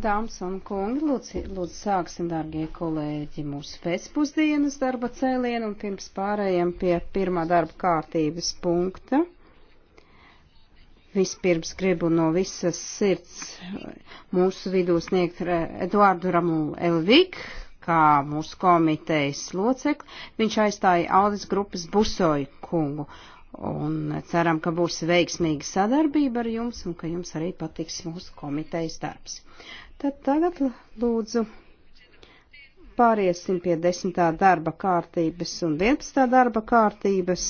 Dāmas un kungi, lūdzu, lūdzu sāksim, dārgie kolēģi, mūsu pēcpusdienas darba cēlienu un pirms pārējiem pie pirmā darba kārtības punkta. Vispirms gribu no visas sirds mūsu vidū sniegt Eduardu Ramu Elvik, kā mūsu komitejas locekli. Viņš aizstāja Aldis grupas Busoju kungu un ceram, ka būs veiksmīga sadarbība ar jums un ka jums arī patiks mūsu komitejas darbs. Tad tagad lūdzu pāriesim pie 10. darba kārtības un 11. darba kārtības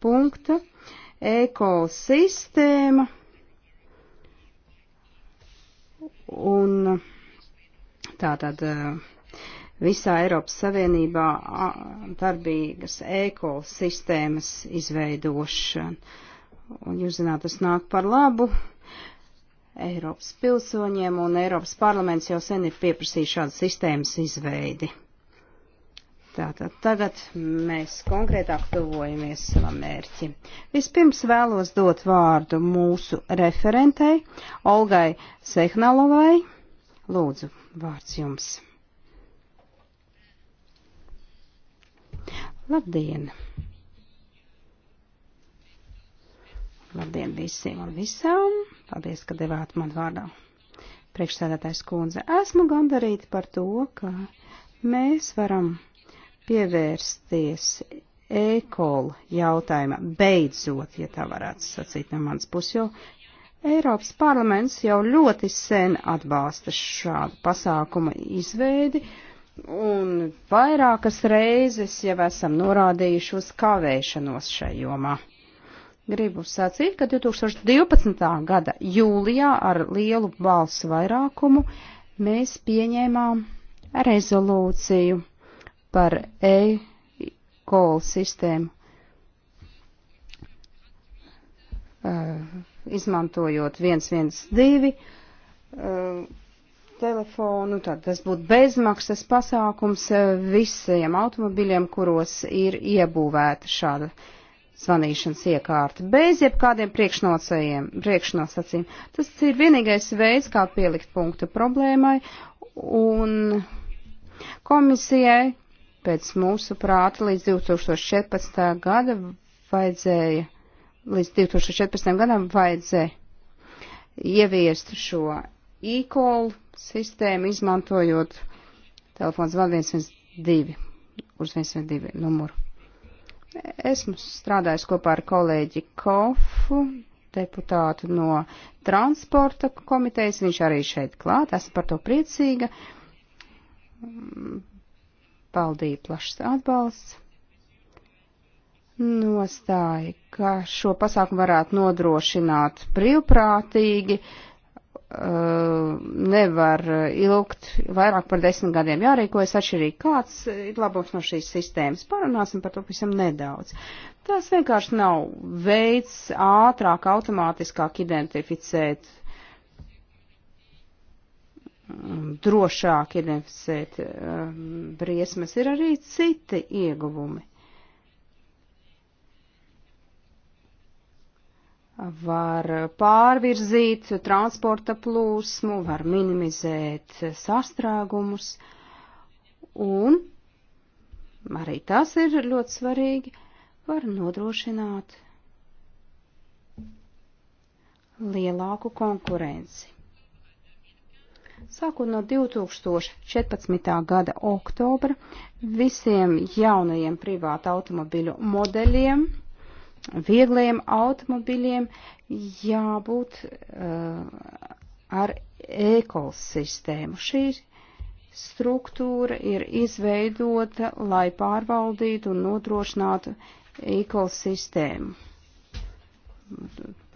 punkta ekosistēma un tātad uh, visā Eiropas Savienībā darbīgas ekosistēmas izveidošana. Un jūs zināt, tas nāk par labu Eiropas pilsoņiem, un Eiropas parlaments jau sen ir pieprasījis šādas sistēmas izveidi. Tātad tagad mēs konkrētāk tuvojamies savam mērķim. Vispirms vēlos dot vārdu mūsu referentei Olgai Sehnalovai. Lūdzu, vārds jums. Labdien! Labdien visiem un visām! Paldies, ka devāt man vārdā. Priekšsēdētājs kundze, esmu gandarīta par to, ka mēs varam pievērsties e-kola jautājuma beidzot, ja tā varētu sacīt no manas puses, jo Eiropas parlaments jau ļoti sen atbalsta šādu pasākumu izveidi un vairākas reizes jau esam norādījuši uz kavēšanos šai jomā. Gribu sacīt, ka 2012. gada jūlijā ar lielu balsu vairākumu mēs pieņēmām rezolūciju par e-call sistēmu, uh, izmantojot 112. Uh, telefonu, tad tas būtu bezmaksas pasākums eh, visiem automobiļiem, kuros ir iebūvēta šāda zvanīšanas iekārta, bez jebkādiem priekšnosacījumiem. Tas ir vienīgais veids, kā pielikt punktu problēmai, un komisijai pēc mūsu prāta līdz 2014. gada vajadzēja, līdz 2014. gadam vajadzēja ieviest šo e-call sistēmu, izmantojot telefons 112 uz 112 numuru. Esmu strādājis kopā ar kolēģi Kofu, deputātu no transporta komitejas. Viņš arī šeit klāt. Esmu par to priecīga. Paldīja plašs atbalsts. Nostāja, ka šo pasākumu varētu nodrošināt brīvprātīgi. Uh, Uh, nevar ilgt vairāk par desmit gadiem. Jārīkojas atšķirīgi. Kāds ir labums no šīs sistēmas? Parunāsim par to visam nedaudz. Tas vienkārši nav veids ātrāk, automātiskāk identificēt, um, drošāk identificēt um, briesmas. Ir arī citi ieguvumi. var pārvirzīt transporta plūsmu, var minimizēt sastrēgumus, un arī tas ir ļoti svarīgi, var nodrošināt lielāku konkurenci. Sākot no 2014. gada oktobra visiem jaunajiem privāta automobiļu modeļiem viegliem automobiļiem jābūt uh, ar ekosistēmu. Šī struktūra ir izveidota, lai pārvaldītu un nodrošinātu ekosistēmu.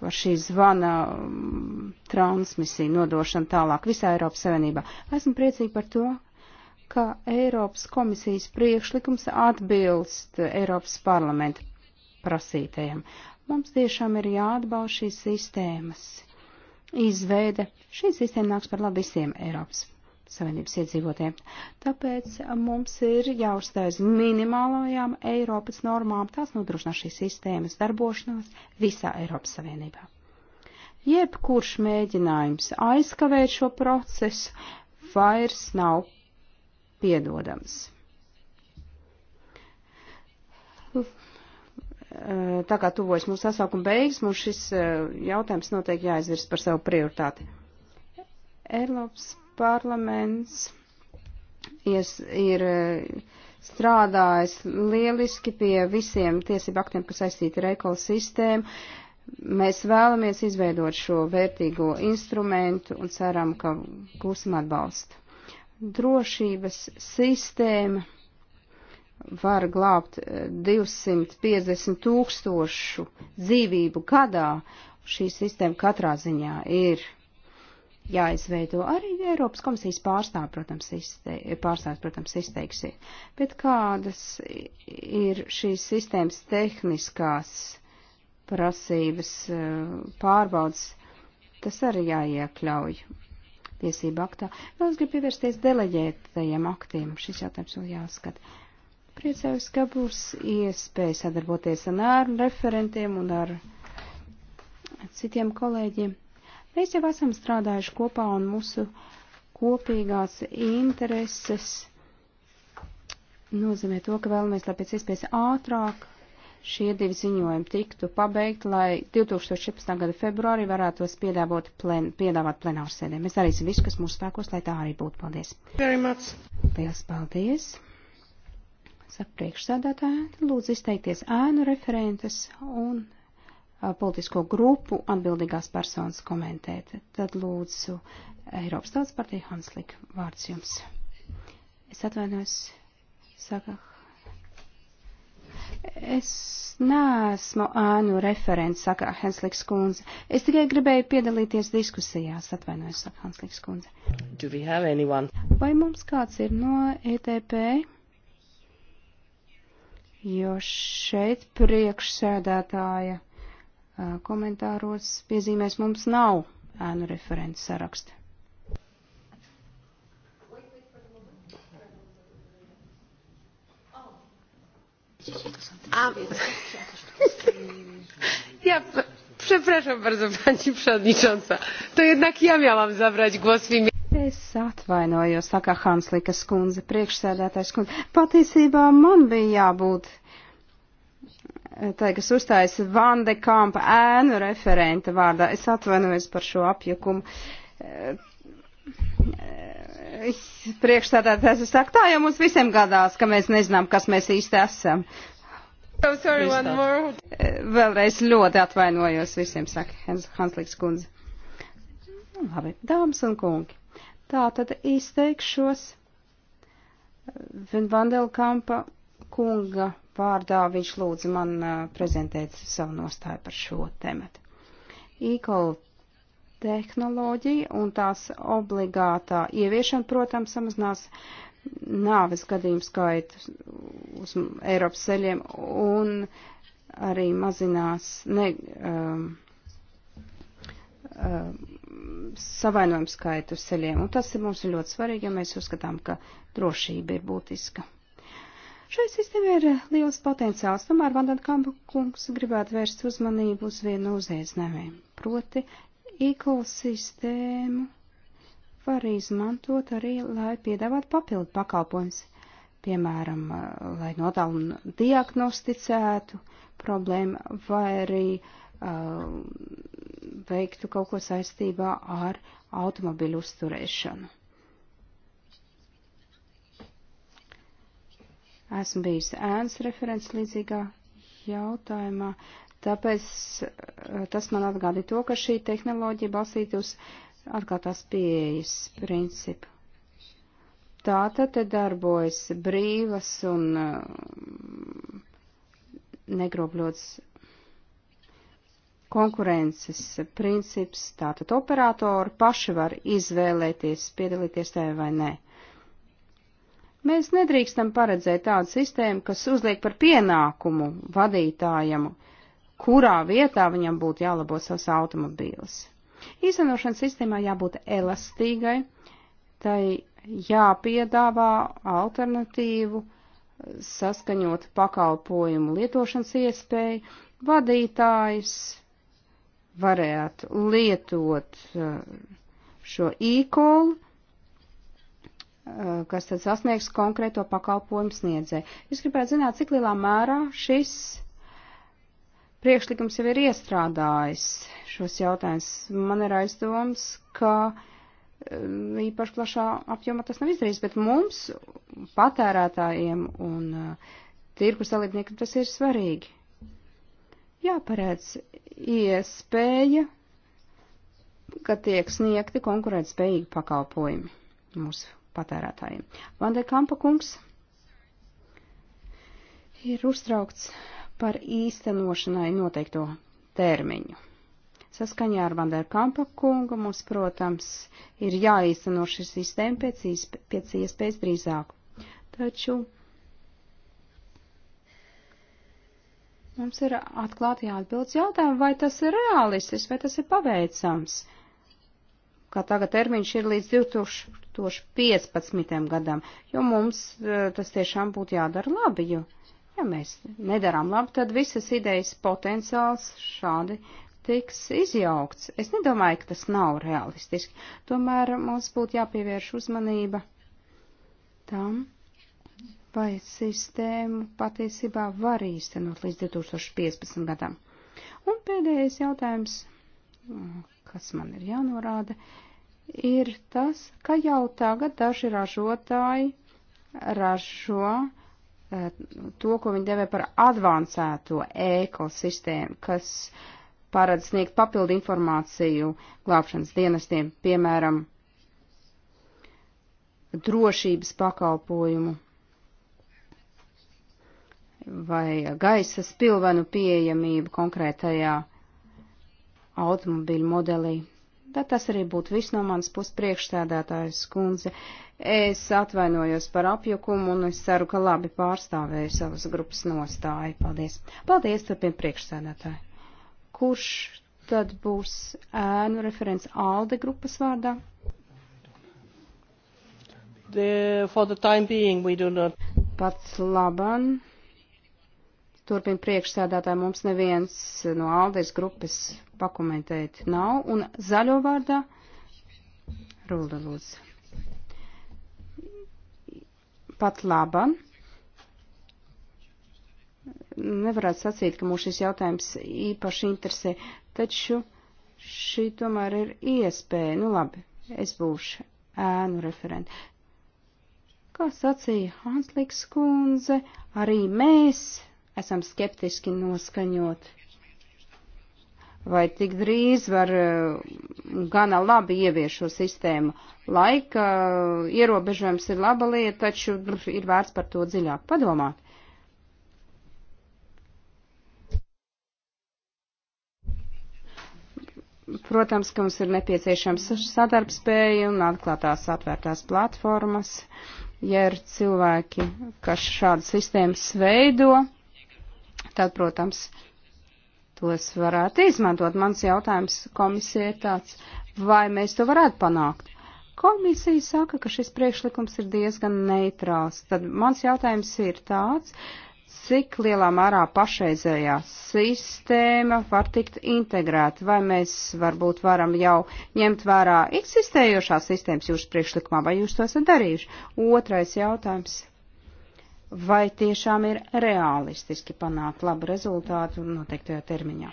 Par šī zvana um, transmisiju nodošanu tālāk visā Eiropas Savienībā. Esmu priecīgi par to, ka Eiropas komisijas priekšlikums atbilst Eiropas parlamenta prasītajiem. Mums tiešām ir jāatbalsta šīs sistēmas izveide. Šī sistēma nāks par labu visiem Eiropas Savienības iedzīvotiem. Tāpēc mums ir jāuzstājas minimālajām Eiropas normām, tās nodrošinās šīs sistēmas darbošanos visā Eiropas Savienībā. Jebkurš mēģinājums aizkavēt šo procesu vairs nav piedodams. Eh, tā kā tuvojas mūsu sasaukuma beigas, mums šis eh, jautājums noteikti jāizvirs par savu prioritāti. Eiropas parlaments ies, ir eh, strādājis lieliski pie visiem tiesību aktiem, kas saistīti ar ekosistēmu. Mēs vēlamies izveidot šo vērtīgo instrumentu un ceram, ka gūsim atbalstu. Drošības sistēma var glābt 250 eh, tūkstošu dzīvību gadā. Šī sistēma katrā ziņā ir jāizveido arī Eiropas komisijas pārstāv, protams, izte, pārstāv, protams izteiksies. Bet kādas ir šīs sistēmas tehniskās prasības eh, pārbaudas, tas arī jāiekļauj tiesību aktā. Vēl es gribu pievērsties deleģētajiem aktiem. Šis jautājums vēl jāskat. Uh, Priecājos, ka būs iespēja sadarboties ar ārnu referentiem un ar citiem kolēģiem. Mēs jau esam strādājuši kopā un mūsu kopīgās intereses nozīmē to, ka vēlamies, lai pēc iespējas ātrāk šie divi ziņojumi tiktu pabeigti, lai 2014. gada februārī varētu tos piedāvot plen, piedāvāt plenārsēdē. Mēs darīsim visu, kas mūsu spēkos, lai tā arī būtu. Paldies! Liels paldies! Saka priekšsēdētāja, lūdzu izteikties ēnu referentes un politisko grupu atbildīgās personas komentēt. Tad lūdzu Eiropas tautas partija Hanslik vārds jums. Es atvainojos, saka. Es neesmu ānu referents, saka Hansliks kundze. Es tikai gribēju piedalīties diskusijās, atvainojos, saka Hansliks kundze. Vai mums kāds ir no ETP? jo šeit priekšsēdētāja komentāros piezīmēs mums nav ēnu referents saraksta. Ja, przepraszam bardzo pani przewodnicząca. To jednak ja miałam zabrać głos w imieniu. Es atvainojos, saka Hamslikas kundze, priekšsēdētājs kundze. Patiesībā man bija jābūt, eh, tā, kas uzstājas Vande Kampa ēnu referenta vārdā. Es atvainojos par šo apjukumu. Eh, priekšsēdētājs saka, tā jau mums visiem gadās, ka mēs nezinām, kas mēs īsti esam. Oh, sorry, eh, Vēlreiz ļoti atvainojos visiem, saka Hanslīks kundze. Labi, dāmas un kungi. Tā tad izteikšos Vandelkampa kunga vārdā. Viņš lūdza man prezentēt savu nostāju par šo tematu. Īkola tehnoloģija un tās obligātā ieviešana, protams, samazinās nāves gadījumu skaitu uz Eiropas ceļiem un arī mazinās ne, um, um, savainojumu skaitu ceļiem, un tas ir mums ir ļoti svarīgi, jo mēs uzskatām, ka drošība ir būtiska. Šai sistēmai ir liels potenciāls, tomēr Vandenkampa kungs gribētu vērst uzmanību uz vienu no uzaicinājumiem, proti ekosistēmu var izmantot arī, lai piedāvātu papildu pakalpojumus, piemēram, eh, lai notālu diagnosticētu problēmu vai arī uh, veiktu kaut ko saistībā ar automobiļu uzturēšanu. Esmu bijis ēns referents līdzīgā jautājumā, tāpēc eh, tas man atgādīja to, ka šī tehnoloģija balstīta uz atkārtās pieejas principu. Tātad te darbojas brīvas un eh, negrobļotas konkurences princips, tātad operatori paši var izvēlēties piedalīties tajā vai nē. Mēs nedrīkstam paredzēt tādu sistēmu, kas uzliek par pienākumu vadītājam, kurā vietā viņam būtu jālabo savs automobīls. Īstenošanas sistēmā jābūt elastīgai, tai jāpiedāvā alternatīvu saskaņot pakalpojumu lietošanas iespēju, vadītājs varētu lietot uh, šo e-call, uh, kas tad sasniegs konkrēto pakalpojumu sniedzē. Es gribētu zināt, cik lielā mērā šis priekšlikums jau ir iestrādājis šos jautājumus. Man ir aizdoms, ka um, īpaši plašā apjomā tas nav izdarīts, bet mums, patērētājiem un uh, tirkus dalībniekiem, tas ir svarīgi jāparedz iespēja, ka tiek sniegti konkurētspējīgi pakalpojumi mūsu patērētājiem. Vandē Kampa kungs ir uztraukts par īstenošanai noteikto termiņu. Saskaņā ar Vanderkampa kungu mums, protams, ir jāīsteno šī sistēma pēc, pēc iespējas drīzāk. Taču Mums ir atklāti jāatbild jautājumu, vai tas ir realistis, vai tas ir paveicams. Kā tagad termiņš ir līdz 2015. gadam, jo mums e, tas tiešām būtu jādara labi, jo, ja mēs nedarām labi, tad visas idejas potenciāls šādi tiks izjaukts. Es nedomāju, ka tas nav realistiski. Tomēr mums būtu jāpievērš uzmanība tam, vai sistēmu patiesībā var īstenot līdz 2015 gadam. Un pēdējais jautājums, kas man ir jānorāda, ir tas, ka jau tagad daži ražotāji ražo eh, to, ko viņi devē par advancēto ekosistēmu, kas paredz sniegt papildu informāciju glābšanas dienestiem, piemēram, drošības pakalpojumu vai gaisa spilvenu pieejamību konkrētajā automobīļu modelī. Bet tas arī būtu viss no manas puses priekšstādātājas kundze. Es atvainojos par apjukumu un es ceru, ka labi pārstāvēju savas grupas nostāju. Paldies. Paldies, turpin priekšstādātāji. Kurš tad būs ēnu referents ALDE grupas vārdā? The, for the time being we do not. Pats laban Turpin priekšsēdētāji mums neviens no Aldes grupas pakomentēt nav. Un zaļo vārdā Rūda lūdzu. Pat laban. Nevarētu sacīt, ka mūs šis jautājums īpaši interesē, taču šī tomēr ir iespēja. Nu labi, es būšu ēnu referenti. Kā sacīja Hanslīks kundze, arī mēs esam skeptiski noskaņoti. Vai tik drīz var eh, gana labi ievies šo sistēmu? Laika eh, ierobežojums ir laba lieta, taču ir vērts par to dziļāk padomāt. Protams, ka mums ir nepieciešams sadarbspēja un atklātās atvērtās platformas, ja ir cilvēki, kas šādas sistēmas veido tad, protams, tos varētu izmantot. Mans jautājums komisija ir tāds, vai mēs to varētu panākt? Komisija saka, ka šis priekšlikums ir diezgan neitrāls. Tad mans jautājums ir tāds, cik lielā mērā pašreizējā sistēma var tikt integrēta, vai mēs varbūt varam jau ņemt vērā eksistējošās sistēmas jūsu priekšlikumā, vai jūs to esat darījuši? Otrais jautājums vai tiešām ir realistiski panākt labu rezultātu noteiktajā termiņā.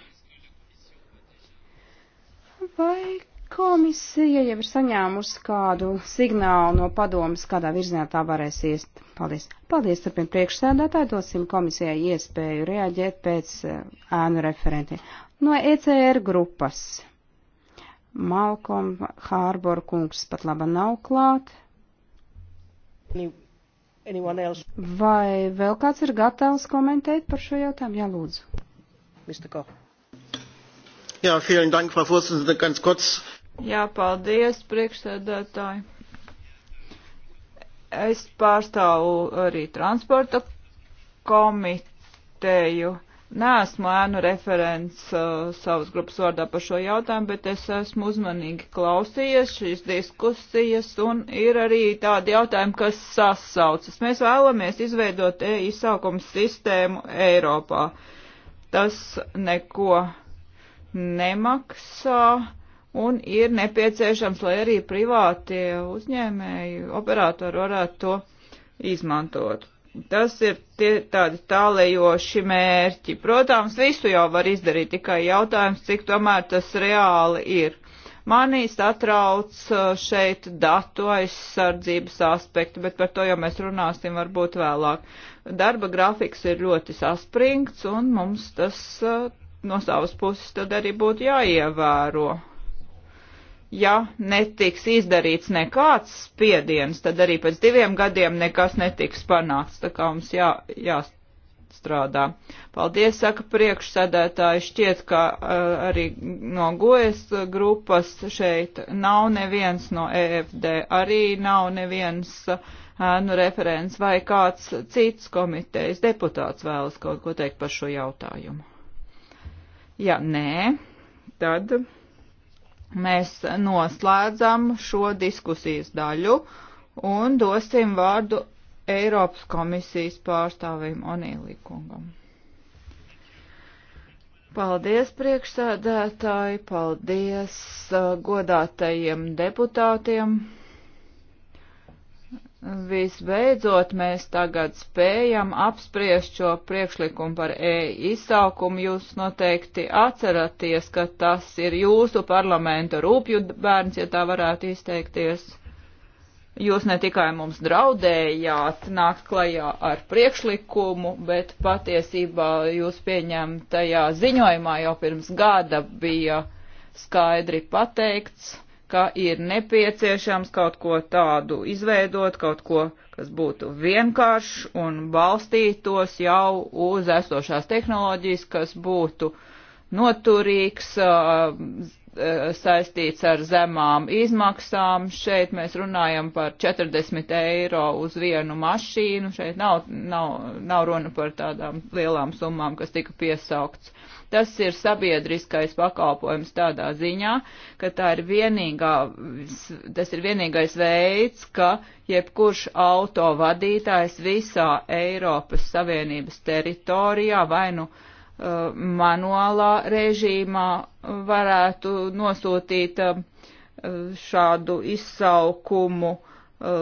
Vai komisija jau ir saņēmusi kādu signālu no padomas, kādā virzienā tā varēs iest? Paldies. Paldies, turpin priekšsēdētāji, dosim komisijai iespēju reaģēt pēc eh, ēnu referentiem. No ECR grupas. Malkom Hārbor kungs pat laba nav klāt. New Vai vēl kāds ir gatavs komentēt par šo jautājumu? Jā, lūdzu. Mr. Koch. Jā, vielen dank, Frau Vorsitzende, ganz kurz. Jā, paldies, priekšsēdētāji. Es pārstāvu arī transporta komiteju. Nēsmu ēnu referents uh, savas grupas vārdā par šo jautājumu, bet es esmu uzmanīgi klausījies šīs diskusijas un ir arī tādi jautājumi, kas sasaucas. Mēs vēlamies izveidot e izsaukumu sistēmu Eiropā. Tas neko nemaksā un ir nepieciešams, lai arī privātie uzņēmēji, operatori varētu to izmantot. Tas ir tie tādi tālējoši mērķi. Protams, visu jau var izdarīt, tikai jautājums, cik tomēr tas reāli ir. Manī satrauc uh, šeit datu aizsardzības aspekti, bet par to jau mēs runāsim varbūt vēlāk. Darba grafiks ir ļoti saspringts un mums tas uh, no savas puses tad arī būtu jāievēro ja netiks izdarīts nekāds spiediens, tad arī pēc diviem gadiem nekas netiks panāks. Tā kā mums jā, jāstrādā. Paldies, saka priekšsēdētāji. Šķiet, ka uh, arī no gojas grupas šeit nav neviens, no EFD arī nav neviens ēnu eh, uh, referents vai kāds cits komitejas deputāts vēlas kaut ko teikt par šo jautājumu. Ja nē, tad mēs noslēdzam šo diskusijas daļu un dosim vārdu Eiropas komisijas pārstāvim Onīlī kungam. Paldies priekšsēdētāji, paldies uh, godātajiem deputātiem. Visbeidzot, mēs tagad spējam apspriest šo priekšlikumu par e-izsaukumu. Jūs noteikti atceraties, ka tas ir jūsu parlamenta rūpju bērns, ja tā varētu izteikties. Jūs ne tikai mums draudējāt nākt klajā ar priekšlikumu, bet patiesībā jūs pieņemtajā ziņojumā jau pirms gada bija skaidri pateikts ka ir nepieciešams kaut ko tādu izveidot, kaut ko, kas būtu vienkāršs un balstītos jau uz esošās tehnoloģijas, kas būtu noturīgs, saistīts ar zemām izmaksām. Šeit mēs runājam par 40 eiro uz vienu mašīnu. Šeit nav, nav, nav runa par tādām lielām summām, kas tika piesaukts Tas ir sabiedriskais pakalpojums tādā ziņā, ka tā ir vienīgā, tas ir vienīgais veids, ka jebkurš auto vadītājs visā Eiropas Savienības teritorijā vai nu uh, manuālā režīmā varētu nosūtīt uh, šādu izsaukumu uh,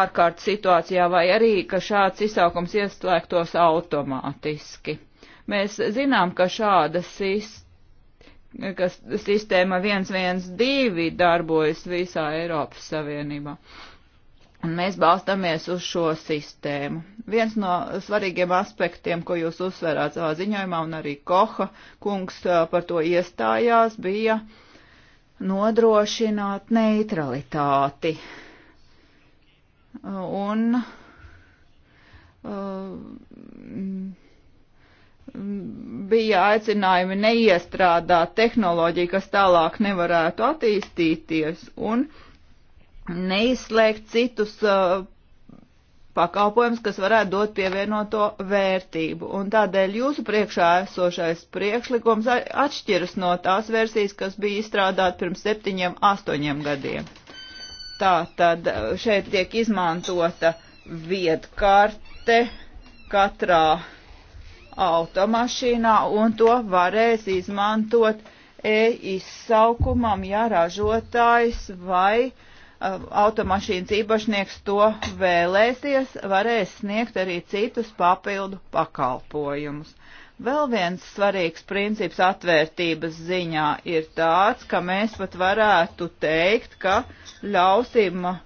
ārkārtas situācijā, vai arī, ka šāds izsaukums ieslēgtos automātiski. Mēs zinām, ka šāda sistēma 112 darbojas visā Eiropas Savienībā. Un mēs balstāmies uz šo sistēmu. Viens no svarīgiem aspektiem, ko jūs uzsverāt savā ziņojumā, un arī Koha kungs par to iestājās, bija nodrošināt neutralitāti. Un uh, bija aicinājumi neiestrādāt tehnoloģiju, kas tālāk nevarētu attīstīties un neizslēgt citus uh, pakalpojums, kas varētu dot pievienoto vērtību. Un tādēļ jūsu priekšā esošais priekšlikums atšķiras no tās versijas, kas bija izstrādāta pirms septiņiem, astoņiem gadiem. Tā tad uh, šeit tiek izmantota viedkarte katrā automašīnā un to varēs izmantot e-izsaukumam, ja ražotājs vai uh, automašīnas īpašnieks to vēlēsies, varēs sniegt arī citus papildu pakalpojumus. Vēl viens svarīgs princips atvērtības ziņā ir tāds, ka mēs pat varētu teikt, ka ļausim uh,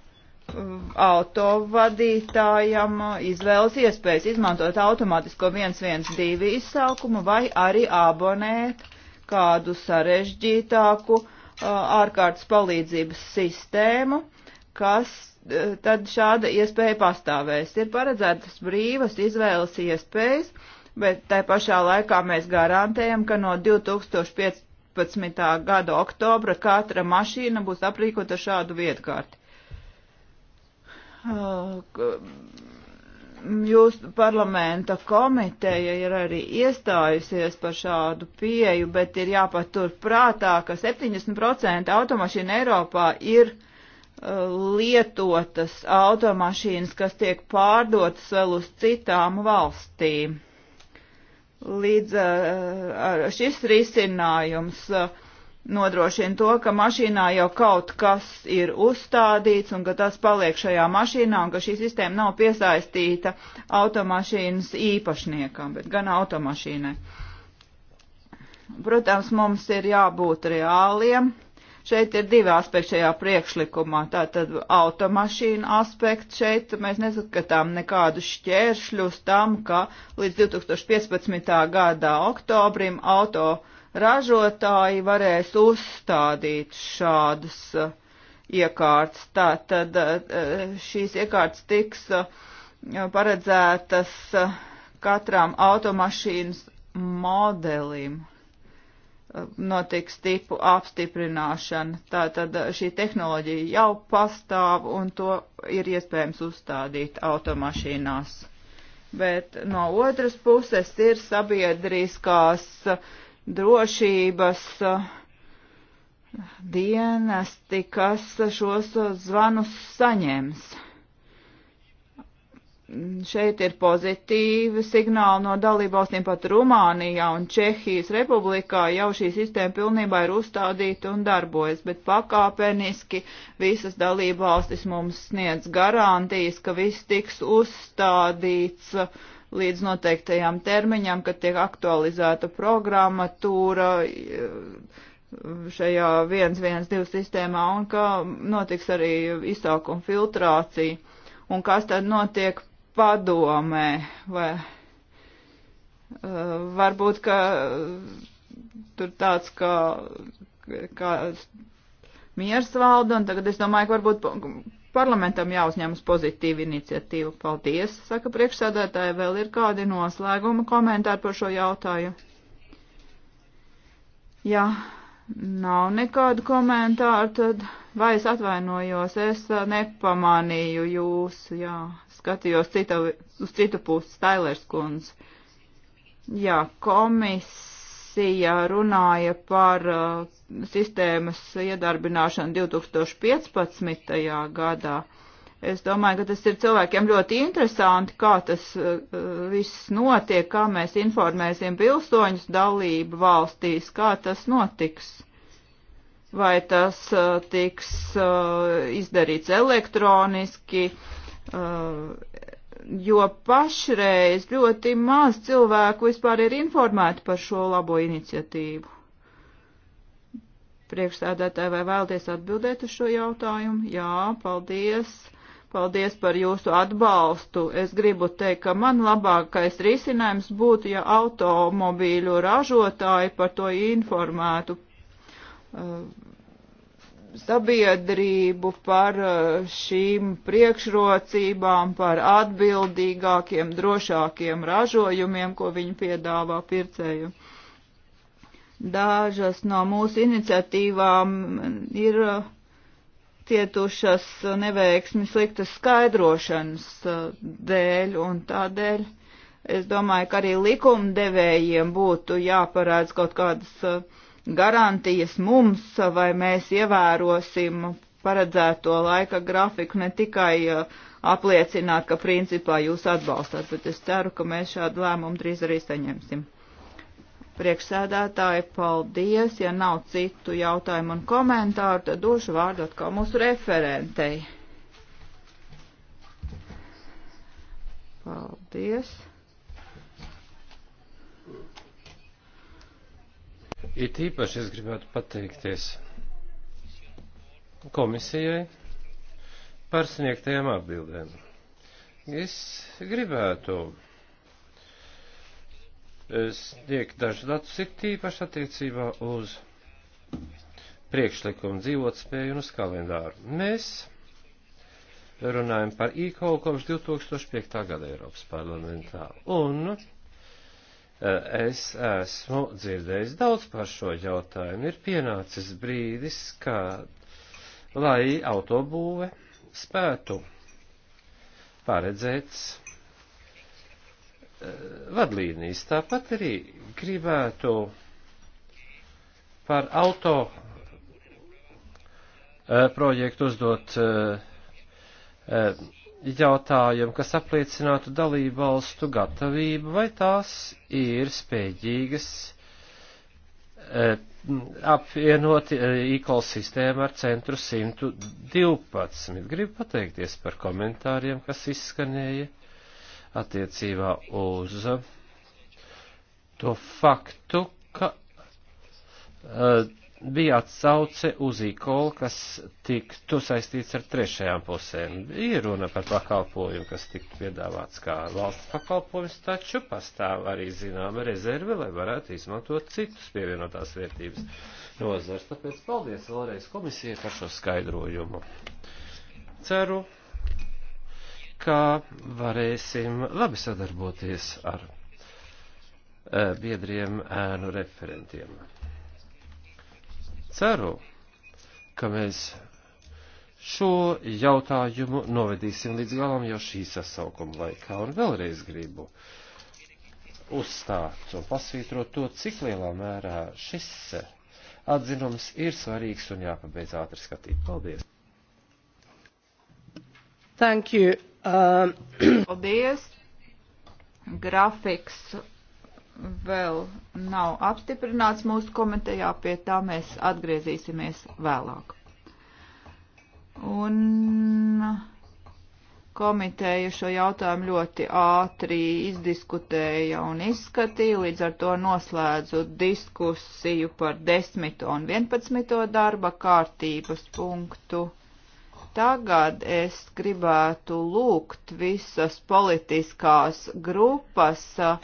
autovadītājam izvēles iespējas izmantot automātisko 112 izsaukumu vai arī abonēt kādu sarežģītāku uh, ārkārtas palīdzības sistēmu, kas uh, tad šāda iespēja pastāvēs. Ir paredzētas brīvas izvēles iespējas, bet tai pašā laikā mēs garantējam, ka no 2015. gada oktobra katra mašīna būs aprīkota šādu vietkārti jūs parlamenta komiteja ir arī iestājusies par šādu pieju, bet ir jāpatur prātā, ka 70% automašīnu Eiropā ir lietotas automašīnas, kas tiek pārdotas vēl uz citām valstīm. Līdz šis risinājums uh, nodrošina to, ka mašīnā jau kaut kas ir uzstādīts un ka tas paliek šajā mašīnā un ka šī sistēma nav piesaistīta automašīnas īpašniekam, bet gan automašīnai. Protams, mums ir jābūt reāliem. Šeit ir divi aspekti šajā priekšlikumā. Tātad automašīna aspekts šeit mēs neskatām nekādus šķēršļus tam, ka līdz 2015. gada oktobrim auto ražotāji varēs uzstādīt šādas uh, iekārtas. Tātad uh, šīs iekārtas tiks uh, paredzētas katram automašīnas modelim notiks tipu apstiprināšana. Tātad šī tehnoloģija jau pastāv un to ir iespējams uzstādīt automašīnās. Bet no otras puses ir sabiedriskās uh, drošības uh, dienesti, kas šos uh, zvanus saņems. Šeit ir pozitīvi signāli no dalībvalstīm pat Rumānijā un Čehijas republikā jau šī sistēma pilnībā ir uzstādīta un darbojas, bet pakāpeniski visas dalībvalstis mums sniedz garantijas, ka viss tiks uzstādīts uh, līdz noteiktajām termiņām, kad tiek aktualizēta programmatūra eh, šajā 112 sistēmā un ka notiks arī izsaukuma filtrācija. Un kas tad notiek padomē? Vai, eh, varbūt, ka eh, tur tāds, ka, ka miers valda, un tagad es domāju, ka varbūt Parlamentam jāuzņemas pozitīva iniciatīva. Paldies, saka priekšsādātāja, vēl ir kādi noslēguma komentāri par šo jautājumu. Jā, nav nekādu komentāru, tad vai es atvainojos, es uh, nepamanīju jūs, jā, skatījos cita, uz citu pusi, Stailers kundze. Jā, komis komisija runāja par uh, sistēmas iedarbināšanu 2015. gadā. Es domāju, ka tas ir cilvēkiem ļoti interesanti, kā tas uh, viss notiek, kā mēs informēsim pilsoņus dalību valstīs, kā tas notiks. Vai tas uh, tiks izdarīts elektroniski, jo pašreiz ļoti maz cilvēku vispār ir informēti par šo labo iniciatīvu. Priekšstādātāji, vai vēlties atbildēt uz šo jautājumu? Jā, paldies. Paldies par jūsu atbalstu. Es gribu teikt, ka man labākais risinājums būtu, ja automobīļu ražotāji par to informētu. Uh, sabiedrību par uh, šīm priekšrocībām, par atbildīgākiem, drošākiem ražojumiem, ko viņi piedāvā pircēju. Dažas no mūsu iniciatīvām ir uh, cietušas neveiksmi sliktas skaidrošanas uh, dēļ un tādēļ. Es domāju, ka arī likumdevējiem būtu jāparāds kaut kādas uh, garantijas mums, vai mēs ievērosim paredzēto laika grafiku, ne tikai uh, apliecināt, ka principā jūs atbalstāt, bet es ceru, ka mēs šādu lēmumu drīz arī saņemsim. Priekšsēdētāji, paldies. Ja nav citu jautājumu un komentāru, tad došu vārdu atkal mūsu referentei. Paldies. It īpaši es gribētu pateikties komisijai par sniegtajām atbildēm. Es gribētu eh, sniegt dažus datus, ir tīpaši attiecībā uz priekšlikumu dzīvotspēju un uz kalendāru. Mēs runājam par e-call kopš 2005. gada Eiropas parlamentā. Un Eh, es esmu dzirdējis daudz par šo jautājumu. Ir pienācis brīdis, kā lai autobūve spētu paredzēt eh, vadlīnijas. Tāpat arī gribētu par auto eh, projektu uzdot jautājumu, kas apliecinātu dalību valstu gatavību, vai tās ir spējīgas e, apvienot e, e-call sistēmu ar centru 112. Gribu pateikties par komentāriem, kas izskanēja attiecībā uz to faktu, ka e, bija atsauce uz ikolu, kas tiktu saistīts ar trešajām pusēm. Ir runa par pakalpojumu, kas tiktu piedāvāts kā valsts pakalpojums, taču pastāv arī zināma rezerve, lai varētu izmantot citus pievienotās vērtības nozars. Tāpēc paldies vēlreiz komisijai par šo skaidrojumu. Ceru, ka varēsim labi sadarboties ar eh, biedriem ēnu referentiem. Ceru, ka mēs šo jautājumu novedīsim līdz galam jau šī sasaukuma laikā. Un vēlreiz gribu uzstāt un pasvītrot to, cik lielā mērā šis atzinums ir svarīgs un jāpabeidz ātri skatīt. Paldies! Thank you. Um... Paldies! Grafiks vēl nav apstiprināts mūsu komitejā, pie tā mēs atgriezīsimies vēlāk. Un komiteja šo jautājumu ļoti ātri izdiskutēja un izskatīja, līdz ar to noslēdzu diskusiju par 10. un 11. darba kārtības punktu. Tagad es gribētu lūgt visas politiskās grupas uh,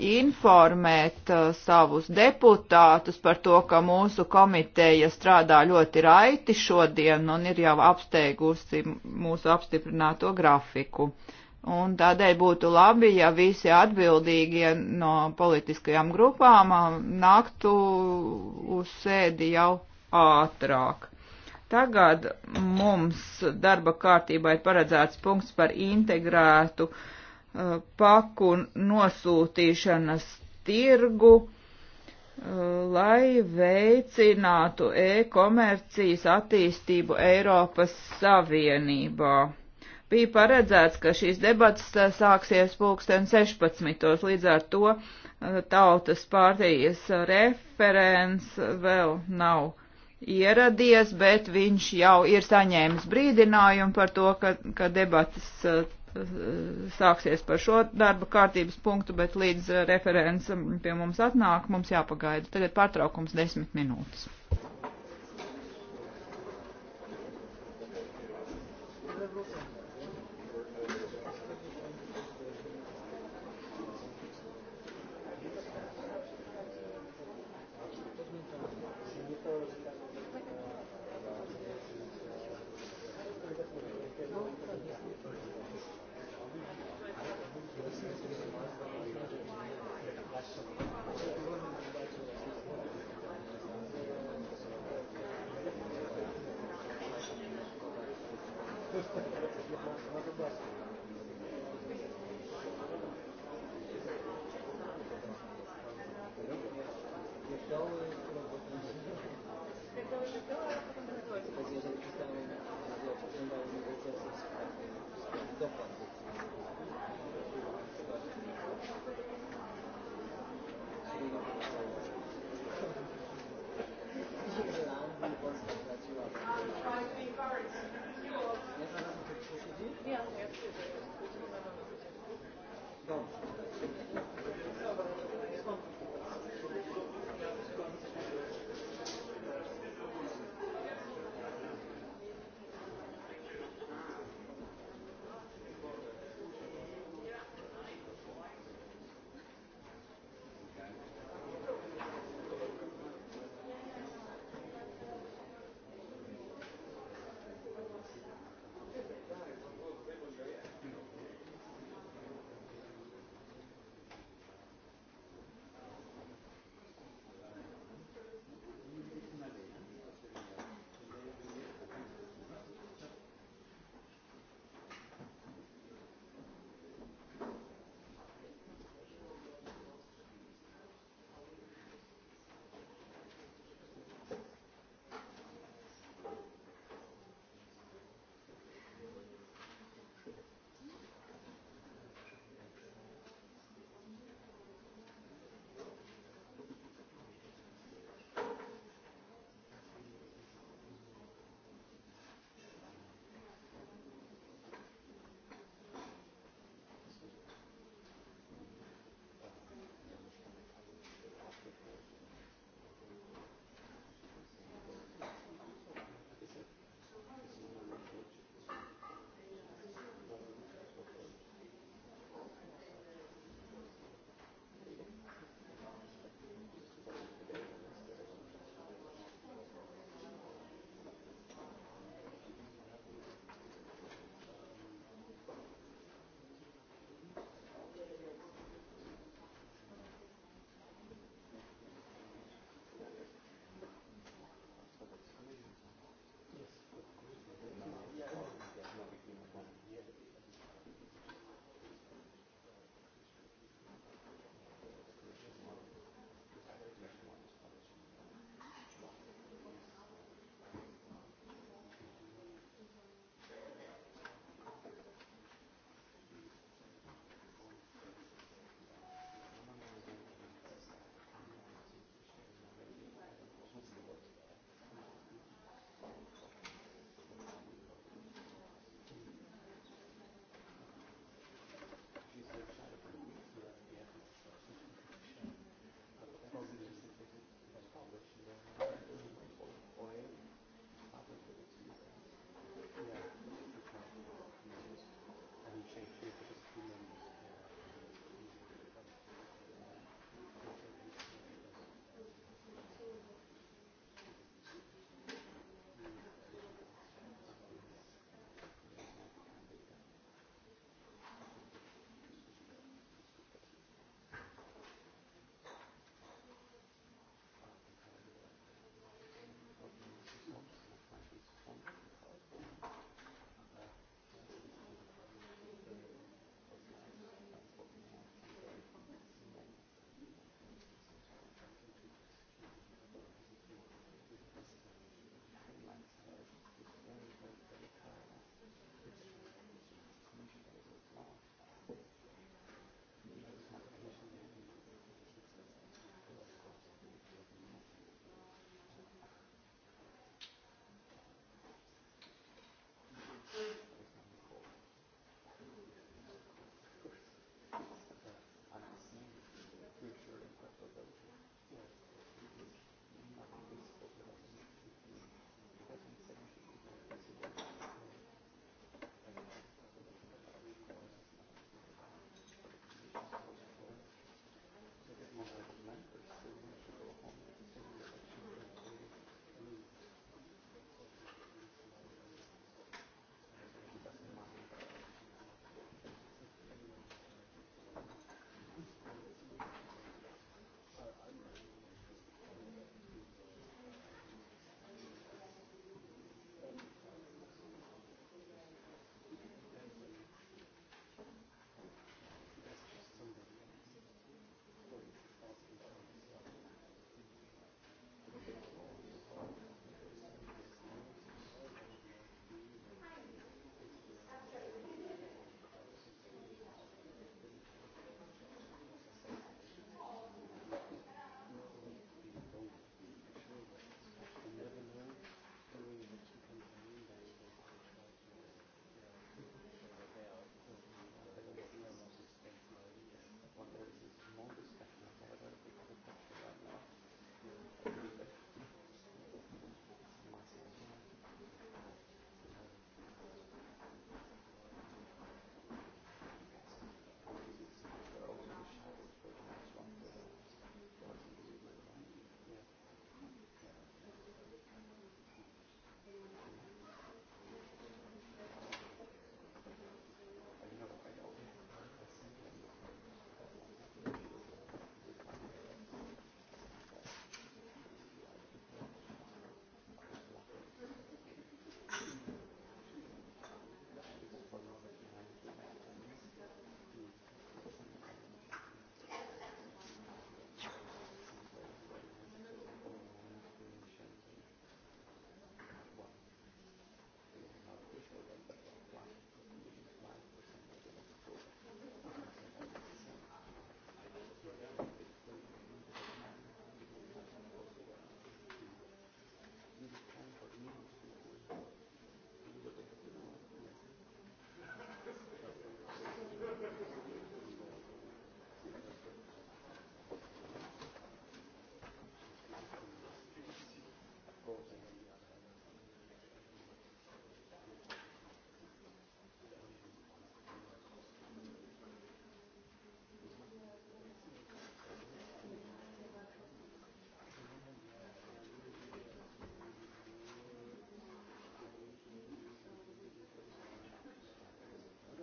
informēt uh, savus deputātus par to, ka mūsu komiteja strādā ļoti raiti šodien un ir jau apsteigusi mūsu apstiprināto grafiku. Un tādēļ būtu labi, ja visi atbildīgie no politiskajām grupām um, nāktu uz sēdi jau ātrāk. Tagad mums darba kārtībā ir paredzēts punkts par integrētu uh, Uh, paku nosūtīšanas tirgu, uh, lai veicinātu e-komercijas attīstību Eiropas Savienībā. Bija paredzēts, ka šīs debatas uh, sāksies pulksten 16. līdz ar to tautas pārtījas referents vēl nav ieradies, bet viņš jau ir saņēmis brīdinājumu par to, ka, ka debatas sāksies par šo darba kārtības punktu, bet līdz referents pie mums atnāk, mums jāpagaida. Tagad pārtraukums desmit minūtes.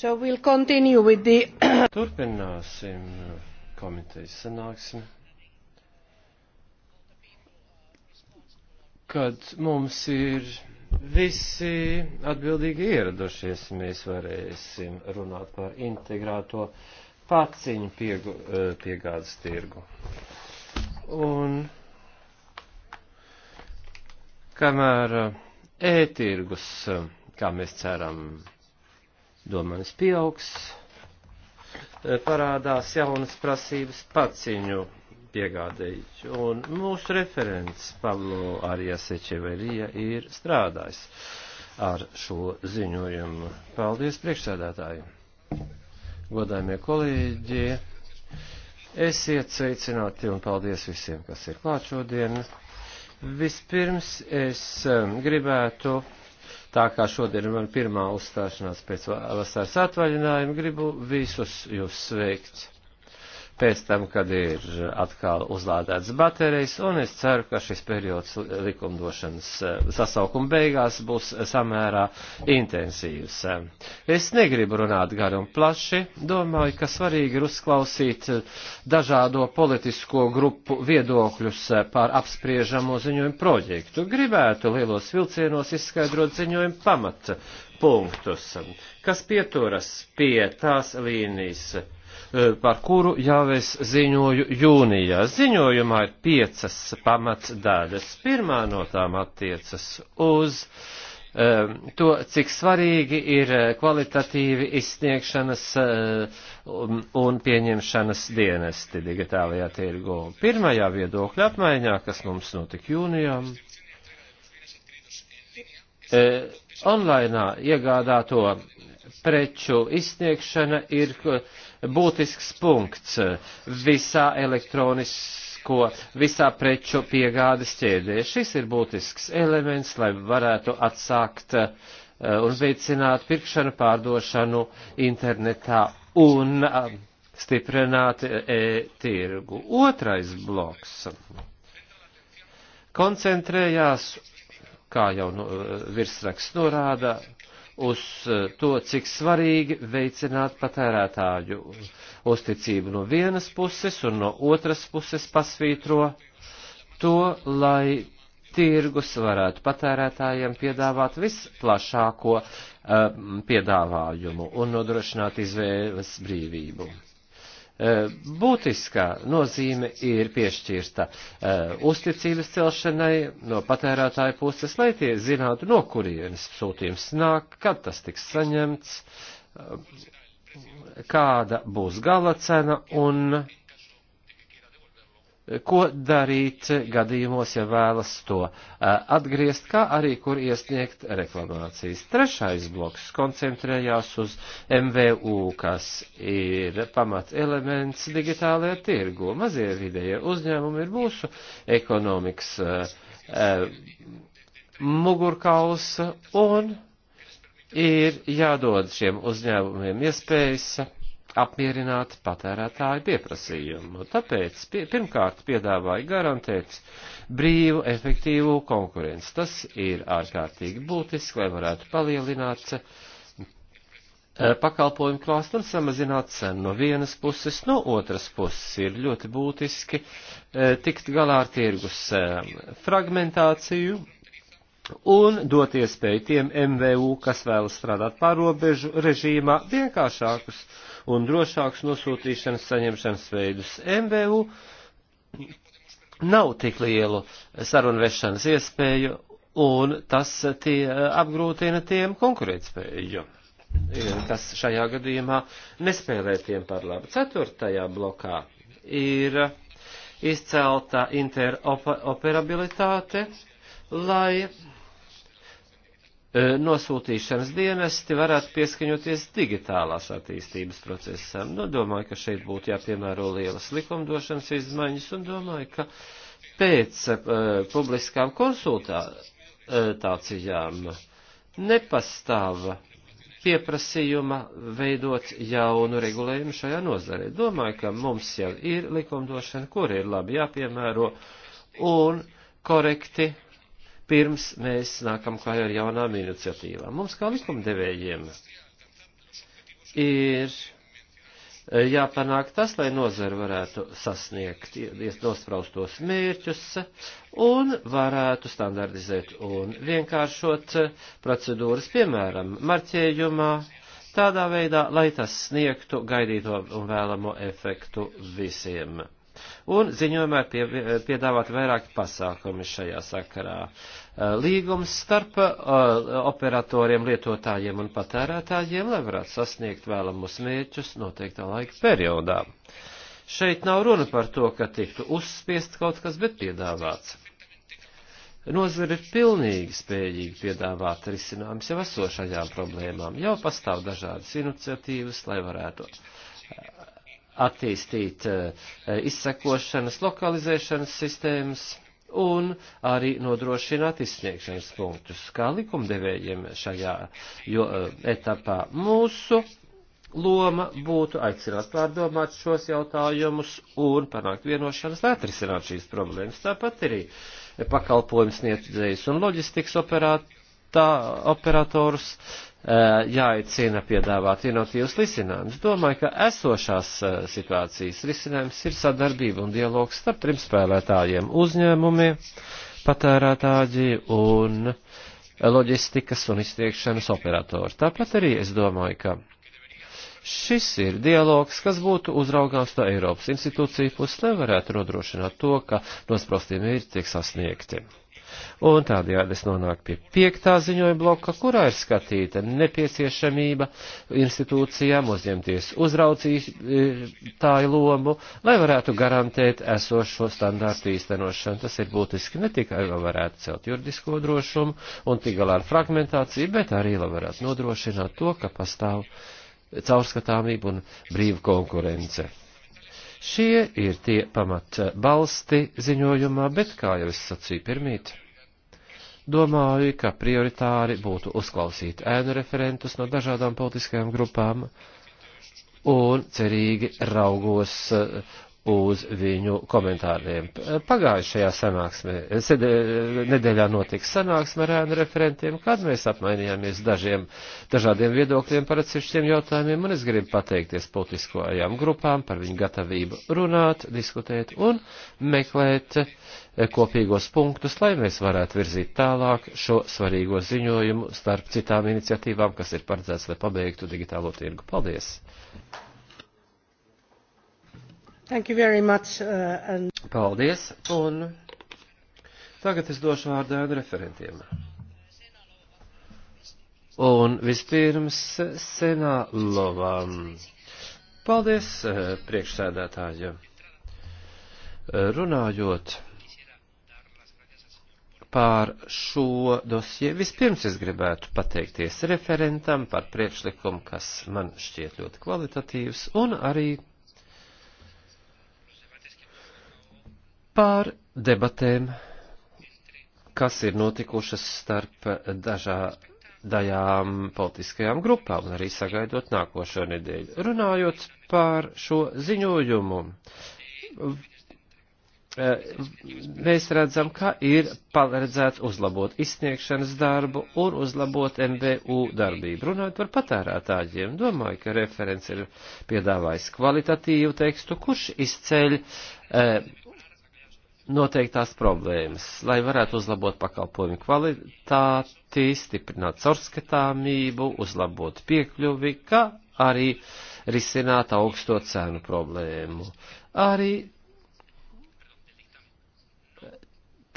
So we'll continue with the... Turpināsim uh, komitejas sanāksmi. Kad mums ir visi atbildīgi ieradušies, mēs varēsim runāt par integrēto paciņu piegu, uh, piegādes tirgu. Un kamēr ētirgus, uh, kā mēs ceram, domājas pieaugs, e, parādās jaunas prasības paciņu piegādēji. Un mūsu referents Pablo Arias Echeverija ir strādājis ar šo ziņojumu. Paldies priekšsēdētāji! Godājumie kolēģi! Esiet sveicināti un paldies visiem, kas ir klāt šodien. Vispirms es e, gribētu Tā kā šodien ir man pirmā uzstāšanās pēc vasaras atvaļinājuma, gribu visus jūs sveikt pēc tam, kad ir atkal uzlādēts baterijas, un es ceru, ka šis periods likumdošanas eh, sasaukuma beigās būs samērā intensīvs. Es negribu runāt gari un plaši, domāju, ka svarīgi ir uzklausīt eh, dažādo politisko grupu viedokļus eh, par apspriežamo ziņojumu projektu. Gribētu lielos vilcienos izskaidrot ziņojumu pamata punktus, kas pieturas pie tās līnijas Eh, par kuru jau es ziņoju jūnijā. Ziņojumā ir piecas pamatdaļas. Pirmā no tām attiecas uz eh, to, cik svarīgi ir eh, kvalitatīvi izsniegšanas un pieņemšanas dienesti digitālajā tirgu. Pirmajā viedokļa apmaiņā, kas mums notika jūnijā, onlainā iegādāto preču izsniegšana ir būtisks punkts visā elektronisko, visā preču piegādes ķēdē. Šis ir būtisks elements, lai varētu atsākt eh, un veicināt pirkšanu, pārdošanu internetā un eh, stiprināt e eh, tirgu. Otrais bloks koncentrējās, kā jau nu, virsraksts norāda, uz eh, to, cik svarīgi veicināt patērētāju uzticību no vienas puses un no otras puses pasvītro to, lai tirgus varētu patērētājiem piedāvāt visplašāko uh, piedāvājumu un nodrošināt izvēles brīvību. Eh, būtiskā nozīme ir piešķirta uh, uzticības celšanai no patērētāja puses, lai tie zinātu, no kurienes sūtījums nāk, kad tas tiks saņemts, uh, kāda būs gala cena un uh, ko darīt gadījumos, ja vēlas to atgriezt, kā arī kur iesniegt reklamācijas. Trešais bloks koncentrējās uz MVU, kas ir pamats elements digitālajā tirgu. Mazie vidējie uzņēmumi ir mūsu ekonomikas mugurkausa un ir jādod šiem uzņēmumiem iespējas apmierināt patērētāju pieprasījumu. Tāpēc pie, pirmkārt piedāvāja garantēt brīvu, efektīvu konkurenci. Tas ir ārkārtīgi būtiski, lai varētu palielināt eh, pakalpojumu klāstu un samazināt cenu no vienas puses, no otras puses ir ļoti būtiski eh, tikt galā ar tirgus eh, fragmentāciju un dot iespēju tiem MVU, kas vēlas strādāt pārobežu režīmā, vienkāršākus uh, un drošāks nosūtīšanas saņemšanas veidus. MBU nav tik lielu sarunvešanas iespēju, un tas tie apgrūtina tiem konkurētspēju, kas šajā gadījumā nespēlē tiem par labu. Ceturtajā blokā ir izcelta interoperabilitāte, lai E, nosūtīšanas dienesti varētu pieskaņoties digitālās attīstības procesam. Nu, domāju, ka šeit būtu jāpiemēro lielas likumdošanas izmaiņas un domāju, ka pēc uh, publiskām konsultācijām e, nepastāva pieprasījuma veidot jaunu regulējumu šajā nozarē. Domāju, ka mums jau ir likumdošana, kur ir labi jāpiemēro un korekti pirms mēs nākam klājā ar jaunām iniciatīvām. Mums kā likumdevējiem ir e, jāpanāk tas, lai nozara varētu sasniegt nospraustos mērķus un varētu standardizēt un vienkāršot procedūras, piemēram, marķējumā, tādā veidā, lai tas sniegtu gaidīto un vēlamo efektu visiem un ziņojumā pie, piedāvāt vairāki pasākumi šajā sakarā. Eh, līgums starp eh, operatoriem, lietotājiem un patērētājiem, lai varētu sasniegt vēlamus mērķus noteiktā laika periodā. Šeit nav runa par to, ka tiktu uzspiest kaut kas, bet piedāvāts. Nozara ir pilnīgi spējīga piedāvāt risinājumus jau esošajām problēmām. Jau pastāv dažādas iniciatīvas, lai varētu uh, attīstīt eh, izsekošanas, lokalizēšanas sistēmas un arī nodrošināt izsniegšanas punktus, kā likumdevējiem šajā jo, eh, etapā. Mūsu loma būtu aicināt pārdomāt šos jautājumus un panākt vienošanas, lai atrisināt šīs problēmas. Tāpat arī pakalpojums sniedzējus un loģistikas operātā, operatorus Eh, jāicina piedāvāt inovatīvus risinājumus. Domāju, ka esošās eh, situācijas risinājums ir sadarbība un dialogs starp trim spēlētājiem - uzņēmumi, patērētāji un eh, loģistikas un iztiekšanas operatori. Tāpat arī es domāju, ka Šis ir dialogs, kas būtu uzraugāms no Eiropas institūciju puses, nevarētu nodrošināt to, ka nosprostie mērķi tiek sasniegti. Un tādējādi es nonāku pie piektā ziņojuma bloka, kurā ir skatīta nepieciešamība institūcijām uzņemties uzraucītāju lomu, lai varētu garantēt esošo standārtu īstenošanu. Tas ir būtiski ne tikai, lai varētu celt juridisko drošumu un tik galā ar fragmentāciju, bet arī, lai varētu nodrošināt to, ka pastāv caurskatāmība un brīva konkurence. Šie ir tie pamat balsti ziņojumā, bet, kā jau es sacīju pirmīt, Domāju, ka prioritāri būtu uzklausīt ēnu referentus no dažādām politiskajām grupām un cerīgi raugos eh, uz viņu komentāriem. Pagājušajā sanāksmē, sede, nedēļā notika sanāksme ar ēnu referentiem, kad mēs apmainījāmies dažiem, dažādiem viedokļiem par atsevišķiem jautājumiem, un es gribu pateikties politiskajām grupām par viņu gatavību runāt, diskutēt un meklēt eh, kopīgos punktus, lai mēs varētu virzīt tālāk šo svarīgo ziņojumu starp citām iniciatīvām, kas ir paredzēts, lai pabeigtu digitālo tirgu. Paldies! Thank you very much. Uh, and... Paldies. Un tagad es došu vārdu ēnu referentiem. Un vispirms senā lovam. Paldies, uh, priekšsēdētāji. Runājot pār šo dosie. Vispirms es gribētu pateikties referentam par priekšlikumu, kas man šķiet ļoti kvalitatīvs, un arī par debatēm, kas ir notikušas starp dažādajām politiskajām grupām un arī sagaidot nākošo nedēļu. Runājot par šo ziņojumu, mēs redzam, ka ir paredzēts uzlabot izsniegšanas darbu un uzlabot MBU darbību. Runājot par patērētājiem, domāju, ka referents ir piedāvājis kvalitatīvu tekstu, kurš izceļ eh, noteiktās problēmas, lai varētu uzlabot pakalpojumu kvalitāti, stiprināt caurskatāmību, uzlabot piekļuvi, kā arī risināt augsto cenu problēmu. Arī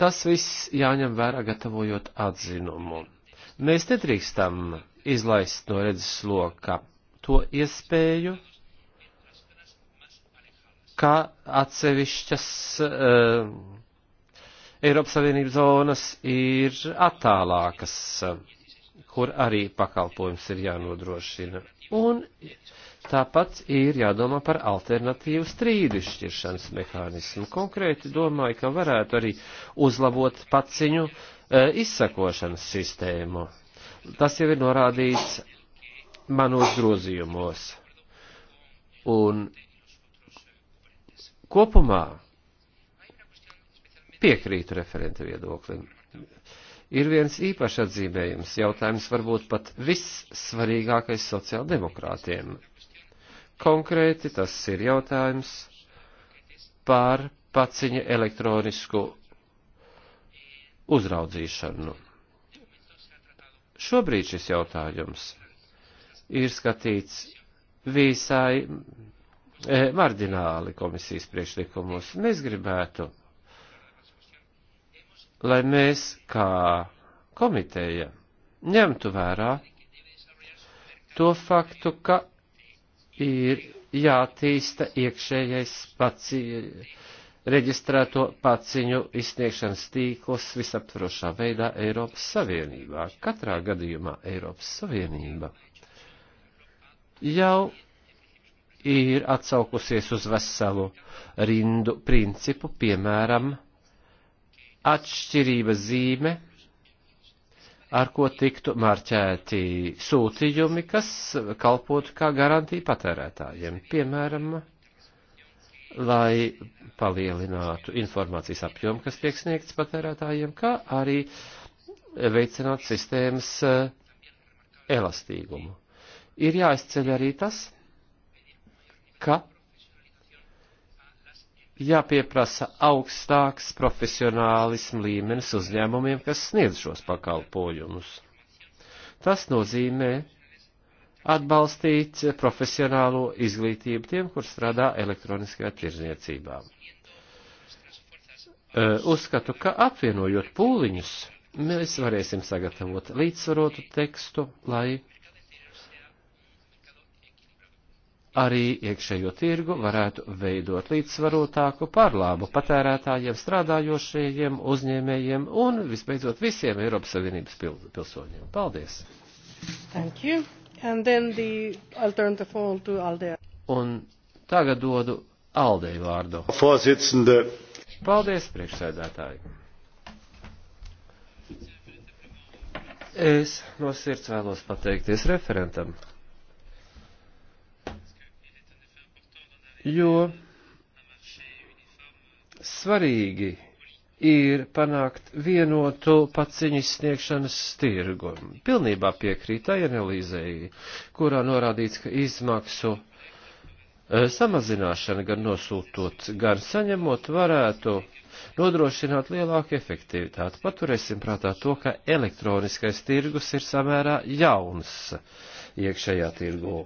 tas viss jāņem vērā gatavojot atzinumu. Mēs nedrīkstam izlaist no redzes lokā to iespēju, ka atsevišķas uh, Eiropas Savienības zonas ir attālākas, kur arī pakalpojums ir jānodrošina. Un tāpat ir jādomā par alternatīvu strīdu izšķiršanas mehānismu. Konkrēti domāju, ka varētu arī uzlabot paciņu uh, izsakošanas sistēmu. Tas jau ir norādīts manos grozījumos. Un Kopumā piekrītu referenta viedoklim. Ir viens īpaši atzīmējums jautājums, varbūt pat vissvarīgākais sociāldemokrātiem. Konkrēti tas ir jautājums par paciņa elektronisku uzraudzīšanu. Šobrīd šis jautājums ir skatīts visai E, marģināli komisijas priekšlikumus. Mēs gribētu, lai mēs kā komiteja ņemtu vērā to faktu, ka ir jātīsta iekšējais paci, reģistrēto paciņu izsniegšanas tīkls visaptvarošā veidā Eiropas Savienībā. Katrā gadījumā Eiropas Savienība jau ir atsaukusies uz veselu rindu principu, piemēram, atšķirība zīme, ar ko tiktu marķēti sūtījumi, kas kalpotu kā garantija patērētājiem. Piemēram, lai palielinātu informācijas apjomu, kas tiek sniegts patērētājiem, kā arī veicināt sistēmas eh, elastīgumu. Ir jāizceļ arī tas, ka jāpieprasa augstāks profesionālismu līmenis uzņēmumiem, kas sniedz šos pakalpojumus. Tas nozīmē atbalstīt profesionālo izglītību tiem, kur strādā elektroniskajā tirzniecībā. E, uzskatu, ka apvienojot pūliņus, mēs varēsim sagatavot līdzsvarotu tekstu, lai arī iekšējo tirgu varētu veidot līdzsvarotāku par labu patērētājiem, strādājošajiem, uzņēmējiem un, visbeidzot, visiem Eiropas Savienības pil pilsoņiem. Paldies! Thank you. And then the alternative phone to Alde. Un tagad dodu Aldei vārdu. Vorsitzende. Paldies, priekšsēdētāji. Es no sirds vēlos pateikties referentam jo svarīgi ir panākt vienotu paciņu izsniegšanas tirgu. Pilnībā piekrītai analīzēji, kurā norādīts, ka izmaksu e, samazināšana gan nosūtot, gan saņemot varētu nodrošināt lielāku efektivitāti. Paturēsim prātā to, ka elektroniskais tirgus ir samērā jauns iekšējā tirgū.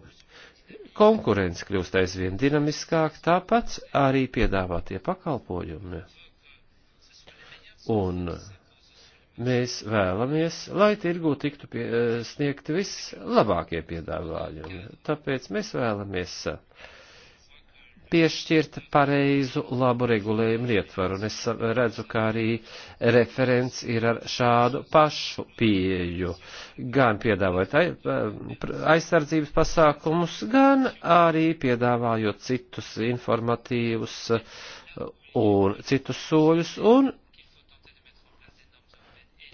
Konkurence kļūst aizvien dinamiskāk, tāpat arī piedāvātie pakalpojumi. Un mēs vēlamies, lai tirgū tiktu pie, sniegti vislabākie piedāvājumi. Tāpēc mēs vēlamies uh, piešķirt pareizu labu regulējumu ietvaru, un es redzu, ka arī referents ir ar šādu pašu pieju, gan piedāvājot aizsardzības pasākumus, gan arī piedāvājot citus informatīvus uh, un citus soļus, un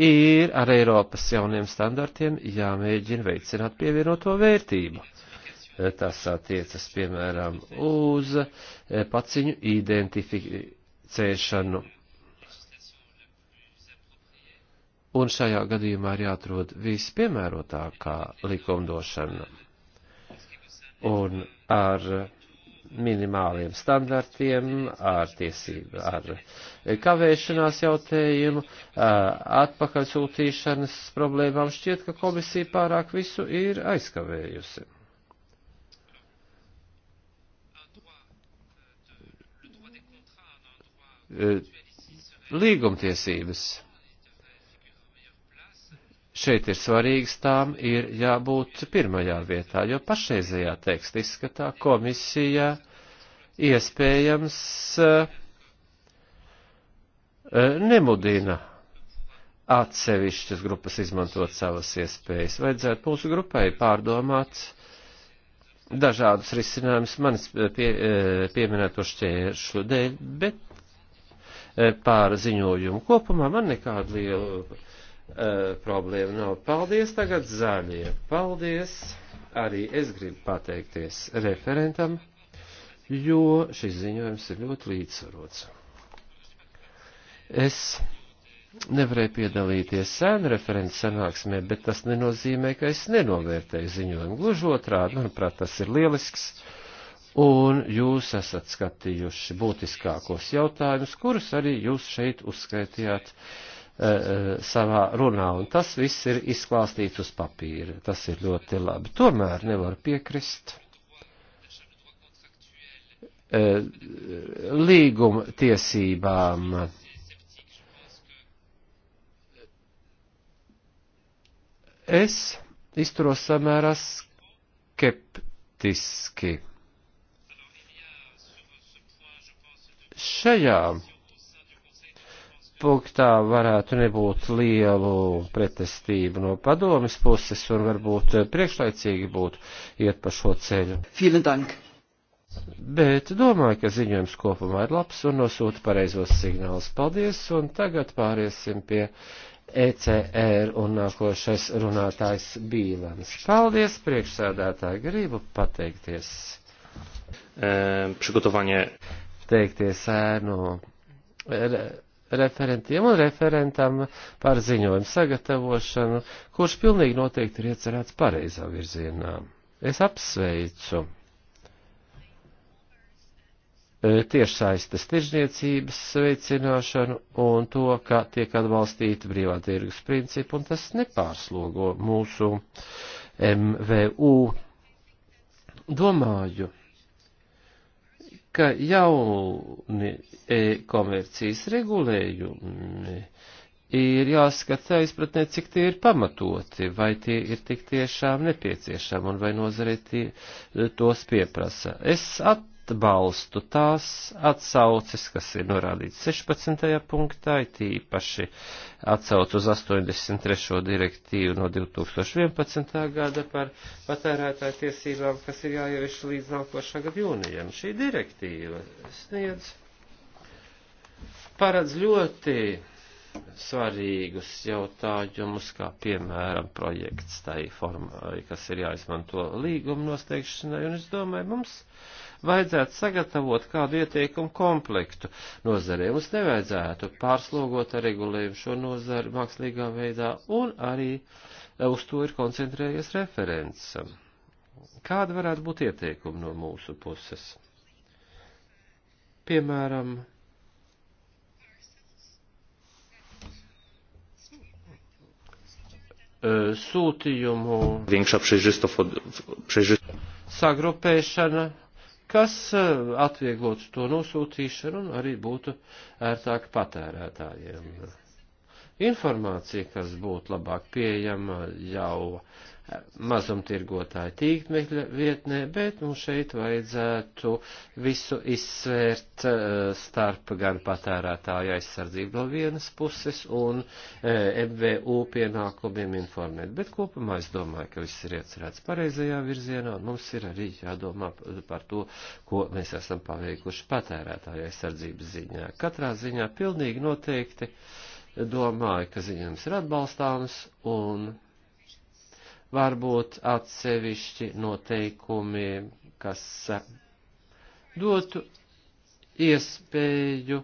ir ar Eiropas jauniem standartiem jāmēģina veicināt pievienoto vērtību Tas attiecas, piemēram, uz e, paciņu identificēšanu. Un šajā gadījumā ir jāatrod vispiemērotākā likumdošana. Un ar minimāliem standartiem, ar tiesību, ar kavēšanās jautājumu, atpakaļsūtīšanas problēmām šķiet, ka komisija pārāk visu ir aizkavējusi. Eh, līgumtiesības šeit ir svarīgas, tām ir jābūt pirmajā vietā, jo pašreizajā teksta izskatā komisija iespējams eh, nemudina atsevišķas grupas izmantot savas iespējas. Vajadzētu mūsu grupai pārdomāt dažādus risinājumus manis pie, eh, pieminēto šķēršļu dēļ, bet E, pār ziņojumu. Kopumā man nekādu lielu uh, e, problēmu nav. Paldies tagad zaļie. Paldies. Arī es gribu pateikties referentam, jo šis ziņojums ir ļoti līdzsvarots. Es nevarēju piedalīties sēnu referents sanāksmē, bet tas nenozīmē, ka es nenovērtēju ziņojumu. Gluži otrādi, manuprāt, tas ir lielisks. Uh, un jūs esat skatījuši būtiskākos jautājumus, kurus arī jūs šeit uzskaitījāt e, e, savā runā, un tas viss ir izklāstīts uz papīra. Tas ir ļoti labi. Tomēr nevar piekrist e, līguma tiesībām. Es izturos samērā skeptiski. šajā punktā varētu nebūt lielu pretestību no padomis puses un varbūt priekšlaicīgi būtu iet pa šo ceļu. Bet domāju, ka ziņojums kopumā ir labs un nosūta pareizos signālus. Paldies, un tagad pāriesim pie ECR un nākošais runātājs Bīlans. Paldies, priekšsēdētāji, gribu pateikties. E, pateikties ēnu re, referentiem un referentam par ziņojumu sagatavošanu, kurš pilnīgi noteikti ir iecerēts pareizā virzienā. Es apsveicu e, tiešsaistes tirzniecības veicināšanu un to, ka tiek atbalstīta brīvā tirgus principu, un tas nepārslogo mūsu MVU. Domāju, ka jauni e-komercijas regulējumi ir jāskatā izpratnē, cik tie ir pamatoti, vai tie ir tik tiešām nepieciešami un vai nozare tos pieprasa. Es at, atbalstu tās atsauces, kas ir norādīts 16. punktā, tīpaši atsauc uz 83. direktīvu no 2011. gada par patērētāju tiesībām, kas ir jāievieš līdz nākošā gada jūnijam. Šī direktīva sniedz paredz ļoti svarīgus jautājumus, kā piemēram projekts tai formai, kas ir jāizmanto līguma nosteikšanai, un es domāju, mums vajadzētu sagatavot kādu ieteikumu komplektu nozarē. Mums nevajadzētu pārslogot ar regulējumu šo nozaru mākslīgā veidā, un arī eh, uz to ir koncentrējies referents. Kāda varētu būt ieteikuma no mūsu puses? Piemēram, eh, sūtījumu sagrupēšana kas eh, atvieglotu to nosūtīšanu un arī būtu ērtāk patērētājiem. Informācija, kas būtu labāk pieejama jau mazumtirgotāju tīkmekļa vietnē, bet mums šeit vajadzētu visu izsvērt eh, starp gan patērētāju aizsardzību no vienas puses un eh, MVU pienākumiem informēt. Bet kopumā es domāju, ka viss ir iecerēts pareizajā virzienā un mums ir arī jādomā par to, ko mēs esam paveikuši patērētāju aizsardzības ziņā. Katrā ziņā pilnīgi noteikti domāju, ka ziņojums ir atbalstāms un varbūt atsevišķi noteikumi, kas eh, dotu iespēju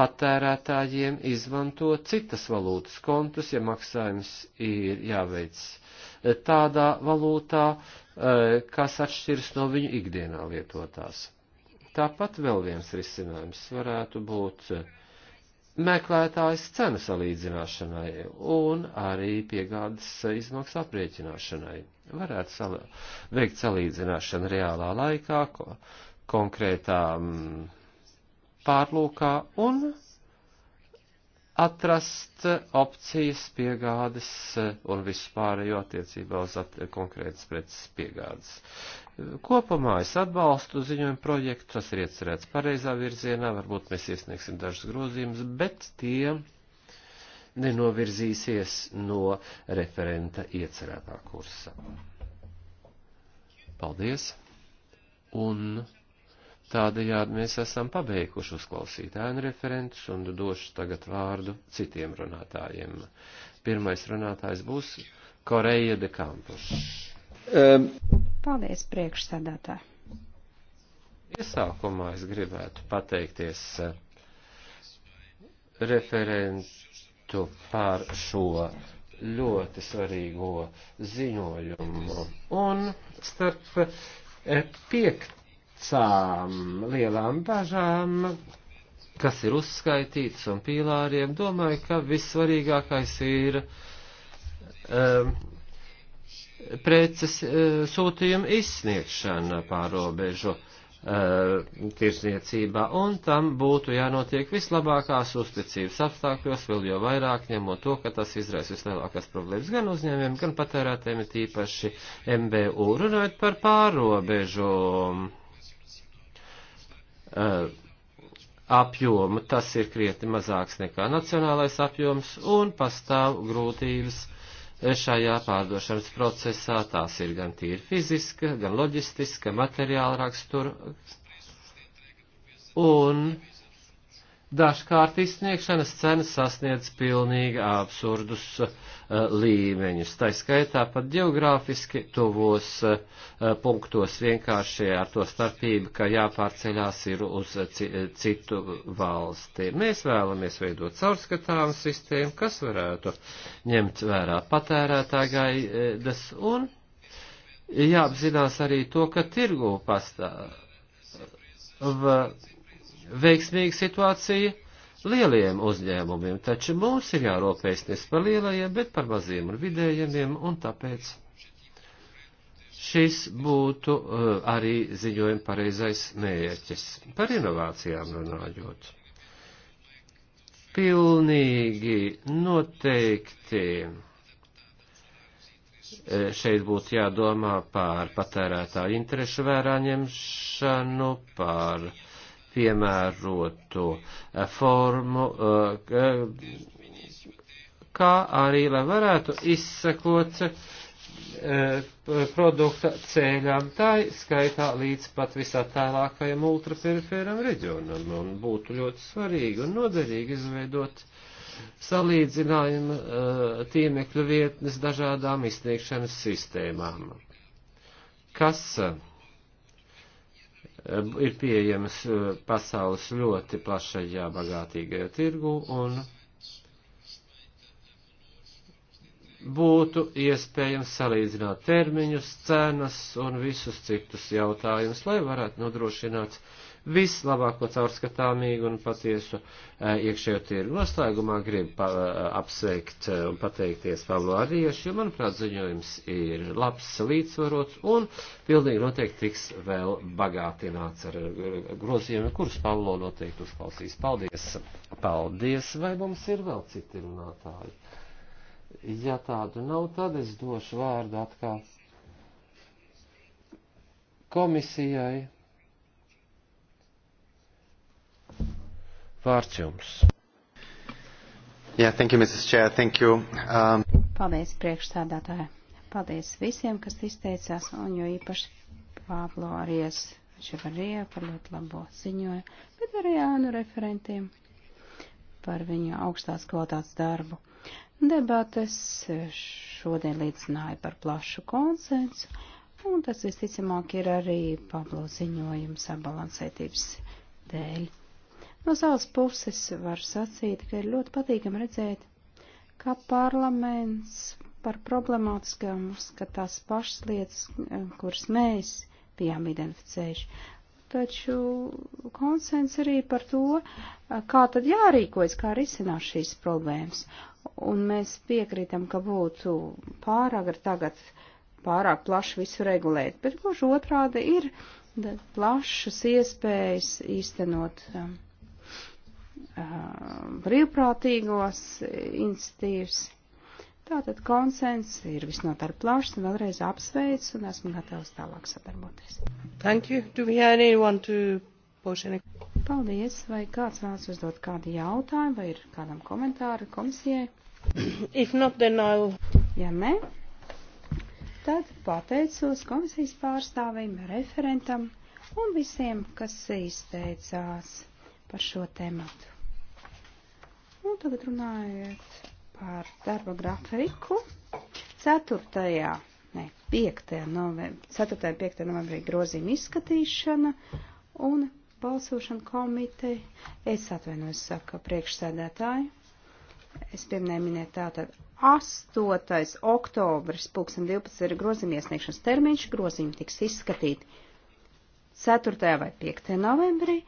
patērētājiem izmantot citas valūtas kontus, ja maksājums ir jāveic eh, tādā valūtā, eh, kas atšķiras no viņu ikdienā lietotās. Tāpat vēl viens risinājums varētu būt uh, meklētājs cenu salīdzināšanai un arī piegādes izmaksu aprēķināšanai. Varētu sal veikt salīdzināšanu reālā laikā, ko konkrētā mm, pārlūkā un atrast opcijas piegādes un vispārējo attiecībā uz at konkrētas preces piegādes. Kopumā es atbalstu ziņojumu projektu, tas ir iecerēts pareizā virzienā, varbūt mēs iesniegsim dažus grozījumus, bet tie nenovirzīsies no referenta iecerētā kursa. Paldies! Un tādējādi mēs esam pabeiguši uzklausīt ēnu referentus un došu tagad vārdu citiem runātājiem. Pirmais runātājs būs Koreja de Kampus. Um. Paldies, priekšsēdētāji. Iesākumā es gribētu pateikties eh, referentu par šo ļoti svarīgo ziņojumu. Un starp eh, piekcām lielām bažām, kas ir uzskaitītas un pīlāriem, domāju, ka vissvarīgākais ir um, preces eh, sūtījuma izsniegšana pārobežu eh, tirsniecībā, un tam būtu jānotiek vislabākās uzticības apstākļos, vēl jau vairāk ņemot to, ka tas izraisa vislielākās problēmas gan uzņēmiem, gan patērētēm, tīpaši MBU, runājot par pārobežu eh, apjomu, tas ir krietni mazāks nekā nacionālais apjoms, un pastāv grūtības šajā pārdošanas procesā. Tās ir gan tīri fiziska, gan loģistiska, materiāla rakstura. Un Dažkārt izsniegšanas cenas sasniedz pilnīgi absurdus uh, līmeņus, tā skaitā pat geogrāfiski tuvos uh, punktos vienkārši ar to starpību, ka jāpārceļās ir uz ci citu valsti. Mēs vēlamies veidot caurskatāmu sistēmu, kas varētu ņemt vērā patērētāju gaidas un jāapzinās arī to, ka tirgu pastāv veiksmīga situācija lieliem uzņēmumiem, taču mums ir jārūpējas ne par lielajiem, bet par maziem un vidējiem, un tāpēc šis būtu uh, arī ziņojuma pareizais mērķis. Par inovācijām runājot. Pilnīgi noteikti eh, šeit būtu jādomā par patērētāju interešu vērā ņemšanu, par uh, piemērotu eh, formu, eh, kā arī, lai varētu izsekot eh, produkta ceļām, tā skaitā līdz pat visā tālākajam ultraperifēram reģionam, un būtu ļoti svarīgi un noderīgi izveidot salīdzinājumu tīmekļu vietnes dažādām izsniegšanas sistēmām. Kas ir pieejamas e, pasaules ļoti plašajā bagātīgajā tirgu un būtu iespējams salīdzināt termiņus, cenas un visus citus jautājumus, lai varētu nodrošināt uh, vislabāko caurskatāmīgu un patiesu eh, iekšējo tirgu. Noslēgumā gribu pa, eh, apsveikt eh, un pateikties Pablo Ariešu, jo, manuprāt, ziņojums ir labs, līdzsvarots un pilnīgi noteikti tiks vēl bagātināts ar grozījumiem, kurus Pablo noteikti uzklausīs. Paldies! Paldies! Vai mums ir vēl citi runātāji? Ja tādu nav, tad es došu vārdu atkal komisijai. Vārds jums. Yeah, thank you, Mrs. Chair. Thank you. Um... Paldies, priekšsādātāji. Paldies visiem, kas izteicās, un jo īpaši Pāvlo Aries Čevarija par ļoti labo ziņoju, bet arī Jānu referentiem par viņu augstās kvalitātes darbu. Debates šodien liecināja par plašu konsensu, un tas visticamāk ir arī Pablo ziņojums sabalansētības dēļ. No savas puses var sacīt, ka ir ļoti patīkami redzēt, kā parlaments par problemātiskām skatās pašas lietas, eh, kuras mēs bijām identificējuši. Taču konsens arī par to, eh, kā tad jārīkojas, kā risināt šīs problēmas. Un mēs piekrītam, ka būtu pārāk ar tagad pārāk plaši visu regulēt, bet gluži otrādi ir plašas iespējas īstenot um, Um, brīvprātīgos institīvas. Tātad konsens ir visnotaļ plašs un vēlreiz apsveic un esmu gatavs tālāk sadarboties. Thank you. Do we have anyone to push any? Paldies. Vai kāds vēlas uzdot kādu jautājumu vai ir kādam komentāru komisijai? If not, then I'll... Ja ne, tad pateicos komisijas pārstāvim, referentam un visiem, kas izteicās par šo tematu. Un tagad runājot par darba grafiku. 4. ne, 5. novembrī, 4. un 5. novembrī grozījuma izskatīšana un balsošana komiteja. Es atvainojos, saka priekšsēdētāji. Es pieminēju minēt tātad 8. oktobris 2012 ir grozījuma iesniegšanas termiņš, grozījumi tiks izskatīti 4. vai 5. novembrī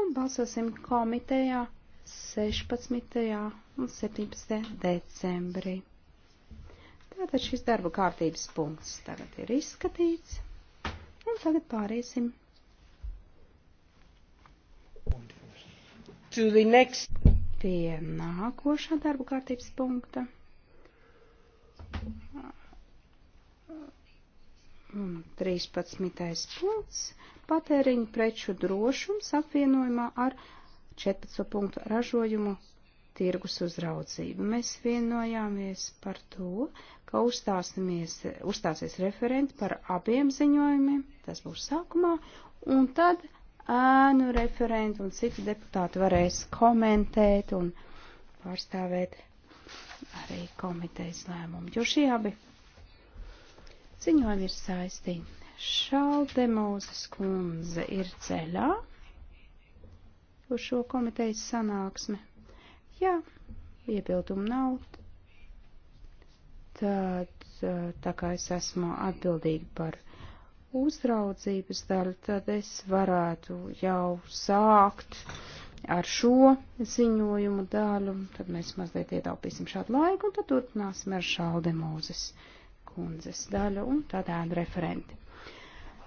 un balsosim komitejā 16. un 17. decembrī. Tātad šis darba kārtības punkts tagad ir izskatīts, un tagad pāriesim. Next... Pie nākošā darba kārtības punkta. Un 13. punkts - patēriņu preču drošums apvienojumā ar 14. punktu ražojumu tirgus uzraudzību. Mēs vienojāmies par to, ka uzstāsies referenti par abiem ziņojumiem, tas būs sākumā, un tad ēnu referenti un citi deputāti varēs komentēt un pārstāvēt arī komitejas lēmumu, jo šie abi ziņojumi ir saistīti. Šaldemozes kundze ir ceļā uz šo komitejas sanāksmi. Jā, iebildumu nav. Tad, tā kā es esmu atbildīga par uzraudzības daļu, tad es varētu jau sākt ar šo ziņojumu daļu. Tad mēs mazliet ietaupīsim šādu laiku un tad turpināsim ar Šaldemozes kundzes daļu un tādā referenti.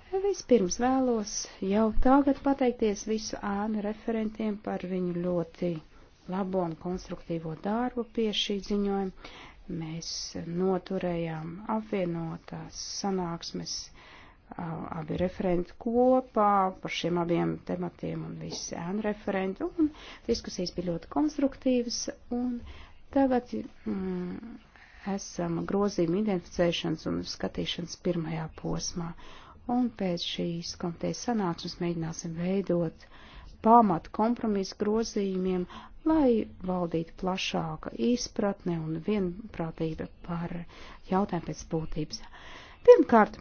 Vispirms vēlos jau tagad pateikties visu ēnu referentiem par viņu ļoti labo un konstruktīvo darbu pie šī ziņojuma. Mēs noturējām apvienotās sanāksmes abi referenti kopā par šiem abiem tematiem un visi ēnu referenti, un diskusijas bija ļoti konstruktīvas, un tagad mm, esam grozījuma identificēšanas un skatīšanas pirmajā posmā. Un pēc šīs komitejas sanāksmes mēģināsim veidot pamatu kompromisu grozījumiem, lai valdītu plašāka izpratne un vienprātība par jautājumu pēc būtības. Pirmkārt,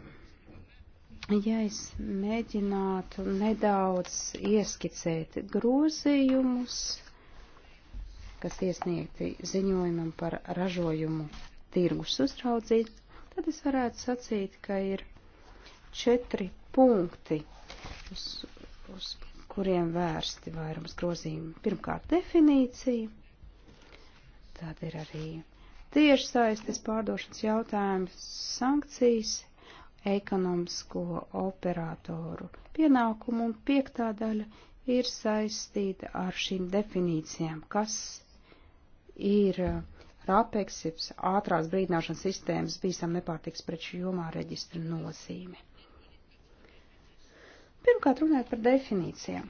ja es mēģinātu nedaudz ieskicēt grozījumus, kas iesniegti ziņojumam par ražojumu tirgus uzraudzīt, tad es varētu sacīt, ka ir četri punkti, uz, uz kuriem vērsti vairums grozījumi. Pirmkārt, definīcija, tad ir arī tiešsaistes pārdošanas jautājums, sankcijas, ekonomisko operatoru pienākumu un piektā daļa ir saistīta ar šīm definīcijām, kas ir RAPEX, ātrās brīdināšanas sistēmas bīstam nepārtiks preču jomā reģistra nozīme. Pirmkārt, runājot par definīcijām.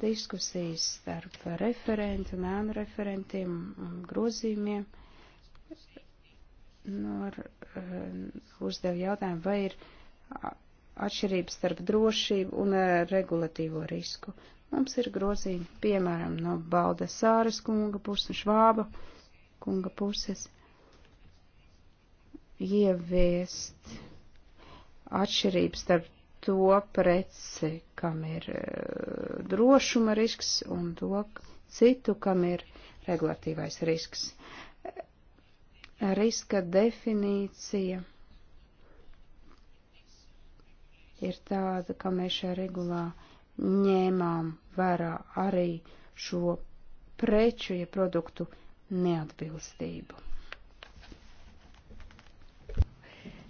Diskusijas starp referentu un ēnu referentiem un grozījumiem nor, eh, uzdev jautājumu, vai ir atšķirības starp drošību un eh, regulatīvo risku. Mums ir grozījumi, piemēram, no Balda Sāras kunga puses un Švāba kunga puses ieviest atšķirības starp to preci, kam ir e, drošuma risks, un to citu, kam ir regulatīvais risks. Riska definīcija ir tāda, ka mēs šajā regulā ņēmām vērā arī šo preču, ja produktu neatbilstību.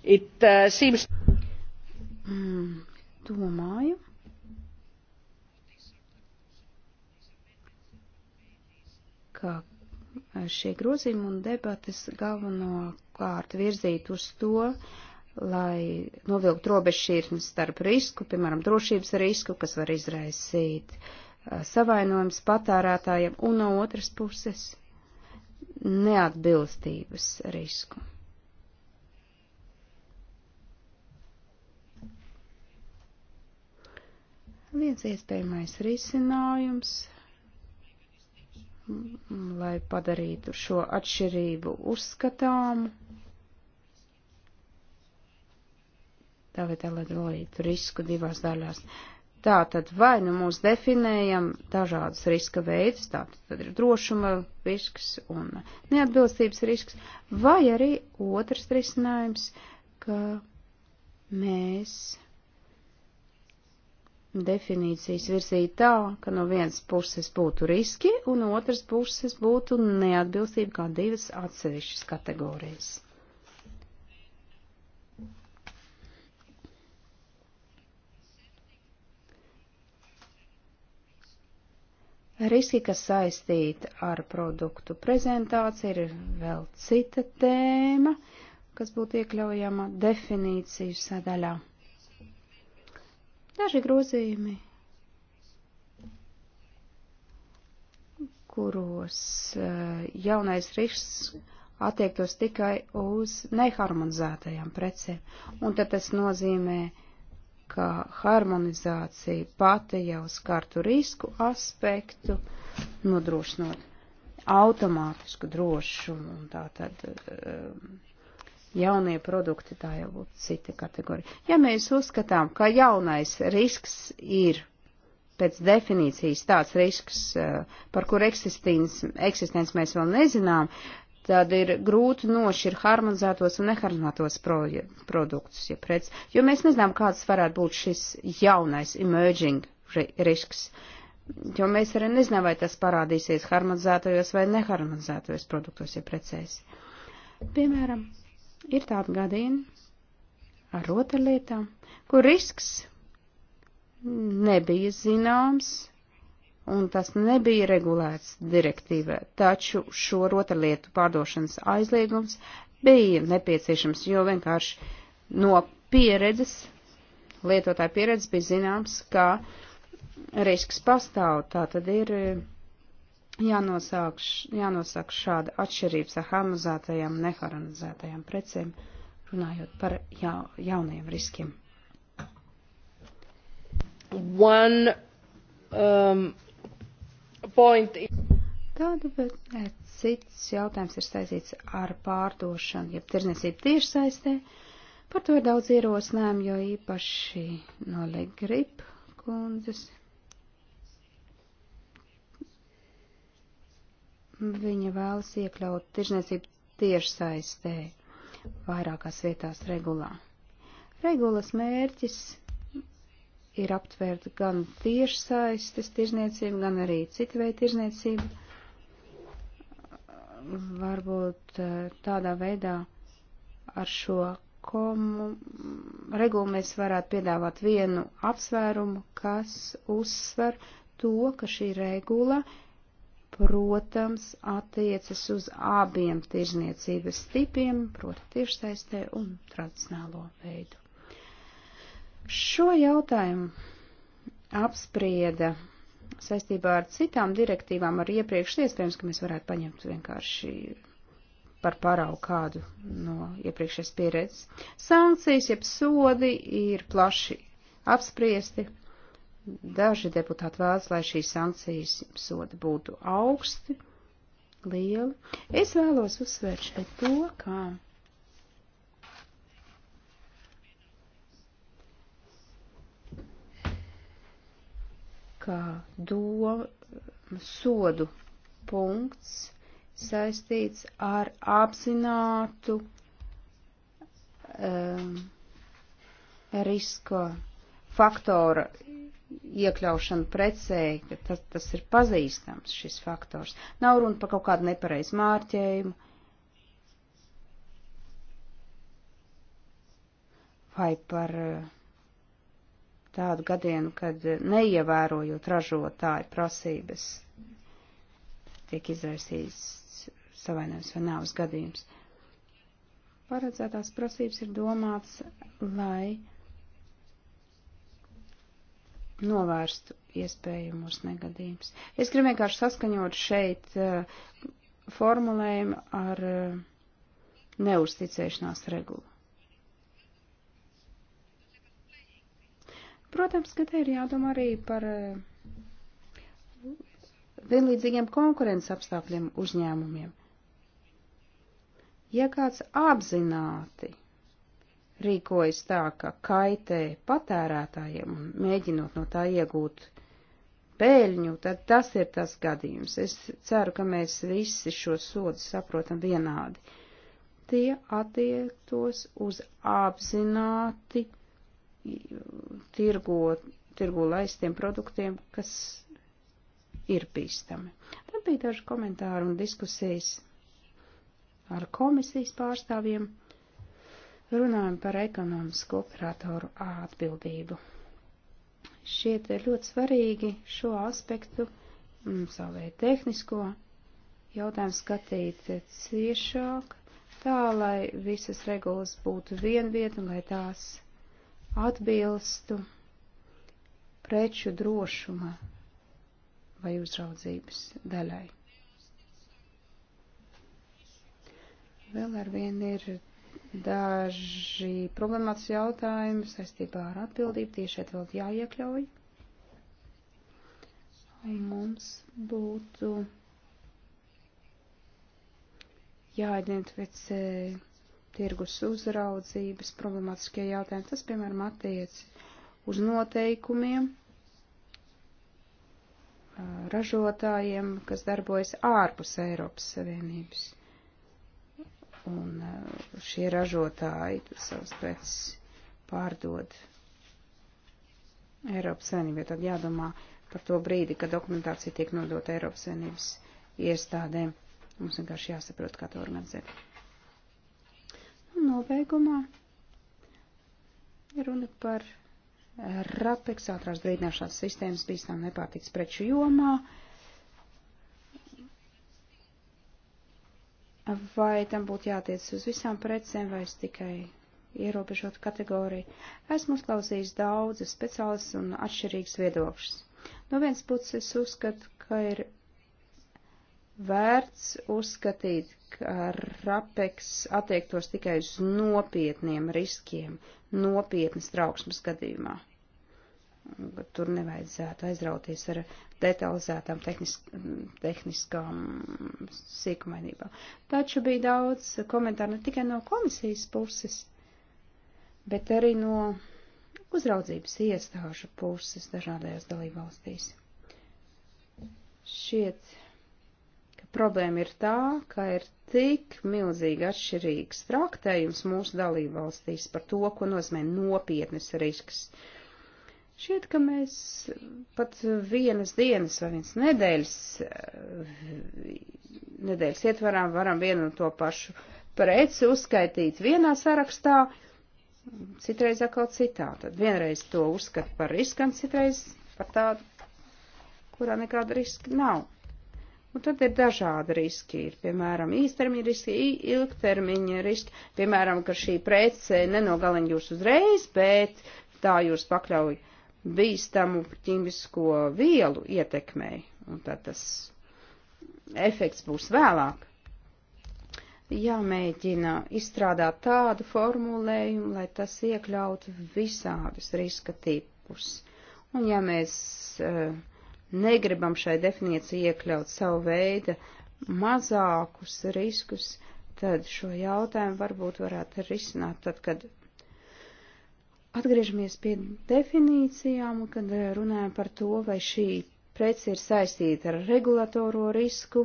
It uh, seems Mm, domāju. ka šie grozījumi un debates galvenokārt virzīt uz to, lai novilkt robežšķirtnes starp risku, piemēram, drošības risku, kas var izraisīt uh, savainojums patērētājiem, un no otras puses neatbilstības risku. Viens iespējamais risinājums, lai padarītu šo atšķirību uzskatāmu, tā vai tā, lai dalītu risku divās daļās. Tātad vai nu mūs definējam dažādas riska veidus, tātad tad ir drošuma risks un neatbilstības risks, vai arī otrs risinājums, ka mēs definīcijas virzīt tā, ka no vienas puses būtu riski un no otras puses būtu neatbilstība kā divas atsevišķas kategorijas. Riski, kas saistīti ar produktu prezentāciju, ir vēl cita tēma, kas būtu iekļaujama definīciju sadaļā. Daži grozījumi, kuros eh, jaunais risks attiektos tikai uz neharmonizētajām precēm. Un tad tas nozīmē, ka harmonizācija pati jau skartu risku aspektu nodrošinot automātisku drošumu un tā tad. Um, jaunie produkti, tā jau būtu cita kategorija. Ja mēs uzskatām, ka jaunais risks ir pēc definīcijas tāds risks, eh, par kur eksistents mēs vēl nezinām, tad ir grūti nošķirt harmonizētos un neharmonizētos pro, produktus, ja prets, jo mēs nezinām, kāds varētu būt šis jaunais emerging risks, jo mēs arī nezinām, vai tas parādīsies harmonizētajos vai neharmonizētajos produktos, ja precēs. Piemēram, ir tādi gadījumi ar rotaļlietām, kur risks nebija zināms un tas nebija regulēts direktīvē, taču šo rotaļlietu pārdošanas aizliegums bija nepieciešams, jo vienkārši no pieredzes, lietotāja pieredzes bija zināms, ka risks pastāv, tā tad ir jānosāk, jānosāk šāda atšķirība ar harmonizētajām un neharmonizētajām precēm, runājot par ja, jauniem riskiem. One, um, point. Tāda, bet ne, cits jautājums ir saistīts ar pārdošanu, jeb tirzniecību tieši saistē. Par to ir daudz ierosinājumu, jo īpaši no Legrip kundzes Viņa vēlas iekļaut tirzniecību tiešsaistē vairākās vietās regulā. Regulas mērķis ir aptvērt gan tiešsaistes tirzniecību, gan arī citu veidu tirzniecību. Varbūt eh, tādā veidā ar šo komu regulu mēs varētu piedāvāt vienu apsvērumu, kas uzsver to, ka šī regula protams, attiecas uz abiem tirzniecības tipiem, proti tiešsaistē un tradicionālo veidu. Šo jautājumu apsprieda saistībā ar citām direktīvām ar iepriekš iespējams, ka mēs varētu paņemt vienkārši par paraugu kādu no iepriekšējās pieredzes. Sankcijas, jeb sodi ir plaši apspriesti, Daži deputāti vēlas, lai šīs sankcijas soda būtu augsti, lieli. Es vēlos uzsvērt šeit to, kā kā do, sodu punkts saistīts ar apzinātu um, riska faktora iekļaušanu precē, ka tas, tas ir pazīstams šis faktors. Nav runa par kaut kādu nepareizu mārķējumu. Vai par uh, tādu gadienu, kad neievērojot ražotāju prasības, tiek izraisīts savainojums vai nāvs gadījums. Paredzētās prasības ir domāts, lai novērstu iespējamos negadījumus. Es gribu vienkārši saskaņot šeit uh, formulējumu ar uh, neusticēšanās regulu. Protams, ka te ir jādomā arī par uh, vienlīdzīgiem konkurences apstākļiem uzņēmumiem. Ja kāds apzināti rīkojas tā, ka kaitē patērētājiem un mēģinot no tā iegūt pēļņu, tad tas ir tas gadījums. Es ceru, ka mēs visi šo sodu saprotam vienādi. Tie attiektos uz apzināti tirgo, tirgu laistiem produktiem, kas ir bīstami. Tad bija daži komentāri un diskusijas ar komisijas pārstāvjiem runājam par ekonomisku operatoru atbildību. Šiet ir ļoti svarīgi šo aspektu, mm, savai tehnisko jautājumu skatīt ciešāk, tā, lai visas regulas būtu vienvieta, lai tās atbilstu preču drošuma vai uzraudzības daļai. Vēl ar vienu ir daži problemāts jautājumi saistībā ar atbildību tieši šeit vēl jāiekļauj. Lai mums būtu jāidentificē tirgus uzraudzības problemātiskie jautājumi. Tas, piemēram, attiec uz noteikumiem ražotājiem, kas darbojas ārpus Eiropas Savienības un eh, šie ražotāji savus preces pārdod Eiropas Savienībai. Tad jādomā par to brīdi, kad dokumentācija tiek nodota Eiropas Savienības iestādēm. Mums vienkārši jāsaprot, kā to organizēt. Nobeigumā runa par RAPEX ātrās brīdināšanas sistēmas bīstam nepārtīks preču jomā. Uh, vai tam būtu jātiec uz visām precēm vai uz tikai ierobežotu kategoriju. Esmu uzklausījis daudzas speciālas un atšķirīgas viedokšas. No viens puses es uzskatu, ka ir vērts uzskatīt, ka rapeks attiektos tikai uz nopietniem riskiem, nopietnas trauksmes gadījumā bet tur nevajadzētu aizrauties ar detalizētām tehnis, tehniskām sīkumainībām. Taču bija daudz komentāru ne tikai no komisijas puses, bet arī no uzraudzības iestāžu puses dažādajās dalībvalstīs. Šiet, ka problēma ir tā, ka ir tik milzīgi atšķirīgs traktējums mūsu dalībvalstīs par to, ko nozīmē nopietnas risks. Uh, Šķiet, ka mēs pat vienas dienas vai vienas nedēļas, eh, nedēļas ietvarā varam vienu un to pašu preci uzskaitīt vienā sarakstā, citreiz atkal citā. Tad vienreiz to uzskata par riskantu, citreiz par tādu, kurā nekāda riska nav. Un tad ir dažādi riski. Ir, piemēram, īstermiņa riski, ilgtermiņa riski. Piemēram, ka šī prece nenogalina jūs uzreiz, bet tā jūs pakļauj bīstamu ķīmisko vielu ietekmei, un tad tas efekts būs vēlāk. Jāmēģina izstrādāt tādu formulējumu, lai tas iekļautu visādus riska tipus. Un ja mēs uh, negribam šai definīcijai iekļaut savu veidu mazākus riskus, tad šo jautājumu varbūt varētu risināt tad, kad Atgriežamies pie definīcijām, kad eh, runājam par to, vai šī prece ir saistīta ar regulatoro risku,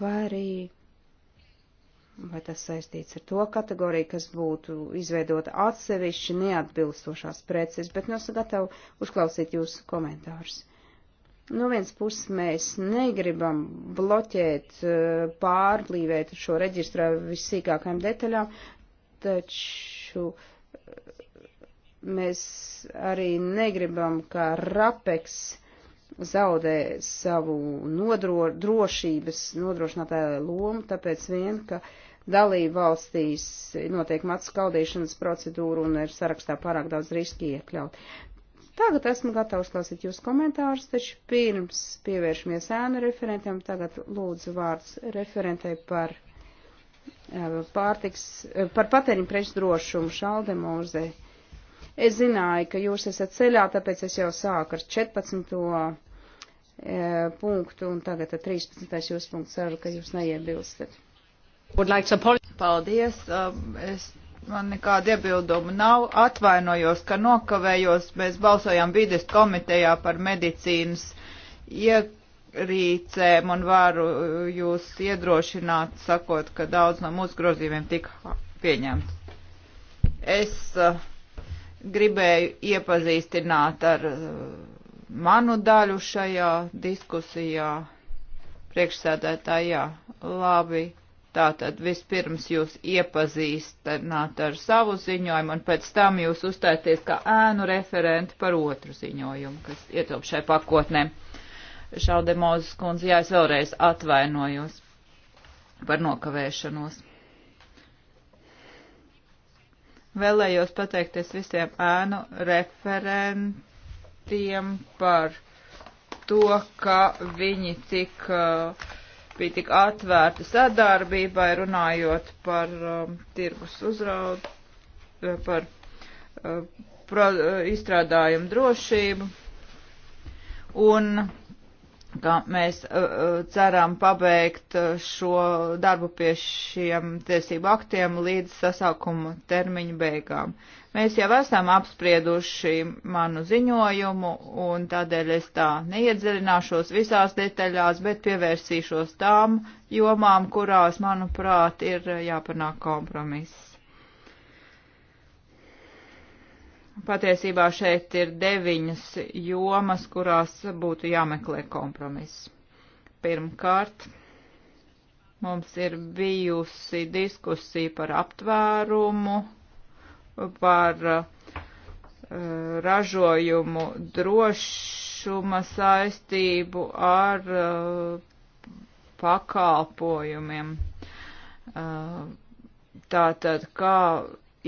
vai arī vai tas saistīts ar to kategoriju, kas būtu izveidota atsevišķi neatbilstošās preces, bet nesu nu, gatavu uzklausīt jūsu komentārus. No viens puses mēs negribam bloķēt, eh, pārblīvēt šo reģistrā vissīkākajām detaļām, taču uh, Mēs arī negribam, ka rapeks zaudē savu nodro, drošības nodrošinātāju lomu, tāpēc vien, ka dalību valstīs notiek matu skaldīšanas procedūra un ir sarakstā pārāk daudz riski iekļaut. Tagad esmu gatavs klausīt jūs komentārus, taču pirms pievēršamies ēnu referentiem, tagad lūdzu vārds referentei par eh, pārtiks, eh, par patēriņu preču drošumu Šalde Mozei. Es zināju, ka jūs esat ceļā, tāpēc es jau sāku ar 14. E, punktu, un tagad ar 13. jūs punkts ceru, ka jūs neiebilstat. Paldies! Um, es, man nekāda iebilduma nav. Atvainojos, ka nokavējos. Mēs balsojām vides komitejā par medicīnas ierīcēm un varu jūs iedrošināt, sakot, ka daudz no mūsu grozījumiem tika pieņemts. Es uh, gribēju iepazīstināt ar uh, manu daļu šajā diskusijā. Priekšsēdētāji, jā, labi. Tātad vispirms jūs iepazīstināt ar savu ziņojumu, un pēc tam jūs uzstāties kā ēnu referenti par otru ziņojumu, kas ietilp šai pakotnē. Šaudemozes kundze, jā, es vēlreiz atvainojos par nokavēšanos. Vēlējos pateikties visiem ēnu referentiem par to, ka viņi tik, eh, bija tik atvērti sadarbībai, runājot par um, tirgus uzraudu, eh, par uh, pro, uh, izstrādājumu drošību. Un ka mēs uh, uh ceram pabeigt uh, šo darbu pie šiem tiesību aktiem līdz sasaukuma termiņu beigām. Mēs jau esam apsprieduši manu ziņojumu, un tādēļ es tā neiedziļināšos visās detaļās, bet pievērsīšos tām jomām, kurās, manuprāt, ir jāpanāk kompromiss. Patiesībā šeit ir deviņas jomas, kurās būtu jāmeklē kompromiss. Pirmkārt, mums ir bijusi diskusija par aptvērumu, par uh, ražojumu drošuma saistību ar uh, pakalpojumiem. Uh, tātad, kā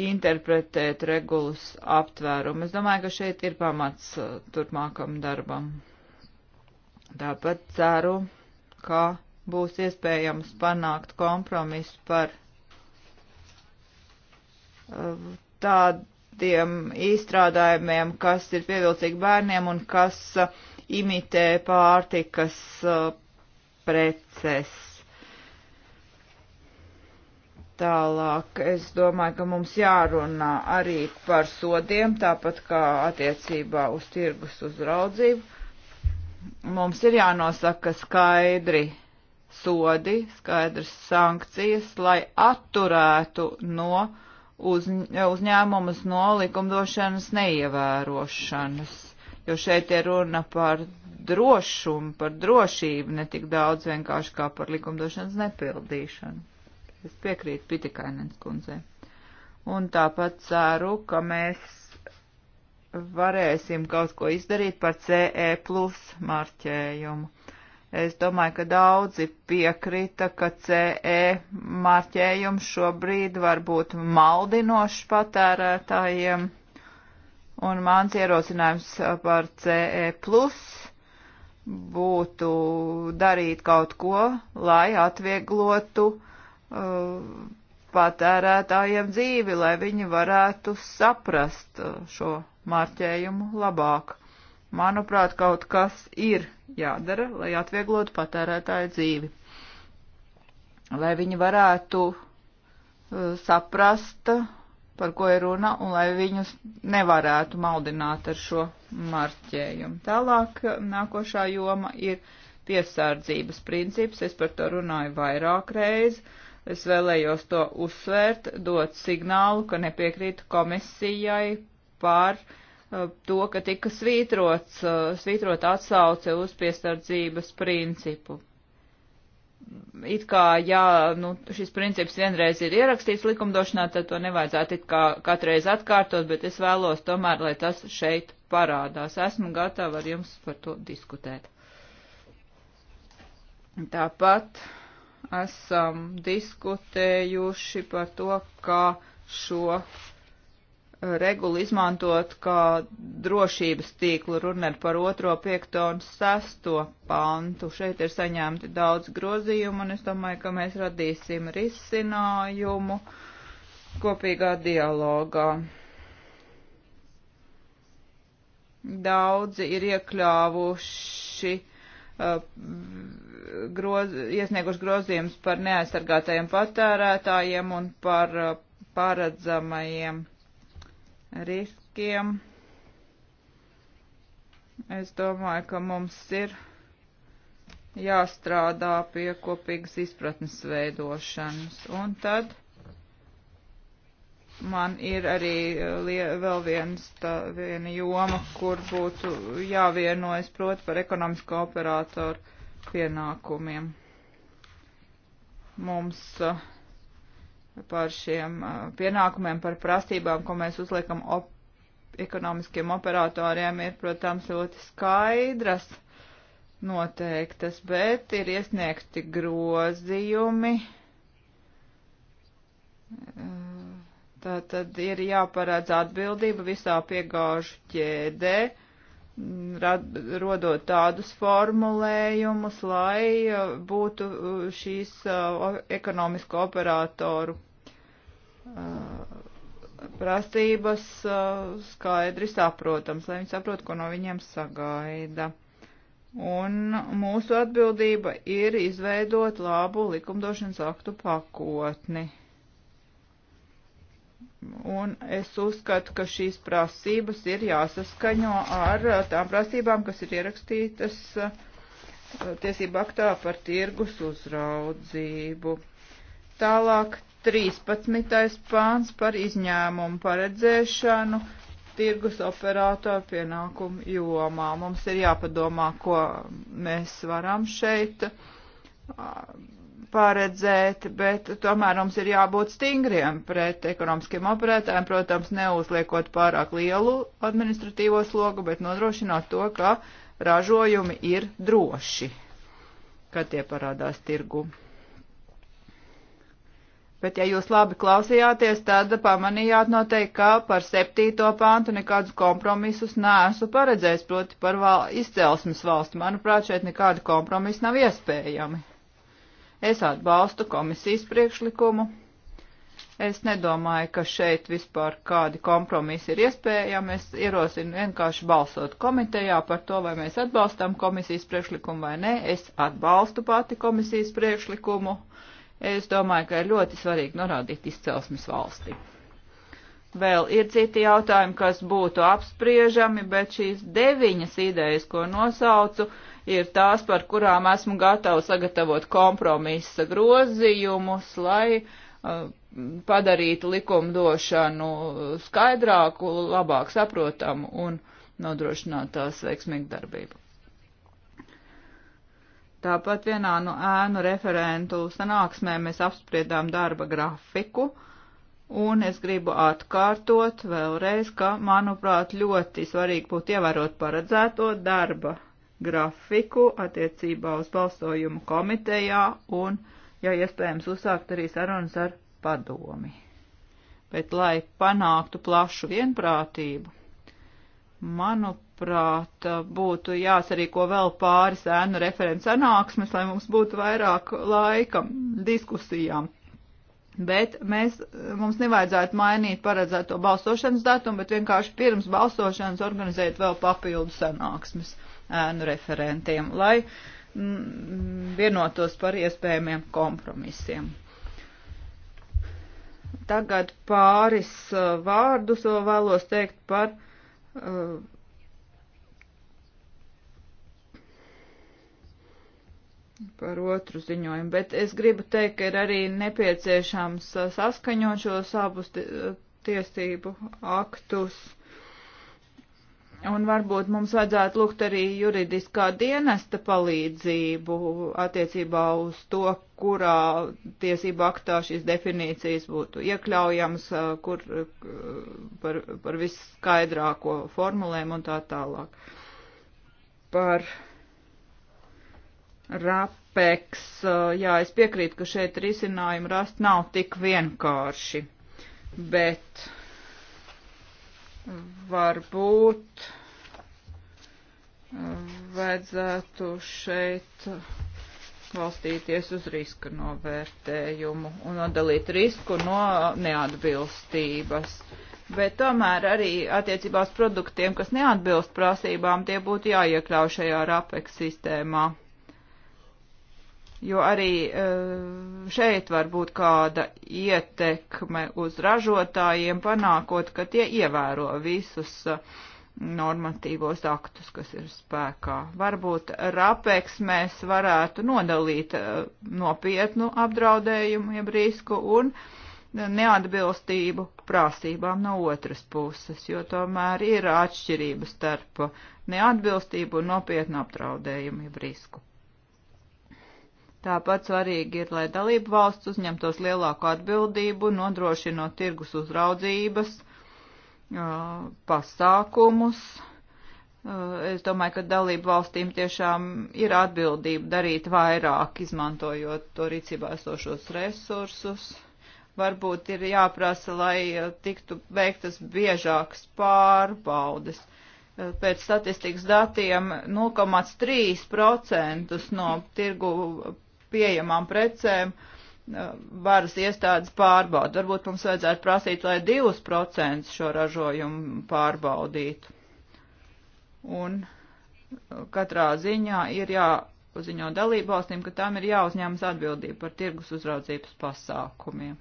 interpretēt regulas aptvērumu. Es domāju, ka šeit ir pamats uh, turpmākam darbam. Tāpat ceru, ka būs iespējams panākt kompromisu par uh, tādiem izstrādājumiem, kas ir pievilcīgi bērniem un kas uh, imitē pārtikas preces Tālāk es domāju, ka mums jārunā arī par sodiem, tāpat kā attiecībā uz tirgus uzraudzību. Mums ir jānosaka skaidri sodi, skaidrs sankcijas, lai atturētu no uz, uzņēmumus no likumdošanas neievērošanas, jo šeit ir runa par drošumu, par drošību, ne tik daudz vienkārši kā par likumdošanas nepildīšanu. Es piekrītu Pitikainens kundzei. Un tāpat ceru, ka mēs varēsim kaut ko izdarīt par CE plus marķējumu. Es domāju, ka daudzi piekrita, ka CE marķējums šobrīd var būt maldinošs patērētājiem, un mans ierosinājums par CE plus būtu darīt kaut ko, lai atvieglotu uh, Uh, patērētājiem dzīvi, lai viņi varētu saprast uh, šo marķējumu labāk. Manuprāt, kaut kas ir jādara, lai atvieglotu patērētāju dzīvi, lai viņi varētu uh, saprast, par ko ir runa, un lai viņus nevarētu maldināt ar šo marķējumu. Tālāk nākošā joma ir tiesārdzības princips, es par to runāju vairāk reizi Es vēlējos to uzsvērt, dot signālu, ka nepiekrītu komisijai par uh, to, ka tika svītrots, uh, svītrot atsauce uz piesardzības principu. It kā, ja nu, šis princips vienreiz ir ierakstīts likumdošanā, tad to nevajadzētu it kā katreiz atkārtot, bet es vēlos tomēr, lai tas šeit parādās. Esmu gatava ar jums par to diskutēt. Tāpat esam diskutējuši par to, kā šo eh, regulu izmantot kā drošības tīklu, runa ir par otro, piekto un sesto pantu. Šeit ir saņemti daudz grozījumu, un es domāju, ka mēs radīsim risinājumu kopīgā dialogā. Daudzi ir iekļāvuši uh, groz, iesnieguši grozījumus par neaizsargātajiem patērētājiem un par uh, paredzamajiem riskiem. Es domāju, ka mums ir jāstrādā pie kopīgas izpratnes veidošanas. Un tad man ir arī uh, vēl viens, tā, viena joma, kur būtu jāvienojas, proti, par ekonomisko operātoru pienākumiem. Mums eh, par šiem eh, pienākumiem, par prasībām, ko mēs uzliekam op ekonomiskiem operatoriem, ir, protams, ļoti skaidras noteiktas, bet ir iesniegti grozījumi. Eh, tā tad ir jāparādz atbildība visā piegāžu ķēdē Mm, rad, rodot tādus formulējumus, lai uh, būtu uh, šīs uh, ekonomisko operātoru prasības skaidri saprotams, lai viņi saprot, ko no viņiem sagaida. Un mūsu atbildība ir izveidot labu likumdošanas aktu pakotni. Un es uzskatu, ka šīs prasības ir jāsaskaņo ar uh, tām prasībām, kas ir ierakstītas uh, tiesību aktā par tirgus uzraudzību. Tālāk 13. pāns par izņēmumu paredzēšanu tirgus operātoru pienākumu jomā. Mums ir jāpadomā, ko mēs varam šeit uh, paredzēt, bet tomēr mums ir jābūt stingriem pret ekonomiskiem operētājiem, protams, neuzliekot pārāk lielu administratīvo slogu, bet nodrošināt to, ka ražojumi ir droši, kad tie parādās tirgu. Bet, ja jūs labi klausījāties, tad pamanījāt noteikti, ka par septīto pāntu nekādus kompromisus nesu paredzējis, proti par val izcelsmes valsti. Manuprāt, šeit nekādi kompromisi nav iespējami. Es atbalstu komisijas priekšlikumu. Es nedomāju, ka šeit vispār kādi kompromisi ir iespējami. Es ierosinu vienkārši balsot komitejā par to, vai mēs atbalstām komisijas priekšlikumu vai nē. Es atbalstu pati komisijas priekšlikumu. Es domāju, ka ir ļoti svarīgi norādīt izcelsmes valsti. Vēl ir citi jautājumi, kas būtu apspriežami, bet šīs deviņas idejas, ko nosaucu, ir tās, par kurām esmu gatava sagatavot kompromisa grozījumus, lai uh, padarītu likumdošanu skaidrāku, labāk saprotamu un nodrošinātu tās veiksmīgu darbību. Tāpat vienā no ēnu referentu sanāksmē mēs apspriedām darba grafiku, un es gribu atkārtot vēlreiz, ka, manuprāt, ļoti svarīgi būtu ievērot paredzēto darba grafiku attiecībā uz balsojumu komitejā un, ja iespējams, uzsākt arī sarunas ar padomi. Bet, lai panāktu plašu vienprātību, manuprāt, būtu jāsarīko vēl pāris ēnu referents sanāksmes, lai mums būtu vairāk laika diskusijām. Bet mēs, mums nevajadzētu mainīt paredzēto balsošanas datumu, bet vienkārši pirms balsošanas organizēt vēl papildu sanāksmes ēnu referentiem, lai mm, mm, vienotos par iespējamiem kompromisiem. Tagad pāris vārdus vēl vēlos teikt par uh, par otru ziņojumu, bet es gribu teikt, ka ir arī nepieciešams saskaņot šos abus tiesību aktus. Un varbūt mums vajadzētu lūgt arī juridiskā dienesta palīdzību attiecībā uz to, kurā tiesību aktā šīs definīcijas būtu iekļaujams, kur par, par visskaidrāko formulēm un tā tālāk. Par rapeks, jā, es piekrītu, ka šeit risinājumu rast nav tik vienkārši, bet varbūt eh, vajadzētu šeit valstīties uz riska novērtējumu un nodalīt risku no neatbilstības. Bet tomēr arī attiecībās produktiem, kas neatbilst prasībām, tie būtu jāiekļauj šajā RAPEX sistēmā jo arī e, šeit var būt kāda ietekme uz ražotājiem, panākot, ka tie ievēro visus e, normatīvos aktus, kas ir spēkā. Varbūt rapeks mēs varētu nodalīt e, nopietnu apdraudējumu, jeb risku un neatbilstību prasībām no otras puses, jo tomēr ir atšķirība starp neatbilstību un nopietnu apdraudējumu, jeb risku. Tāpat svarīgi ir, lai dalību valsts uzņemtos lielāku atbildību, nodrošinot tirgus uzraudzības pasākumus. Es domāju, ka dalību valstīm tiešām ir atbildība darīt vairāk, izmantojot to rīcībā esošos resursus. Varbūt ir jāprasa, lai tiktu veiktas biežākas pārbaudes pēc statistikas datiem 0,3% no tirgu pieejamām precēm eh, varas iestādes pārbauda. Varbūt mums vajadzētu prasīt, lai 2% šo ražojumu pārbaudītu. Un eh, katrā ziņā ir jāuziņo dalībvalstīm, ka tām ir jāuzņemas atbildība par tirgus uzraudzības pasākumiem.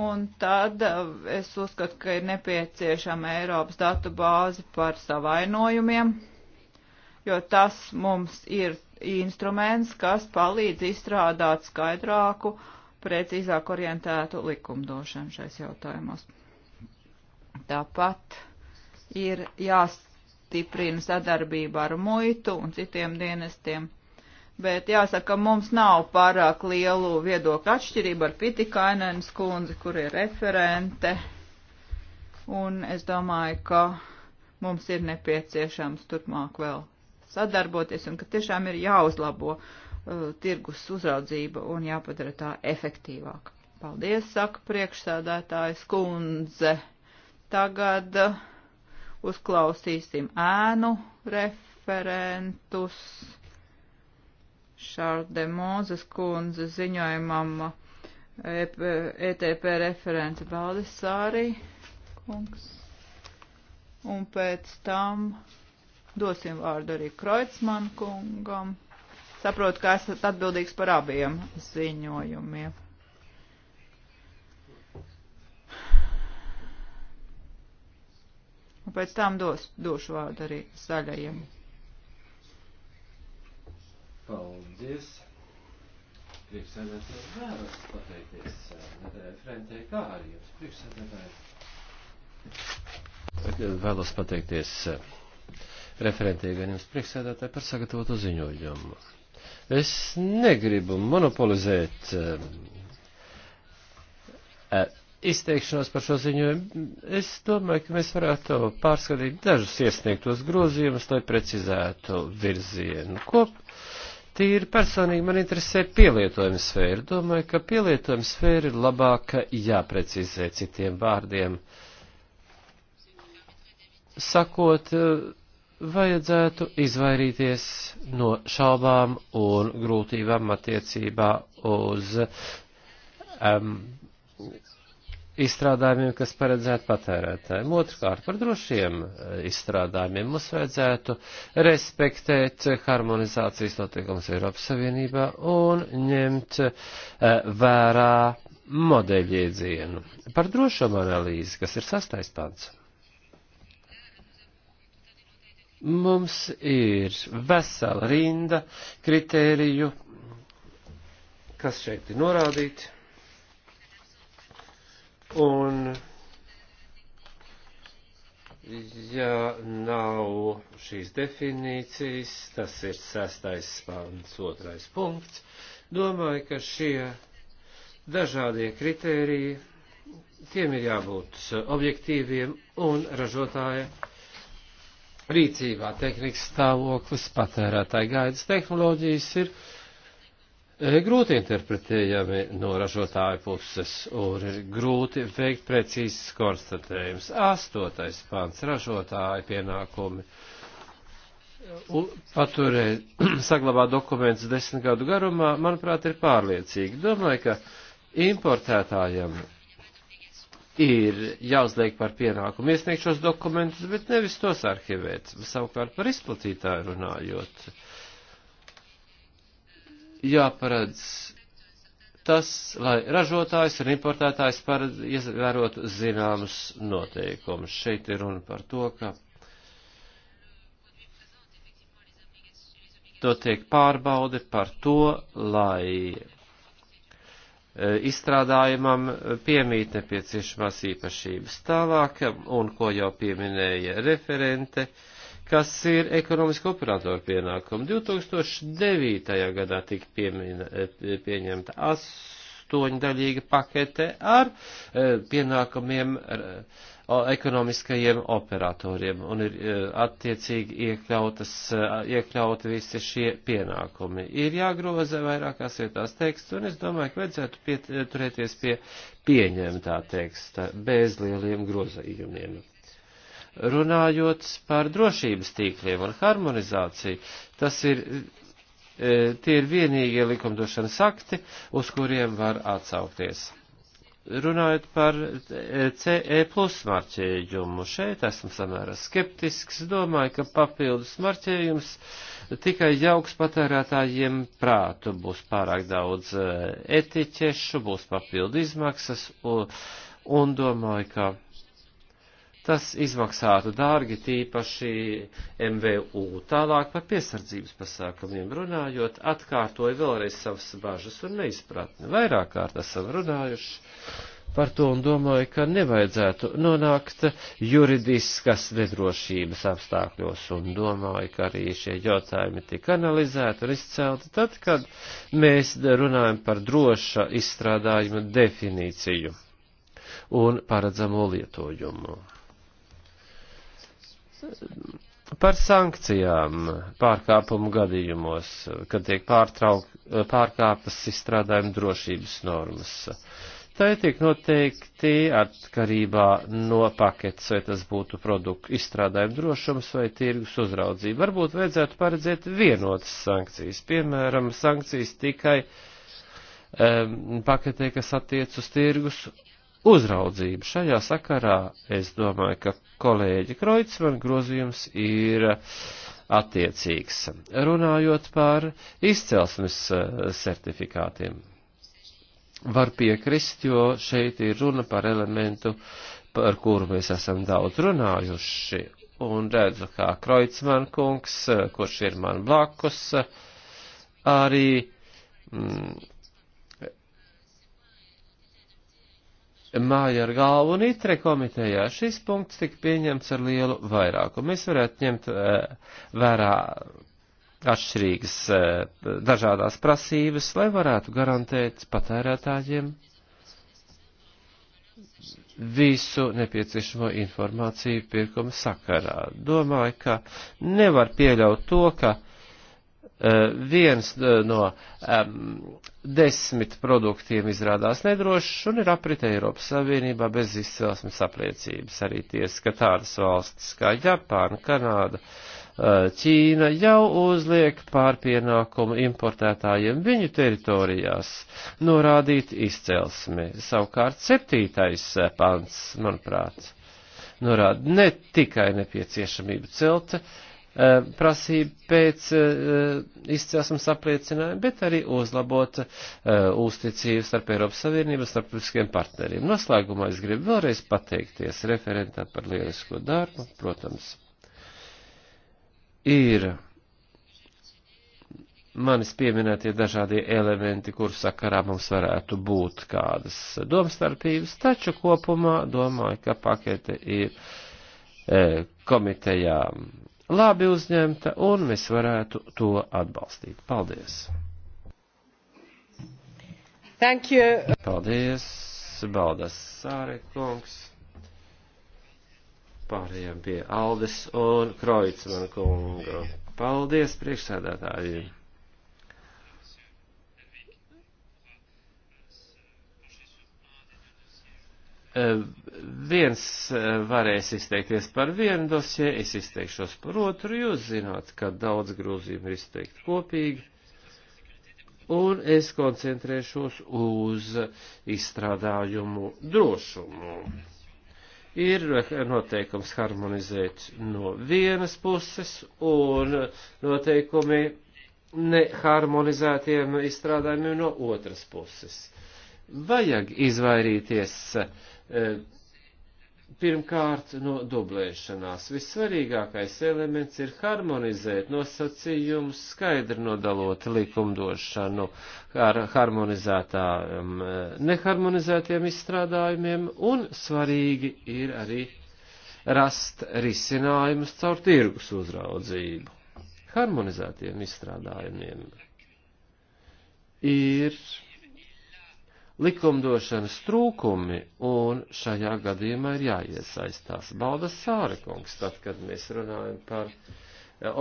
Un tad eh, es uzskatu, ka ir nepieciešama Eiropas datu bāze par savainojumiem, jo tas mums ir instruments, kas palīdz izstrādāt skaidrāku, precīzāk orientētu likumdošanu šais jautājumos. Tāpat ir jāstiprina sadarbība ar muitu un citiem dienestiem. Bet jāsaka, mums nav pārāk lielu viedokļu atšķirību ar Pitikainēnas kundzi, kur ir referente. Un es domāju, ka mums ir nepieciešams turpmāk vēl sadarboties un ka tiešām ir jāuzlabo uh, tirgus uzraudzība un jāpadara tā efektīvāk. Paldies, saka priekšsēdētājs kundze. Tagad uh, uzklausīsim ēnu referentus. Šārde Mozes kundze ziņojumam uh, EP, ETP referents Baldis Sārī kungs. Un pēc tam Dosim vārdu arī Kreutzmann kungam. Saprotu, ka esat atbildīgs par abiem ziņojumiem. Un pēc tam dos, došu vārdu arī zaļajiem. Paldies! Priekšsēdētājs vēlas pateikties referentē, eh, kā arī jums priekšsēdētāji. Vēlos pateikties. Uh, referentei, gan jums priekšsēdētāji par sagatavotu ziņojumu. Es negribu monopolizēt eh, eh, izteikšanos par šo ziņojumu. Es domāju, ka mēs varētu pārskatīt dažus iesniegtos grozījumus, lai precizētu virzienu. Kop tīri personīgi man interesē pielietojuma sfēra. Domāju, ka pielietojuma sfēra ir labāka jāprecizē citiem vārdiem. Sakot, uh, vajadzētu izvairīties no šaubām un grūtībām attiecībā uz um, izstrādājumiem, kas paredzēti patērētājiem. Otrkārt, par drošiem eh, izstrādājumiem mums vajadzētu respektēt harmonizācijas notiekumus Eiropas Savienībā un ņemt uh, vērā modeļiedzienu. Par drošumu analīzi, kas ir sastais pants. Mums ir vesela rinda kritēriju, kas šeit ir norādīti. Un ja nav šīs definīcijas, tas ir sestais pants, otrais punkts. Domāju, ka šie dažādie kritēriji, tiem ir jābūt objektīviem un ražotāja rīcībā tehnikas stāvoklis, patērētāji gaidas tehnoloģijas ir e, grūti interpretējami no ražotāju puses un ir grūti veikt precīzes konstatējums. Astotais pants - ražotāju pienākumi. Paturē saglabā dokumentus desmit gadu garumā, manuprāt, ir pārliecīgi. Domāju, ka importētājam ir jāuzliek par pienākumu iesniegt šos dokumentus, bet nevis tos arhivēt. Savukārt par izplatītāju runājot, jāparedz tas, lai ražotājs un importētājs paredz ievērotu zināmus noteikumus. Šeit ir runa par to, ka notiek pārbaude par to, lai Eh, izstrādājumam eh, piemīt nepieciešamās īpašības. Tālāk, un ko jau pieminēja referente, kas ir ekonomiska operatora pienākuma. 2009. gadā tika piemina, eh, pieņemta astoņdaļīga pakete ar pienākumiem. Ar, ekonomiskajiem operatoriem un ir e, attiecīgi iekļautas, e, iekļauti visi šie pienākumi. Ir jāgroza vairākās vietās teksts, un es domāju, ka vajadzētu pieturēties pie pieņemtā teksta bez lieliem grozījumiem. Runājot par drošības tīkliem un harmonizāciju, tas ir, e, tie ir vienīgie likumdošanas akti, uz kuriem var atsaukties. Runājot par CE plus marķējumu, šeit esmu samērā skeptisks, domāju, ka papildus marķējums tikai jauks patērētājiem prātu, būs pārāk daudz e, etiķešu, būs papildu izmaksas, un, un domāju, ka Tas izmaksātu dārgi tīpaši MVU. Tālāk par piesardzības pasākumiem runājot, atkārtoju vēlreiz savas bažas un neizpratni. Vairāk kārt esam runājuši par to un domāju, ka nevajadzētu nonākt juridiskas nedrošības apstākļos un domāju, ka arī šie jautājumi tika analizēti un izcelti tad, kad mēs runājam par droša izstrādājuma definīciju un paredzamo lietojumu. Par sankcijām pārkāpumu gadījumos, kad tiek pārkāptas izstrādājuma drošības normas. Tai tiek noteikti atkarībā no paketes, vai tas būtu produktu izstrādājuma drošums vai tirgus uzraudzība. Varbūt vajadzētu paredzēt vienotas sankcijas, piemēram, sankcijas tikai um, paketē, kas attiec uz tirgus uzraudzību. Šajā sakarā es domāju, ka kolēģi Kreutzmann grozījums ir attiecīgs. Runājot par izcelsmes eh, certifikātiem, var piekrist, jo šeit ir runa par elementu, par kuru mēs esam daudz runājuši. Un redzu, kā Kreutzmann kungs, eh, kurš ir man blakus, eh, arī mm, māja ar galvu un itre komitejā. Šis punkts tika pieņemts ar lielu vairāku. Mēs varētu ņemt eh, vērā atšķirīgas eh, dažādās prasības, lai varētu garantēt patērētājiem visu nepieciešamo informāciju pirkuma sakarā. Domāju, ka nevar pieļaut to, ka uh, Eh, viens eh, no um, desmit produktiem izrādās nedrošs un ir apritē Eiropas Savienībā bez izcelsmes apliecības. Arī tiesa, ka tādas valstis kā Japāna, Kanāda, eh, Ķīna jau uzliek pārpienākumu importētājiem viņu teritorijās norādīt izcelsmi. Savukārt septītais pants, manuprāt, norāda ne tikai nepieciešamību celt, uh, Eh, prasību pēc eh, izcelsmes apliecinājuma, bet arī uzlabot eh, uzticību starp Eiropas Savienības starptautiskiem partneriem. Noslēgumā es gribu vēlreiz pateikties referentam par lielisko darbu, protams. Ir manis pieminētie dažādie elementi, kuru sakarā mums varētu būt kādas domstarpības, taču kopumā domāju, ka pakete ir komitejām labi uzņemta un mēs varētu to atbalstīt. Paldies! Thank you. Paldies, Baldas Sāre kungs. Pārējām pie Aldes un Kroicmana kunga. Paldies, priekšsēdētāji! Eh, viens eh, varēs izteikties par vienu dosie, es izteikšos par otru, jūs zināt, ka daudz grozījumi ir izteikti kopīgi, un es koncentrēšos uz izstrādājumu drošumu. Ir noteikums harmonizēt no vienas puses, un noteikumi neharmonizētiem izstrādājumiem no otras puses. Vajag izvairīties uh, E, pirmkārt, no dublēšanās. Vissvarīgākais elements ir harmonizēt nosacījumus, skaidri nodalot likumdošanu ar harmonizētām, e, neharmonizētiem izstrādājumiem, un svarīgi ir arī rast risinājumus caur tirgus uzraudzību. Harmonizētiem izstrādājumiem ir likumdošanas trūkumi, un šajā gadījumā ir jāiesaistās. Baldas sārekungs, tad, kad mēs runājam par eh,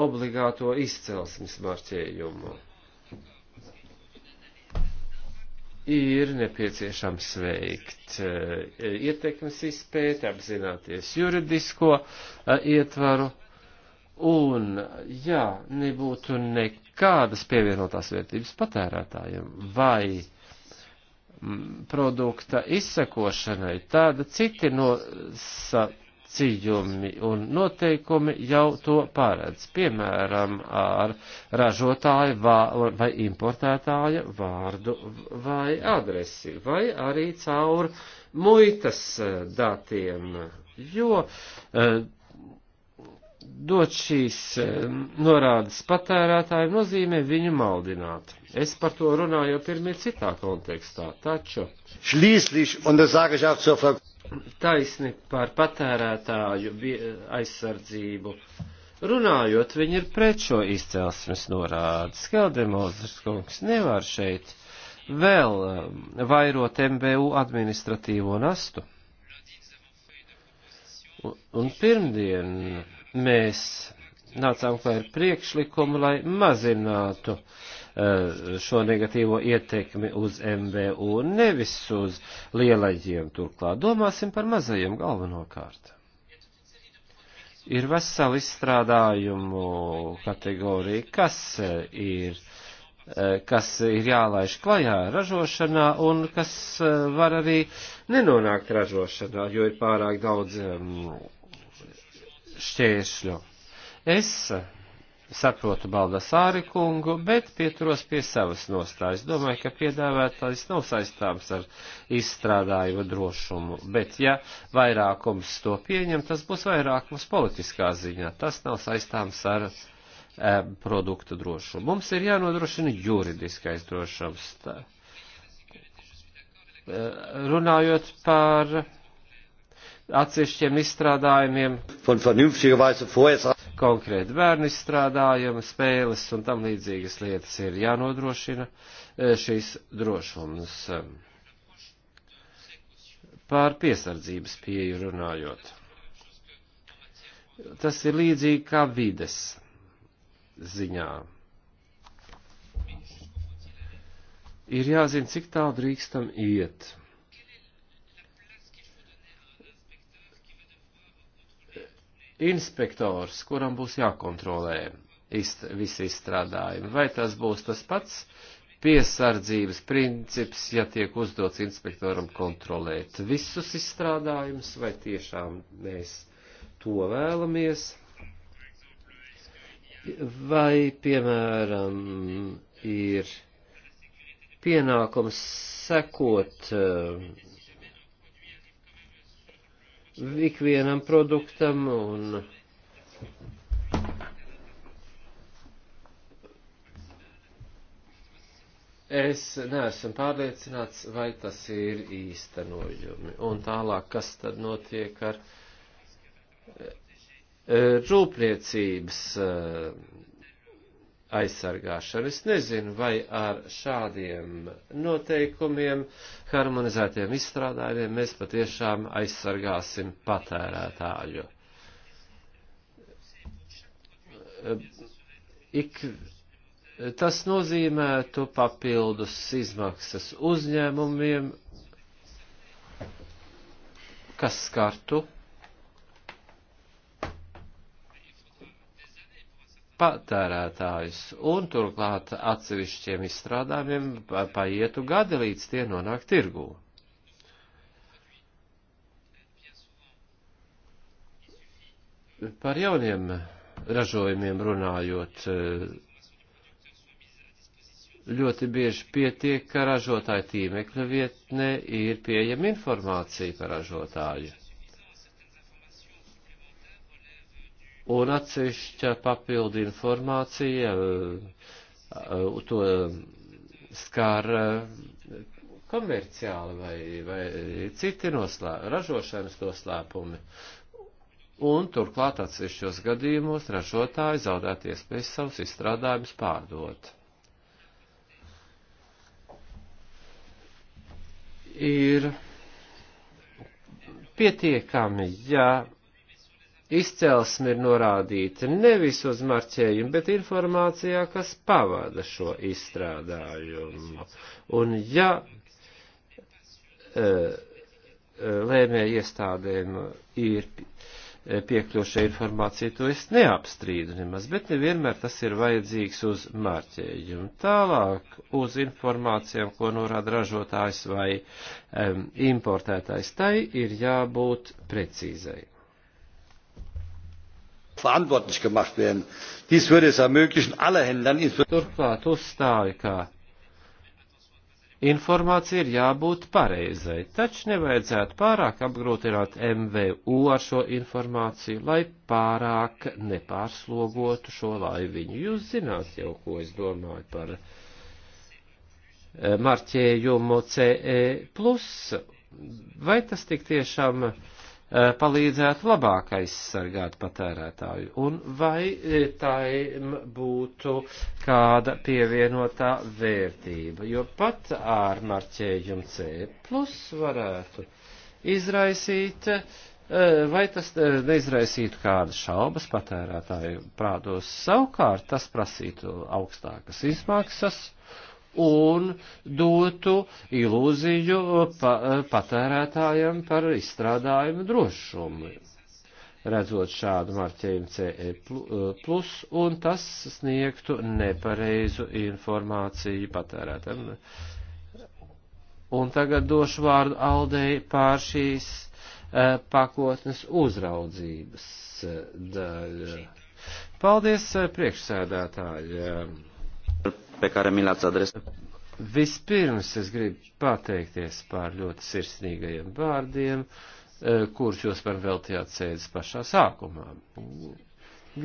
obligāto izcelsmes marķējumu, ir nepieciešams veikt eh, ietekmes izpēti, apzināties juridisko eh, ietvaru, un, ja nebūtu nekādas pievienotās vērtības patērētājiem, vai produkta izsekošanai, tāda citi nosacījumi un noteikumi jau to paredz, piemēram, ar ražotāju vā, vai importētāja vārdu vai adresi, vai arī caur muitas datiem, jo eh, dot šīs eh, norādes patērētājiem nozīmē viņu maldināt. Es par to runāju jau pirmie citā kontekstā, taču. Šlīsliš, un tas sāka jau zur Frau. Taisni par patērētāju aizsardzību. Runājot, viņi ir pret šo izcelsmes norādi. Skeldemozers kungs nevar šeit vēl eh, vairot MBU administratīvo nastu. Un pirmdien mēs nācām klāt ar priekšlikumu, lai mazinātu eh, šo negatīvo ietekmi uz MVU, nevis uz lielajiem turklāt. Domāsim par mazajiem galvenokārt. Ir vesela izstrādājumu kategorija, kas eh, ir, eh, kas ir jālaiž klajā ražošanā un kas var arī nenonākt ražošanā, jo ir pārāk daudz um, šķēršļu. Es saprotu Baldasāri kungu, bet pieturos pie savas nostājas. Domāju, ka piedāvātājs nav saistāms ar izstrādājumu drošumu, bet ja vairākums to pieņem, tas būs vairākums politiskā ziņā. Tas nav saistāms ar e, produktu drošumu. Mums ir jānodrošina juridiskais drošums. Tā. E, runājot par atsevišķiem izstrādājumiem, konkrēti bērnu izstrādājumi, spēles un tam līdzīgas lietas ir jānodrošina e, šīs drošums. Pār piesardzības pieju runājot. Tas ir līdzīgi kā vides ziņā. Ir jāzina, cik tālu drīkstam iet. inspektors, kuram būs jākontrolē izt, visi izstrādājumi. Vai tas būs tas pats piesardzības princips, ja tiek uzdots inspektoram kontrolēt visus izstrādājumus, vai tiešām mēs to vēlamies? Vai, piemēram, ir pienākums sekot uh, ikvienam produktam un es neesmu pārliecināts, vai tas ir īstenojumi. Un tālāk, kas tad notiek ar eh, rūpniecības eh, aizsargāšanu. Es nezinu, vai ar šādiem noteikumiem, harmonizētiem izstrādājumiem mēs patiešām aizsargāsim patērētāju. Ik, tas nozīmētu papildus izmaksas uzņēmumiem, kas skartu patērētājus, un turklāt atsevišķiem izstrādājumiem paietu gadi, līdz tie nonāk tirgū. Par jauniem ražojumiem runājot, ļoti bieži pietiek, ka ražotāja tīmekļa vietnē ir pieejama informācija par ražotāju un atsevišķa papildu informācija eh, eh, to eh, skār komerciāli vai, vai citi noslē, ražošanas noslēpumi. Un turklāt atsevišķos gadījumos ražotāji zaudēt iespējas savus izstrādājumus pārdot. Ir pietiekami, ja izcelsme ir norādīta nevis uz marķējumu, bet informācijā, kas pavada šo izstrādājumu. Un ja eh, eh, lēmēja iestādēm ir eh, piekļuvuša informācija, to es neapstrīdu nemaz, bet nevienmēr tas ir vajadzīgs uz marķējumu. Tālāk uz informācijām, ko norāda ražotājs vai um, importētājs, tai ir jābūt precīzai verantwortlich gemacht werden. Dies würde es ermöglichen, alle Händlern Turklāt uzstāja, ka informācija ir jābūt pareizai, taču nevajadzētu pārāk apgrūtināt MVU ar šo informāciju, lai pārāk nepārslogotu šo laiviņu. Jūs zināt jau, ko es domāju par eh, marķējumu CE. Vai tas tik tiešām uh, E, palīdzētu labāk aizsargāt patērētāju, un vai e, tai būtu kāda pievienotā vērtība, jo pat ar marķējumu C plus varētu izraisīt, e, vai tas neizraisītu kādas šaubas patērētāju prādos, savukārt tas prasītu augstākas izmaksas, un dotu ilūziju uh, pa, uh, patērētājiem par izstrādājumu drošumu. Redzot šādu marķējumu CE, uh, un tas sniegtu nepareizu informāciju patērētājiem. Un tagad došu vārdu Aldei pār šīs uh, pakotnes uzraudzības daļa. Paldies, priekšsēdētāji! Pe care mi l-ați adresat. Vispirms es gribu pateikties par ļoti sirsnīgajiem vārdiem, e, kurus jūs man veltījāt sēdes pašā sākumā.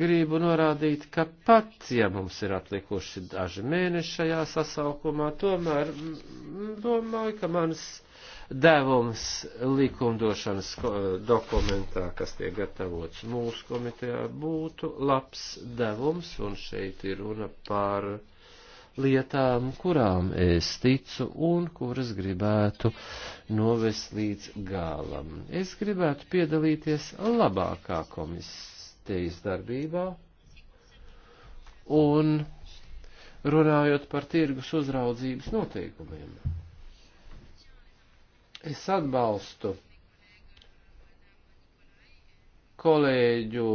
Gribu norādīt, ka pat, ja mums ir atlikuši daži mēneši šajā sasaukumā, tomēr domāju, ka mans devums likumdošanas e, dokumentā, kas tiek gatavots mūsu komitejā, būtu labs devums, un šeit ir runa par lietām, kurām es ticu un kuras gribētu novest līdz gālam. Es gribētu piedalīties labākā komisijas darbībā un runājot par tirgus uzraudzības noteikumiem. Es atbalstu kolēģu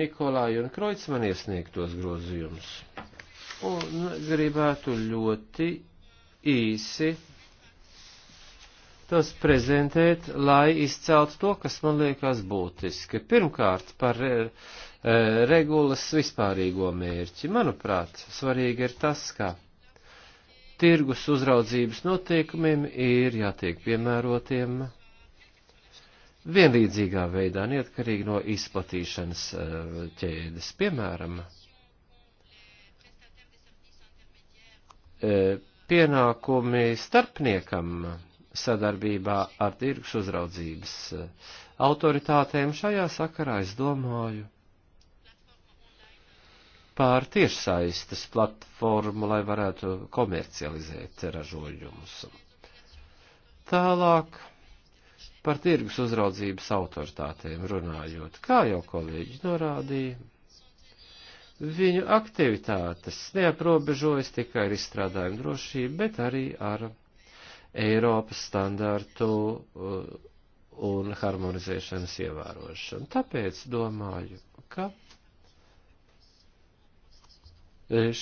Nikolāju un Kreutzmanu iesniegtos grozījumus. Un gribētu ļoti īsi tos prezentēt, lai izceltu to, kas man liekas būtiski. Pirmkārt, par re, eh, eh, regulas vispārīgo mērķi. Manuprāt, svarīgi ir tas, ka tirgus uzraudzības noteikumiem ir jātiek piemērotiem vienlīdzīgā veidā, neatkarīgi no izplatīšanas eh, ķēdes, piemēram, E, pienākumi starpniekam sadarbībā ar tirgus uzraudzības e, autoritātēm šajā sakarā es domāju pār tiešsaistes platformu, lai varētu komercializēt ražojumus. Tālāk par tirgus uzraudzības autoritātēm runājot, kā jau kolēģi norādīja, viņu aktivitātes neaprobežojas tikai ar izstrādājumu drošību, bet arī ar Eiropas standārtu uh, un harmonizēšanas ievērošanu. Tāpēc domāju, ka uh,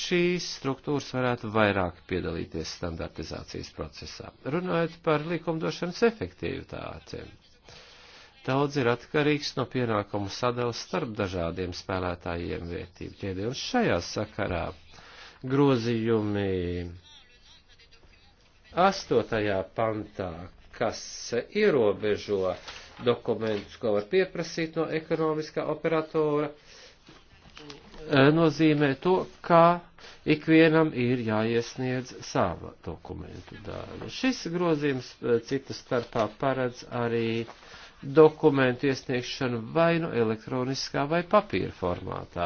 šīs struktūras varētu vairāk piedalīties standartizācijas procesā. Runājot par likumdošanas efektivitātiem daudz ir atkarīgs no pienākumu sadalas starp dažādiem spēlētājiem vērtību ķēdē. Un šajā sakarā grozījumi 8. pantā, kas ierobežo dokumentus, ko var pieprasīt no ekonomiskā operatora, e, nozīmē to, ka ikvienam ir jāiesniedz sava dokumentu dāļa. Šis grozījums e, citas starpā paredz arī uh, dokumentu iesniegšanu vai nu elektroniskā vai papīra formātā.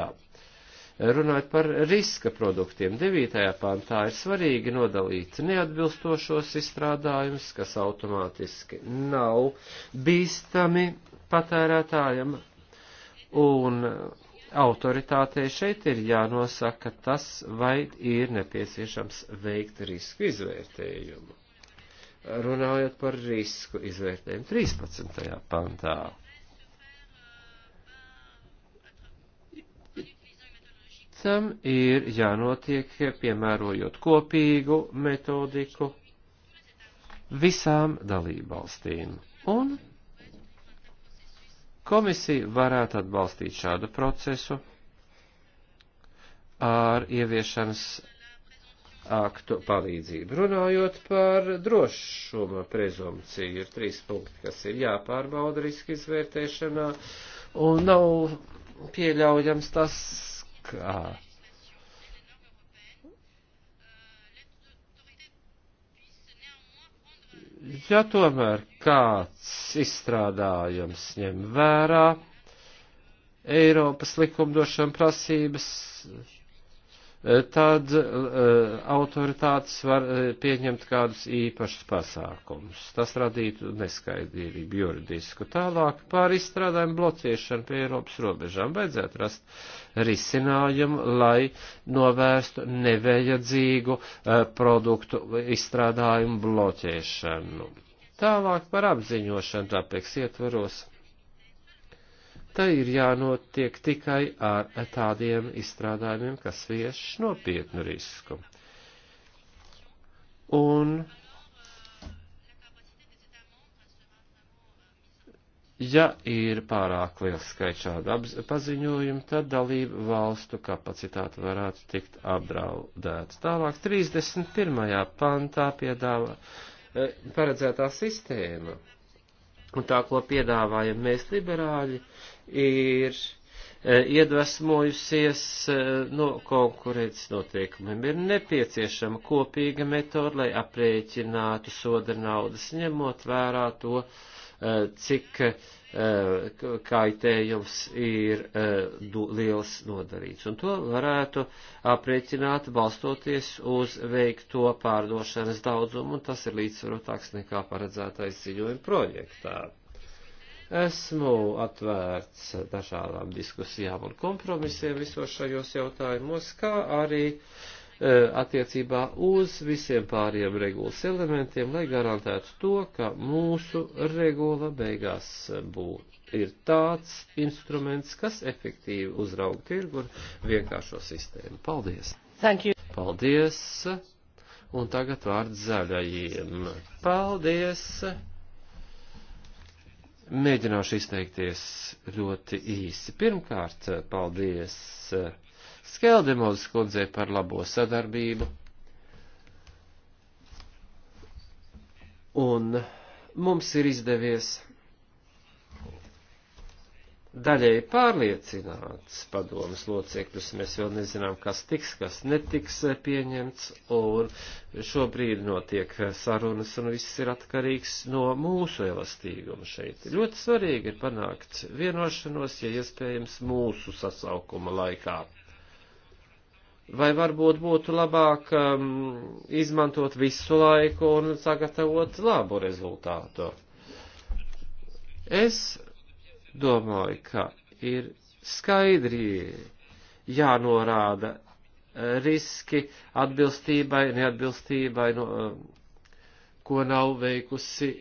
Runājot par riska produktiem, 9. pantā ir svarīgi nodalīt neatbilstošos izstrādājumus, kas automātiski nav bīstami patērētājam, un autoritātei šeit ir jānosaka tas, vai ir nepieciešams veikt risku izvērtējumu runājot par risku izvērtējumu 13. pantā. Tam ir jānotiek, piemērojot kopīgu metodiku visām dalībvalstīm. Un komisija varētu atbalstīt šādu procesu ar ieviešanas aktu palīdzību. Runājot par drošuma prezumciju, ir trīs punkti, kas ir jāpārbauda riska izvērtēšanā, un nav pieļaujams tas, kā. Ja tomēr kāds izstrādājums ņem vērā Eiropas likumdošana prasības, Eh, tad eh, autoritātes var eh, pieņemt kādus īpašus pasākumus. Tas radītu neskaidrību juridisku. Tālāk pār izstrādājumu blociešanu pie Eiropas robežām vajadzētu rast risinājumu, lai novērstu nevajadzīgu produktu izstrādājumu bloķēšanu. Tālāk par apziņošanu tāpēc ietvaros tai ir jānotiek tikai ar tādiem izstrādājumiem, kas vieš nopietnu risku. Un Ja ir pārāk liels skaits šādu paziņojumu, tad dalību valstu kapacitāte varētu tikt apdraudēta. Tālāk 31. pantā piedāvā e, paredzētā sistēma, un tā, ko piedāvājam mēs liberāļi, ir e, iedvesmojusies e, no konkurences noteikumiem. Ir nepieciešama kopīga metode, lai aprēķinātu soda naudas, ņemot vērā to, e, cik kaitējums ir liels nodarīts. Un to varētu aprēķināt balstoties uz veikto pārdošanas daudzumu, un tas ir līdzsvarotāks nekā paredzētais ziņojuma projektā. Esmu atvērts dažādām diskusijām un kompromisiem visos šajos jautājumos, kā arī e, attiecībā uz visiem pāriem regulas elementiem, lai garantētu to, ka mūsu regula beigās būtu ir tāds instruments, kas efektīvi uzrauga tirgu un vienkāršo sistēmu. Paldies! Thank you! Paldies! Un tagad vārds zaļajiem. Paldies! Mēģināšu izteikties ļoti īsi. Pirmkārt, paldies eh, Skeldemovas kundzei par labo sadarbību. Un mums ir izdevies daļēji pārliecināts padomas locekļus. Mēs vēl nezinām, kas tiks, kas netiks pieņemts, un šobrīd notiek sarunas, un viss ir atkarīgs no mūsu elastīguma šeit. Ļoti svarīgi ir panākt vienošanos, ja iespējams, mūsu sasaukuma laikā. Vai varbūt būtu labāk um, izmantot visu laiku un sagatavot labu rezultātu? Es domāju, ka ir skaidri jānorāda eh, riski atbilstībai, neatbilstībai, no, eh, ko nav veikusi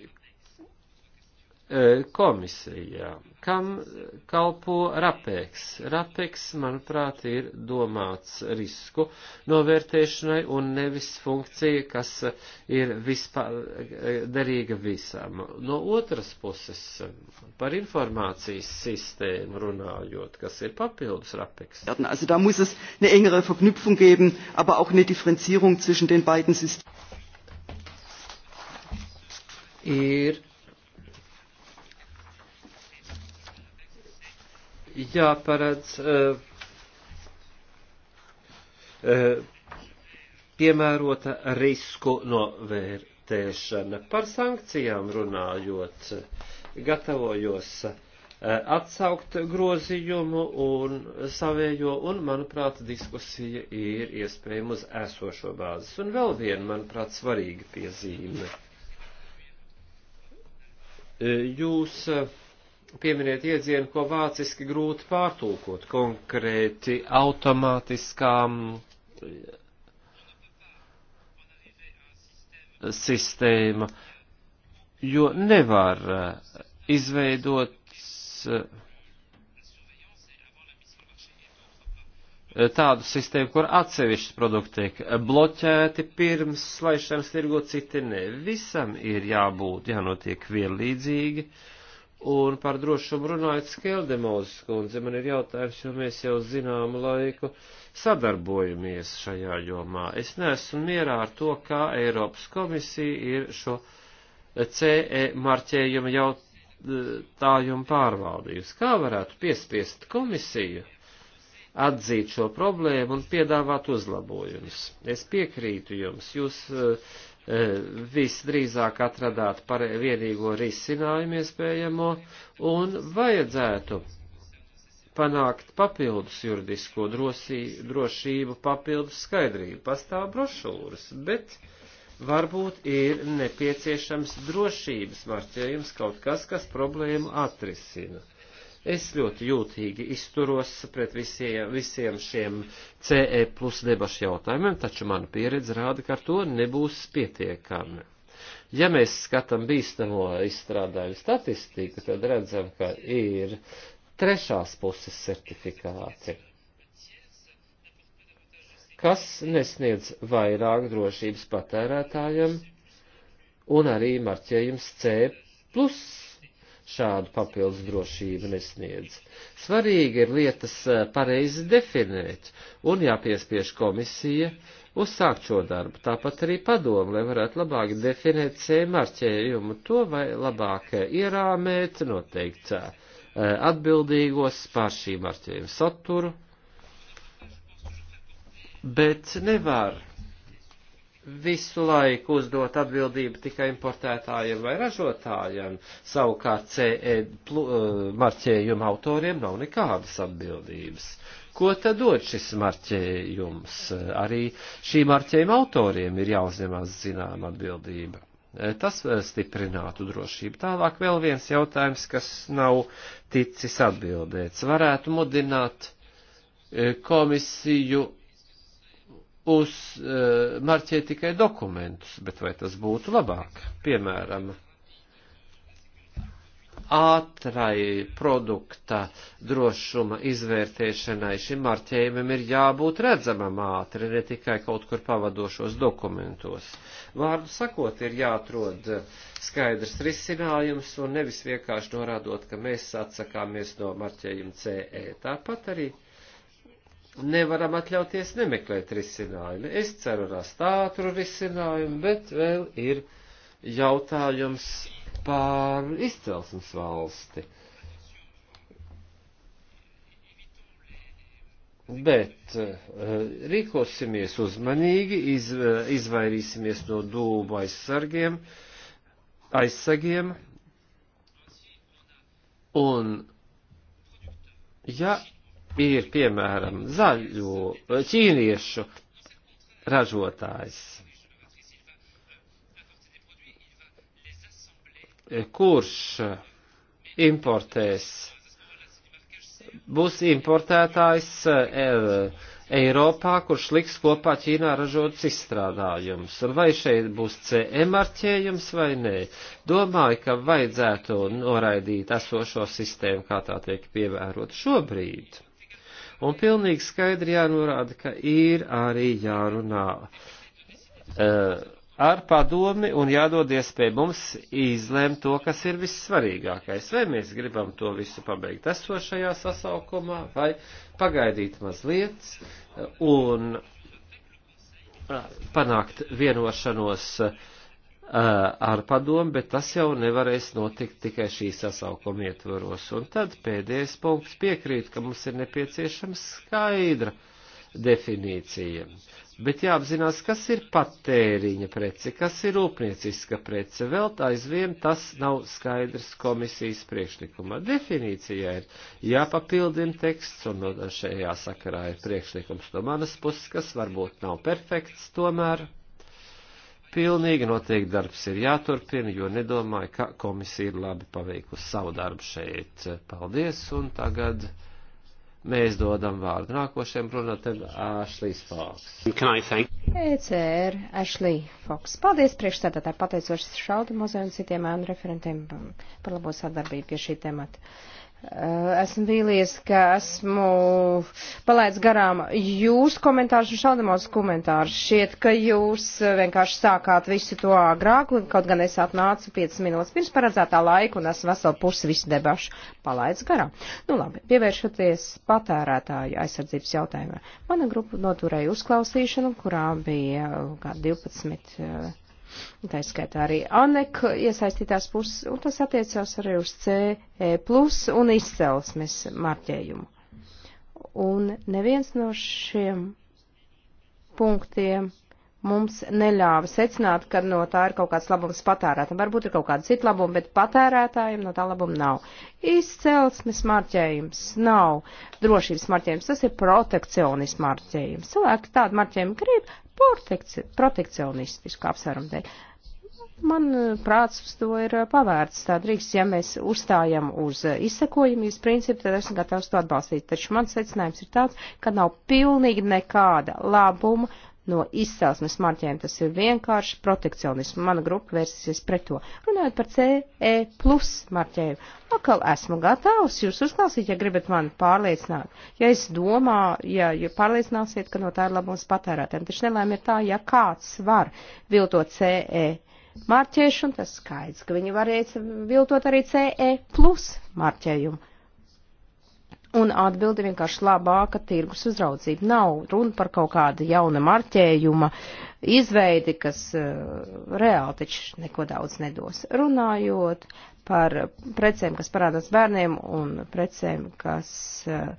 E, komisijā, kam kalpo rapeks. Rapeks, manuprāt, ir domāts risku novērtēšanai un nevis funkcija, kas ir vispār e, derīga visam. No otras puses, par informācijas sistēmu runājot, kas ir papildus rapeks. Also, da muss es eine engere Verknüpfung geben, aber auch eine Differenzierung zwischen den beiden Systemen. Ir jāparedz eh, eh, piemērota risku novērtēšana. Par sankcijām runājot, gatavojos eh, atsaukt grozījumu un savējo, un, manuprāt, diskusija ir iespējama uz esošo bāzes. Un vēl viena, manuprāt, svarīga piezīme. Jūs uh, pieminiet iedzienu, ko vāciski grūti pārtulkot, konkrēti automātiskām eh, sistēma, jo nevar eh, izveidot eh, tādu sistēmu, kur atsevišķi produkti tiek bloķēti pirms slaišanas tirgo, citi ne. Visam ir jābūt, jānotiek vienlīdzīgi. Uh, Un par drošumu runājot Skeldemozes kundze, man ir jautājums, jo mēs jau zināmu laiku sadarbojamies šajā jomā. Es neesmu mierā ar to, kā Eiropas komisija ir šo CE marķējumu jautājumu pārvaldījusi. Kā varētu piespiest komisiju atzīt šo problēmu un piedāvāt uzlabojumus? Es piekrītu jums, jūs uh, E, visdrīzāk atradāt par vienīgo risinājumu iespējamo un vajadzētu panākt papildus juridisko drosī, drošību, papildus skaidrību. Pastāv brošūras, bet varbūt ir nepieciešams drošības marķējums kaut kas, kas problēmu atrisina. Uh, Es ļoti jūtīgi izturos pret visiem, visiem šiem CE plus debašu jautājumiem, taču mana pieredze rāda, ka ar to nebūs pietiekami. Ja mēs skatām bīstamo izstrādājumu statistiku, tad redzam, ka ir trešās puses certifikāti, kas nesniedz vairāk drošības patērētājiem un arī marķējums C plus šādu papildus drošību nesniedz. Svarīgi ir lietas eh, pareizi definēt un jāpiespiež komisija uzsākt šo darbu. Tāpat arī padomu, lai varētu labāk definēt C marķējumu, to vai labāk eh, ierāmēt, noteikt eh, atbildīgos par šī marķējuma saturu, bet nevar visu laiku uzdot atbildību tikai importētājiem vai ražotājiem, savukārt CE uh, marķējuma autoriem nav nekādas atbildības. Ko tad dod šis marķējums? Arī šī marķējuma autoriem ir jāuzņemās zināma atbildība. E, tas e, stiprinātu drošību. Tālāk vēl viens jautājums, kas nav ticis atbildēts. Varētu mudināt e, komisiju uz uh, marķē tikai dokumentus, bet vai tas būtu labāk? Piemēram, ātrai produkta drošuma izvērtēšanai šim marķējumam ir jābūt redzamam ātri, ne tikai kaut kur pavadošos dokumentos. Vārdu sakot, ir jāatrod skaidrs risinājums un nevis vienkārši norādot, ka mēs atsakāmies no marķējuma CE. Tāpat arī uh, nevaram atļauties nemeklēt risinājumu. Es ceru rast ātru risinājumu, bet vēl ir jautājums par izcelsmes valsti. Bet eh, rīkosimies uzmanīgi, iz, eh, izvairīsimies no dūmu aizsargiem, aizsagiem, un ja ir piemēram zaļo eh, ķīniešu ražotājs, eh, kurš importēs, būs importētājs eh, Eiropā, kurš liks kopā Ķīnā ražotas izstrādājumus. Un vai šeit būs CE marķējums vai nē? Domāju, ka vajadzētu noraidīt esošo sistēmu, kā tā tiek pievērota šobrīd. Un pilnīgi skaidri jānorāda, ka ir arī jārunā uh, ar padomi un jādod iespēju mums izlēmt to, kas ir vissvarīgākais. Vai mēs gribam to visu pabeigt esošajā sasaukumā, vai pagaidīt mazliet un e, panākt vienošanos uh, Eh, ar padomu, bet tas jau nevarēs notikt tikai šī sasaukuma ietvaros. Un tad pēdējais punkts piekrīt, ka mums ir nepieciešama skaidra definīcija. Bet jāapzinās, kas ir patēriņa prece, kas ir rūpnieciska prece. Vēl tā aizvien tas nav skaidrs komisijas priekšlikumā. Definīcijā ir jāpapildina teksts, un šajā sakarā ir priekšlikums no manas puses, kas varbūt nav perfekts tomēr. Pilnīgi noteikti darbs ir jāturpina, jo nedomāju, ka komisija ir labi paveikusi savu darbu šeit. Paldies, un tagad mēs dodam vārdu nākošajam runātājam Ashley's Fox. ECR Ashley Fox. Paldies priekšstādātāji, pateicoši Šalda muzeju un citiem ēnu referentiem par labo sadarbību pie šī temata. Eh, esmu vīlies, ka esmu palaidis garām jūsu komentārus un šaldamos komentārus. Šiet, ka jūs eh, vienkārši sākāt visu to agrāk, kaut gan es atnācu 5 minūtes pirms paredzētā laika un esmu veselu pusi visu debašu palaidis garām. Nu labi, pievēršoties patērētāju aizsardzības jautājumā. Mana grupa noturēja uzklausīšanu, kurā bija eh, kā 12 tā skaitā arī ANEK iesaistītās puses, un tas attiecās arī uz CE plus un izcelsmes marķējumu. Un neviens no šiem punktiem mums neļāva secināt, ka no tā ir kaut kāds labums patērētājiem. Varbūt ir kaut kāda cita labuma, bet patērētājiem no tā labuma nav. Izcelsmes marķējums nav drošības marķējums, tas ir protekcionisms marķējums. Cilvēki tādu marķējumu grib protekci protekcionistisku apsvērumu dēļ. Man eh, prāts uz to ir eh, pavērts. Tā drīkst, ja mēs uzstājam uz eh, izsekojumības principu, tad esmu gatavs to atbalstīt. Taču mans secinājums ir tāds, ka nav pilnīgi nekāda labuma no izcelsmes marķēm. Tas ir vienkārši protekcionismu. Mana grupa vērsīsies pret to. Runājot par CE plus marķējumu, atkal esmu gatavs jūs uzklausīt, ja gribat mani pārliecināt. Ja es domāju, ja, ja pārliecināsiet, ka no tā ir labums patērētēm, taču nelēm ir tā, ja kāds var viltot CE marķēšanu, tas skaidrs, ka viņi varēja viltot arī CE plus marķējumu. Un atbildi vienkārši labāka tirgus uzraudzība. Nav runa par kaut kādu jauna marķējuma izveidi, kas uh, reāli taču neko daudz nedos. Runājot par precēm, kas parādās bērniem un precēm, kas uh,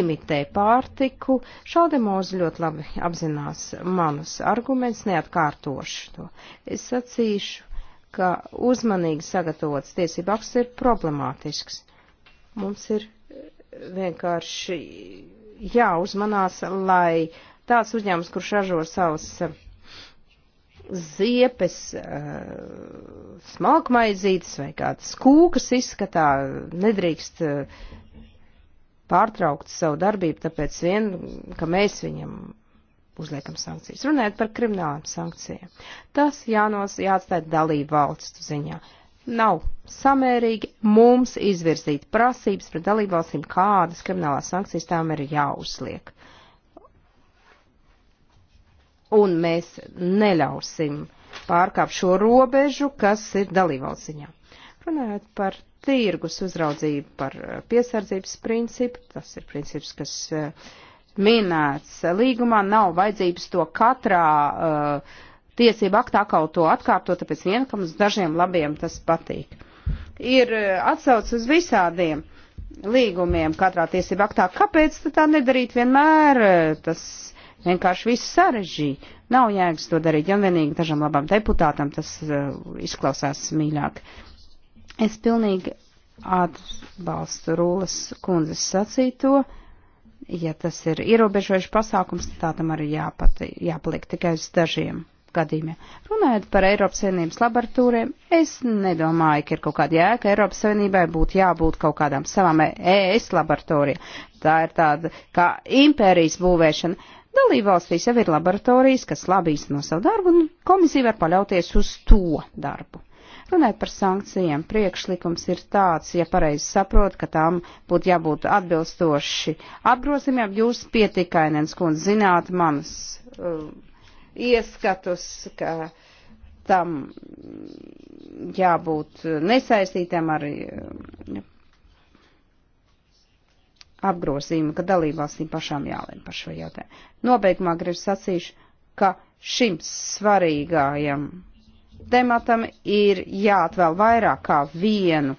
imitē pārtiku, šādi mūzi ļoti labi apzinās manus argumentus, neatkārtošu to. Es sacīšu, ka uzmanīgi sagatavots tiesību akts ir problemātisks. Mums ir vienkārši jāuzmanās, lai tāds uzņēmums, kurš ražo savus eh, ziepes, eh, smalkmaizītes vai kādas kūkas izskatā, nedrīkst eh, pārtraukt savu darbību, tāpēc vien, ka mēs viņam uzliekam sankcijas. Runājot par kriminālām sankcijām, tas jānos, jāatstāja dalību valsts ziņā nav samērīgi mums izvirzīt prasības pret dalībvalstīm, kādas kriminālās sankcijas tām ir jāuzliek. Un mēs neļausim pārkāpt šo robežu, kas ir dalībvalsts ziņā. Runājot par tirgus uzraudzību, par eh, piesardzības principu, tas ir princips, kas eh, minēts eh, līgumā, nav vajadzības to katrā uh, tiesība aktā kaut to atkārto, tāpēc vien, ka mums dažiem labiem tas patīk. Ir eh, atsauc uz visādiem līgumiem katrā tiesība aktā. Kāpēc tā nedarīt vienmēr? Eh, tas vienkārši viss sarežģīja. Nav jēgas to darīt, ja vienīgi dažam labam deputātam tas uh, izklausās mīļāk. Es pilnīgi atbalstu Rūlas kundzes sacīto. Ja tas ir ierobežojuši pasākums, tā tam arī jāpati, jāpaliek tikai uz dažiem gadījumiem. Runājot par Eiropas Savienības laboratoriem, es nedomāju, ka ir kaut kāda jēga Eiropas Savienībai būtu jābūt kaut kādām savām ES laboratorijām. Tā ir tāda kā impērijas būvēšana. Dalībvalstīs jau ir laboratorijas, kas labi īsteno savu darbu, un komisija var paļauties uz to darbu. Runājot par sankcijiem, priekšlikums ir tāds, ja pareizi saprot, ka tām būtu jābūt atbilstoši apgrozījumiem, jūs pietikainens, kundze, zināt manas uh, ieskatus, ka tam jābūt nesaistītam ar um, apgrozījumu, ka dalībvalstīm pašām jālēm par šo jautājumu. Nobeigumā gribu sacīšu, ka šim svarīgajam tematam ir jāatvēl vairāk kā vienu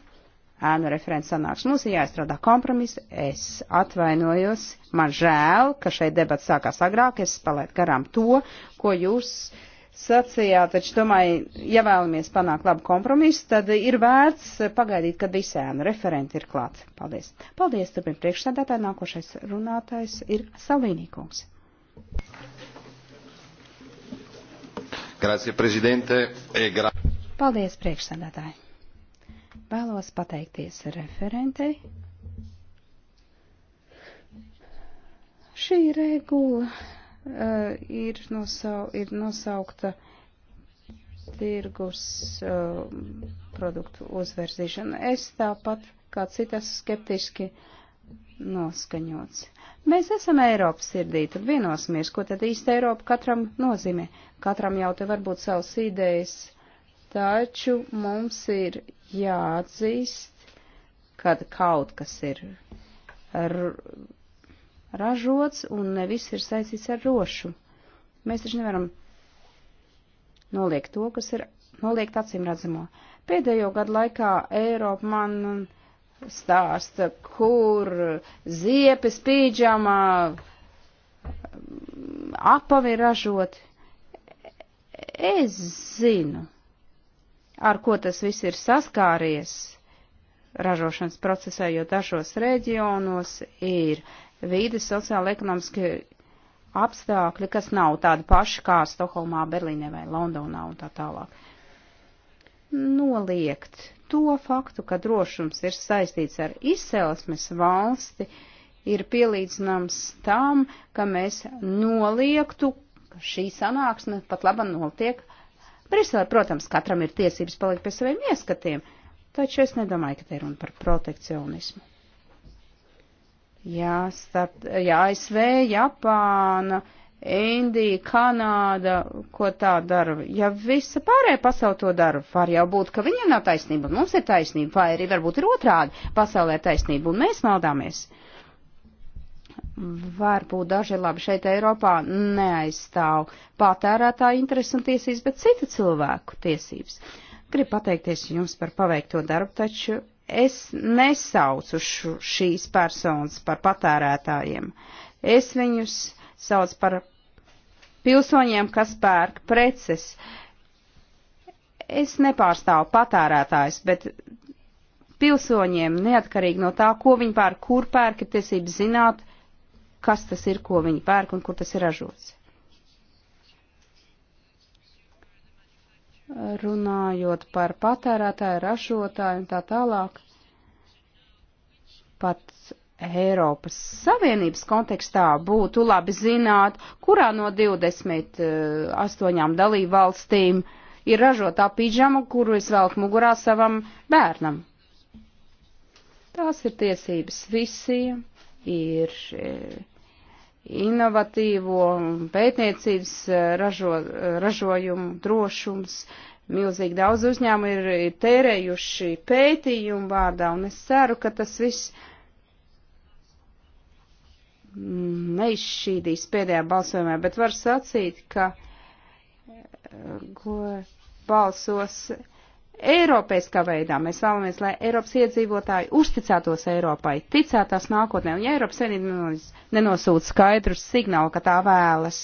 ēnu referents sanāks. Mums ir jāizstrādā kompromis. Es atvainojos. Man žēl, ka šeit debats sākās agrāk. Es palaidu garām to, ko jūs sacījāt. Taču, domāju, ja vēlamies panākt labu kompromisu, tad ir vērts pagaidīt, kad visi ēnu referenti ir klāt. Paldies. Paldies, turpin priekšsēdētāji. Nākošais runātājs ir Salvīnīkums. Grazie, prezidente. E gra... Paldies, priekšsēdētāji. Vēlos pateikties referentei. Šī regula uh, ir, nosau, ir nosaukta tirgus uh, produktu uzverzīšana. Es tāpat kā citas skeptiski noskaņots. Mēs esam Eiropas sirdī, tad vienosimies, ko tad īsta Eiropa katram nozīmē. Katram jau te var būt savas idejas Taču mums ir jāatzīst, kad kaut kas ir ražots un nevis ir saistīts ar rošu. Mēs taču nevaram noliegt to, kas ir noliegt acīm redzamo. Pēdējo gadu laikā Eiropa man stāsta, kur ziepes pīdžamā apavi ražot. Es zinu, ar ko tas viss ir saskāries ražošanas procesā, jo dažos reģionos ir vīdes, sociāli, ekonomiski apstākļi, kas nav tādi paši kā Stokholmā, Berlīnē vai Londonā un tā tālāk. Noliegt to faktu, ka drošums ir saistīts ar izcelsmes valsti, ir pielīdzināms tam, ka mēs noliektu, ka šī sanāksme pat laba notiek Briselē, protams, katram ir tiesības palikt pie saviem ieskatiem, taču es nedomāju, ka te ir runa par protekcionismu. Jā, starp, jā, ASV, Japāna, Indija, Kanāda, ko tā dara. Ja visa pārējā pasaule to dara, var jau būt, ka viņiem nav taisnība, mums ir taisnība, vai arī varbūt ir otrādi pasaulē taisnība, un mēs maldāmies. Uh, varbūt daži labi šeit Eiropā neaizstāv patērētāju interesu un tiesības, bet citu cilvēku tiesības. Gribu pateikties jums par paveikto darbu, taču es nesaucu šīs personas par patērētājiem. Es viņus sauc par pilsoņiem, kas pērk preces. Es nepārstāvu patērētājs, bet pilsoņiem, neatkarīgi no tā, ko viņi pērk, kur pērk, ir tiesības zināt, kas tas ir, ko viņi pērk un kur tas ir ražots. Runājot par patērētāju, ražotāju un tā tālāk, pat Eiropas Savienības kontekstā būtu labi zināt, kurā no 28 dalību valstīm ir ražotā pidžama, kuru es velku mugurā savam bērnam. Tās ir tiesības visiem, ir eh, inovatīvo pētniecības eh, ražo, eh, ražojumu drošums. Milzīgi daudz uzņēmu ir, ir tērējuši pētījumu vārdā, un es ceru, ka tas viss neizšķīdīs pēdējā balsojumā, bet var sacīt, ka eh, ko balsos Eiropeiskā veidā mēs vēlamies, lai Eiropas iedzīvotāji uzticētos Eiropai, ticētās nākotnē, un ja Eiropas Savienība nenosūta skaidru signālu, ka tā vēlas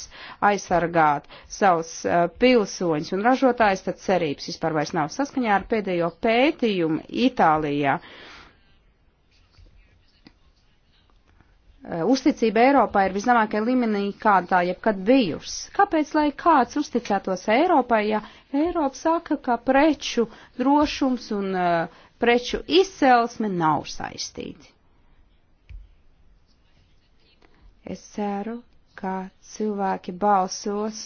aizsargāt savus uh, pilsoņus un ražotājus, tad cerības vispār vairs nav saskaņā ar pēdējo pētījumu Itālijā. Uh, Eh, uzticība Eiropai ir viszemākajā līmenī, kādā tā jebkad bijusi. Kāpēc, lai kāds uzticētos Eiropai, ja Eiropa saka, ka preču drošums un uh, preču izcelsme nav saistīti? Es ceru, ka cilvēki balsos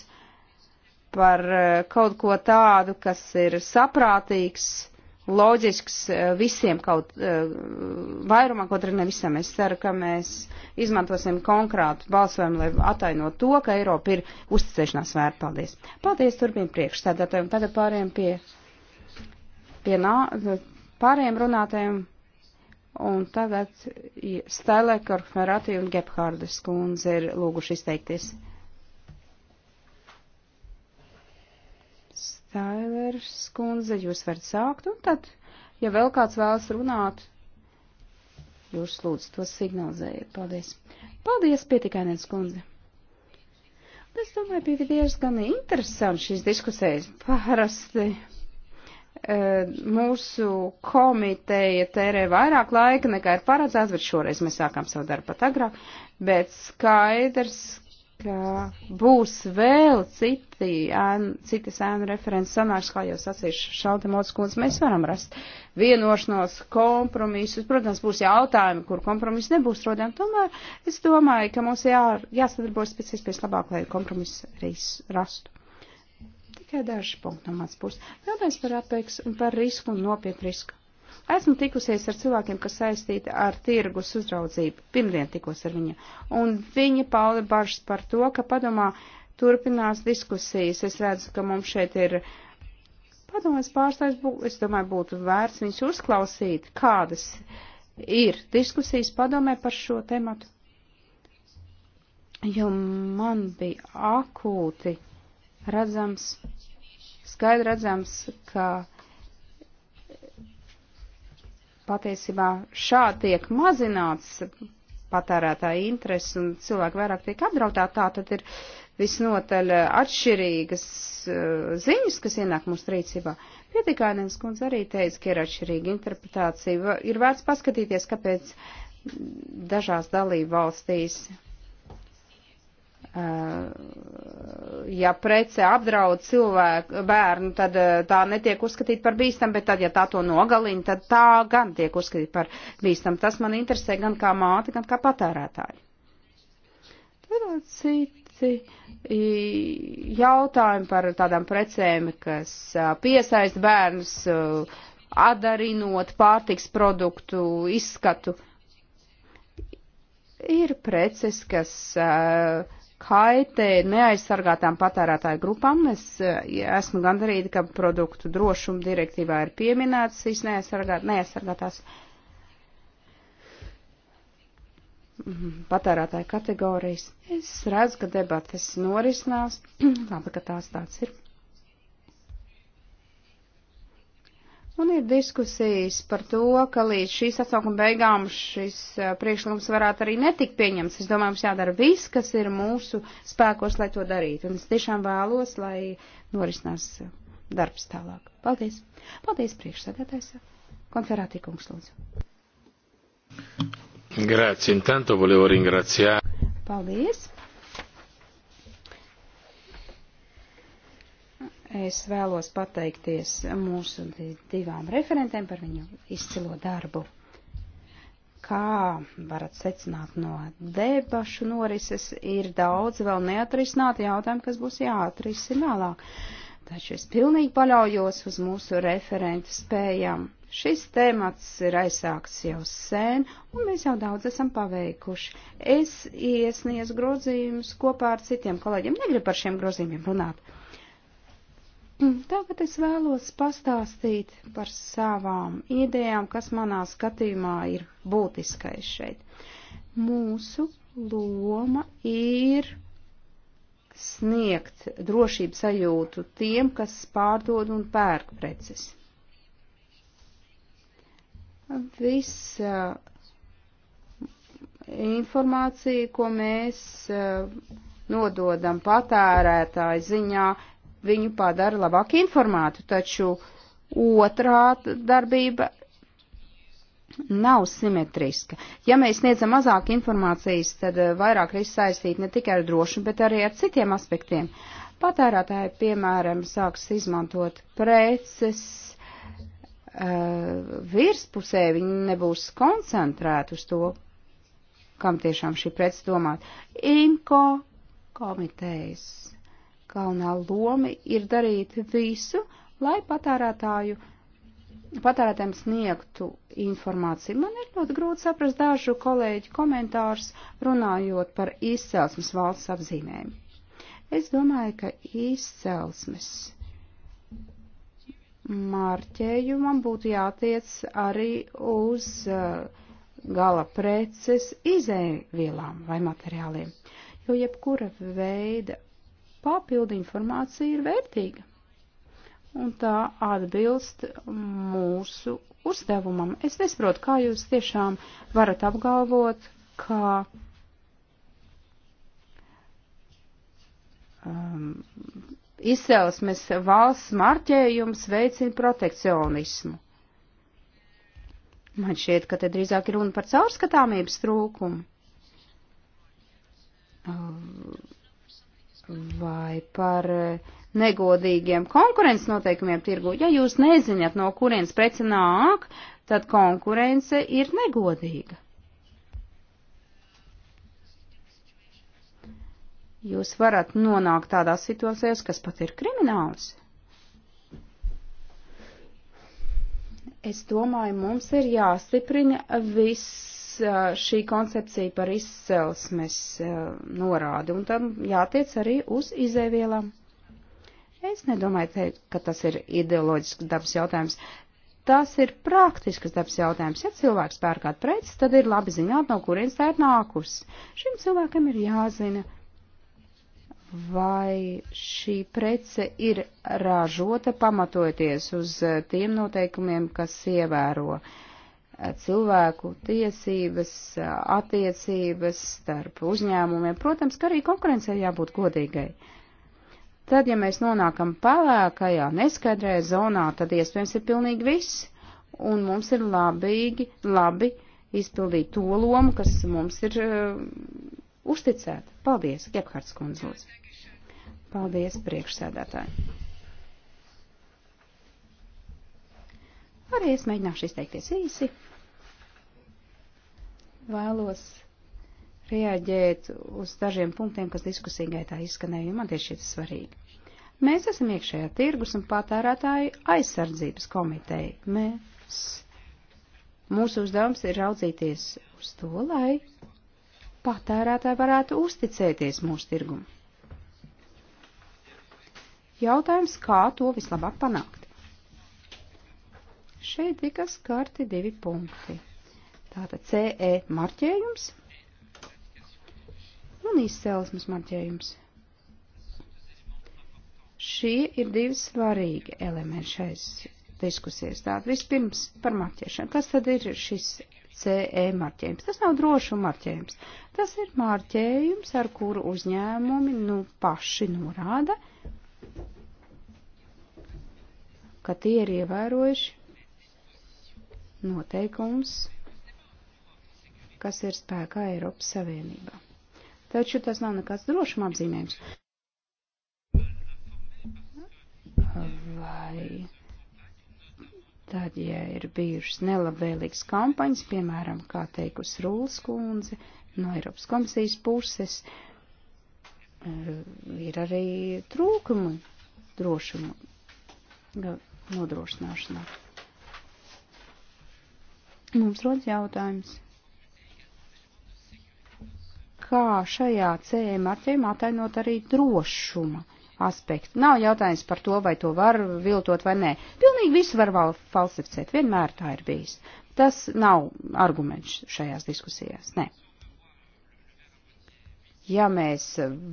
par uh, kaut ko tādu, kas ir saprātīgs loģisks eh, visiem kaut eh, vairumam, kaut arī ne visam. Es ceru, ka mēs izmantosim konkrētu balsojumu, lai atainot to, ka Eiropa ir uzticēšanās vērta. Paldies. Paldies, turpin priekšstādātājiem. Tagad pārējiem pie, pie nā, pārējiem runātājiem. Un tagad Stēlē Korkmerati un Gebhārdes kundze ir lūguši izteikties. Tailers kundze, jūs varat sākt, un tad, ja vēl kāds vēlas runāt, jūs lūdzu to signalizējiet. Paldies. Paldies, pietikainies kundze. Es domāju, bija diezgan interesanti šīs diskusijas. Parasti e, mūsu komiteja tērē vairāk laika nekā ir paredzēts, bet šoreiz mēs sākām savu darbu pat agrāk. Bet skaidrs, ka būs vēl citi, ēn, citas ēnu referents sanāks, kā jau sacīšu Šalta Motskundze, mēs varam rast vienošanos, kompromisus. Protams, būs jautājumi, kur kompromisu nebūs rodām. Tomēr es domāju, ka mums jā, jāsadarbojas pēc iespējas labāk, lai kompromisu rastu. Tikai daži punkti no mans puses. Jautājums par apēks un par risku un nopietnu risku. Esmu tikusies ar cilvēkiem, kas saistīti ar tirgus uzraudzību. Pirmdien tikos ar viņu. Un viņa pauda bažas par to, ka padomā turpinās diskusijas. Es redzu, ka mums šeit ir padomās pārstāvis, es domāju, būtu vērts viņus uzklausīt, kādas ir diskusijas padomē par šo tematu. Jo man bija akūti redzams, skaidri redzams, ka patiesībā šādi tiek mazināts patērētāja interesi un cilvēki vairāk tiek apdraudēti, tā tad ir visnotaļ eh, atšķirīgas eh, ziņas, kas ienāk mūsu rīcībā. Pietikainens kundze arī teica, ka ir atšķirīga interpretācija. Ir vērts paskatīties, kāpēc dažās dalību valstīs Eh, ja prece apdraud cilvēku bērnu, tad eh, tā netiek uzskatīta par bīstam, bet tad, ja tā to nogalina, tad tā gan tiek uzskatīta par bīstam. Tas man interesē gan kā māte, gan kā patērētāji. Tad citi jautājumi par tādām precēm, kas eh, piesaist bērnus, adarinot pārtiks produktu izskatu. Ir preces, kas uh, kaitē neaizsargātām patērētāju grupām. Es eh, esmu gandarīta, ka produktu drošuma direktīvā ir pieminētas šīs neaizsargāt, neaizsargātās mhm, patērētāju kategorijas. Es redzu, ka debates norisinās. Labi, ka tās tāds ir. Un ir diskusijas par to, ka līdz šīs atsaukuma beigām šis eh, priekšlikums varētu arī netikt pieņemts. Es domāju, mums jādara viss, kas ir mūsu spēkos, lai to darītu. Un es tiešām vēlos, lai norisinās darbs tālāk. Paldies. Paldies, priekšsēdētājs. Konferātī kungs, lūdzu. Grazie, intanto volevo ringraziare. Paldies. Es vēlos pateikties mūsu divām referentēm par viņu izcilo darbu. Kā varat secināt no debašu norises, ir daudz vēl neatrisināti jautājumi, kas būs jāatrisina vēlāk. Taču es pilnīgi paļaujos uz mūsu referentu spējām. Šis temats ir aizsākts jau sen, un mēs jau daudz esam paveikuši. Es iesniedzu grozījumus kopā ar citiem kolēģiem. Negribu par šiem grozījumiem runāt Mm, tagad es vēlos pastāstīt par savām idejām, kas manā skatījumā ir būtiskais šeit. Mūsu loma ir sniegt drošības sajūtu tiem, kas pārdod un pērk preces. Visa informācija, ko mēs eh, nododam patērētāju ziņā, viņu padara labāk informētu, taču otrā darbība nav simetriska. Ja mēs sniedzam mazāk informācijas, tad eh, vairāk risks saistīt ne tikai ar drošumu, bet arī ar citiem aspektiem. Patērētāji, piemēram, sāks izmantot preces uh, virspusē, viņi nebūs koncentrēti uz to, kam tiešām šī prece domāt. Inko komitejas galvenā loma ir darīt visu, lai patērētāju, patērētājiem sniegtu informāciju. Man ir ļoti grūti saprast dažu kolēģu komentārus runājot par izcelsmes valsts apzīmējumu. Es domāju, ka izcelsmes mārķējumam būtu jātiec arī uz uh, gala preces izēvielām vai materiāliem, jo jebkura veida papildu informācija ir vērtīga. Un tā atbilst mūsu uzdevumam. Es nesaprotu, kā jūs tiešām varat apgalvot, ka um, izcelsmes valsts marķējums veicina protekcionismu. Man šķiet, ka te drīzāk ir runa par caurskatāmības trūkumu. Um, vai par e, negodīgiem konkurences noteikumiem tirgu. Ja jūs nezināt, no kurienes prece nāk, tad konkurence ir negodīga. Jūs varat nonākt tādās situācijās, kas pat ir krimināls. Es domāju, mums ir jāstiprina viss Uh, šī koncepcija par izcelsmes uh, norādi, un tam jātiec arī uz izēvielām. Es nedomāju, te, ka tas ir ideoloģisks dabas jautājums. Tas ir praktisks dabas jautājums. Ja cilvēks pērk kādu preci, tad ir labi zināt, no kurienes tā ir nākusi. Šim cilvēkam ir jāzina, vai šī prece ir ražota pamatojoties uz uh, tiem noteikumiem, kas ievēro uh, cilvēku tiesības, attiecības starp uzņēmumiem. Protams, ka arī konkurencei jābūt godīgai. Tad, ja mēs nonākam pelēkajā, neskaidrajā zonā, tad iespējams ir pilnīgi viss, un mums ir labīgi, labi izpildīt to lomu, kas mums ir uh, uzticēta. Paldies, Gebhards Kunzlis. Paldies, priekšsēdētāji. Arī es mēģināšu izteikties īsi vēlos reaģēt uz dažiem punktiem, kas diskusija gaitā izskanēja, jo man tieši šis svarīgi. Mēs esam iekšējā tirgus un patērētāju aizsardzības komiteja. Mēs, mūsu uzdevums ir raudzīties uz to, lai patērētāji varētu uzticēties mūsu tirgumu. Jautājums, kā to vislabāk panākt? Šeit tika skarti divi punkti Tātad CE marķējums un izcelsmes marķējums. Šie ir divi svarīgi elementi šais diskusijas. Tātad vispirms par marķēšanu. Kas tad ir šis CE marķējums. Tas nav drošuma marķējums. Tas ir marķējums, ar kuru uzņēmumi nu paši norāda, ka tie ir ievērojuši noteikums kas ir spēkā Eiropas Savienībā. Taču tas nav nekāds drošuma apzīmējums. Vai tad, ja ir bijušas nelabvēlīgas kampaņas, piemēram, kā teikusi Rūlas kundze no Eiropas komisijas puses, eh, ir arī trūkumi drošuma nodrošināšanā. Mums rodas jautājums kā šajā CMR tēmā atainot arī drošuma aspektu. Nav jautājums par to, vai to var viltot vai nē. Pilnīgi visu var falsificēt, vienmēr tā ir bijis. Tas nav arguments šajās diskusijās, nē. Ja mēs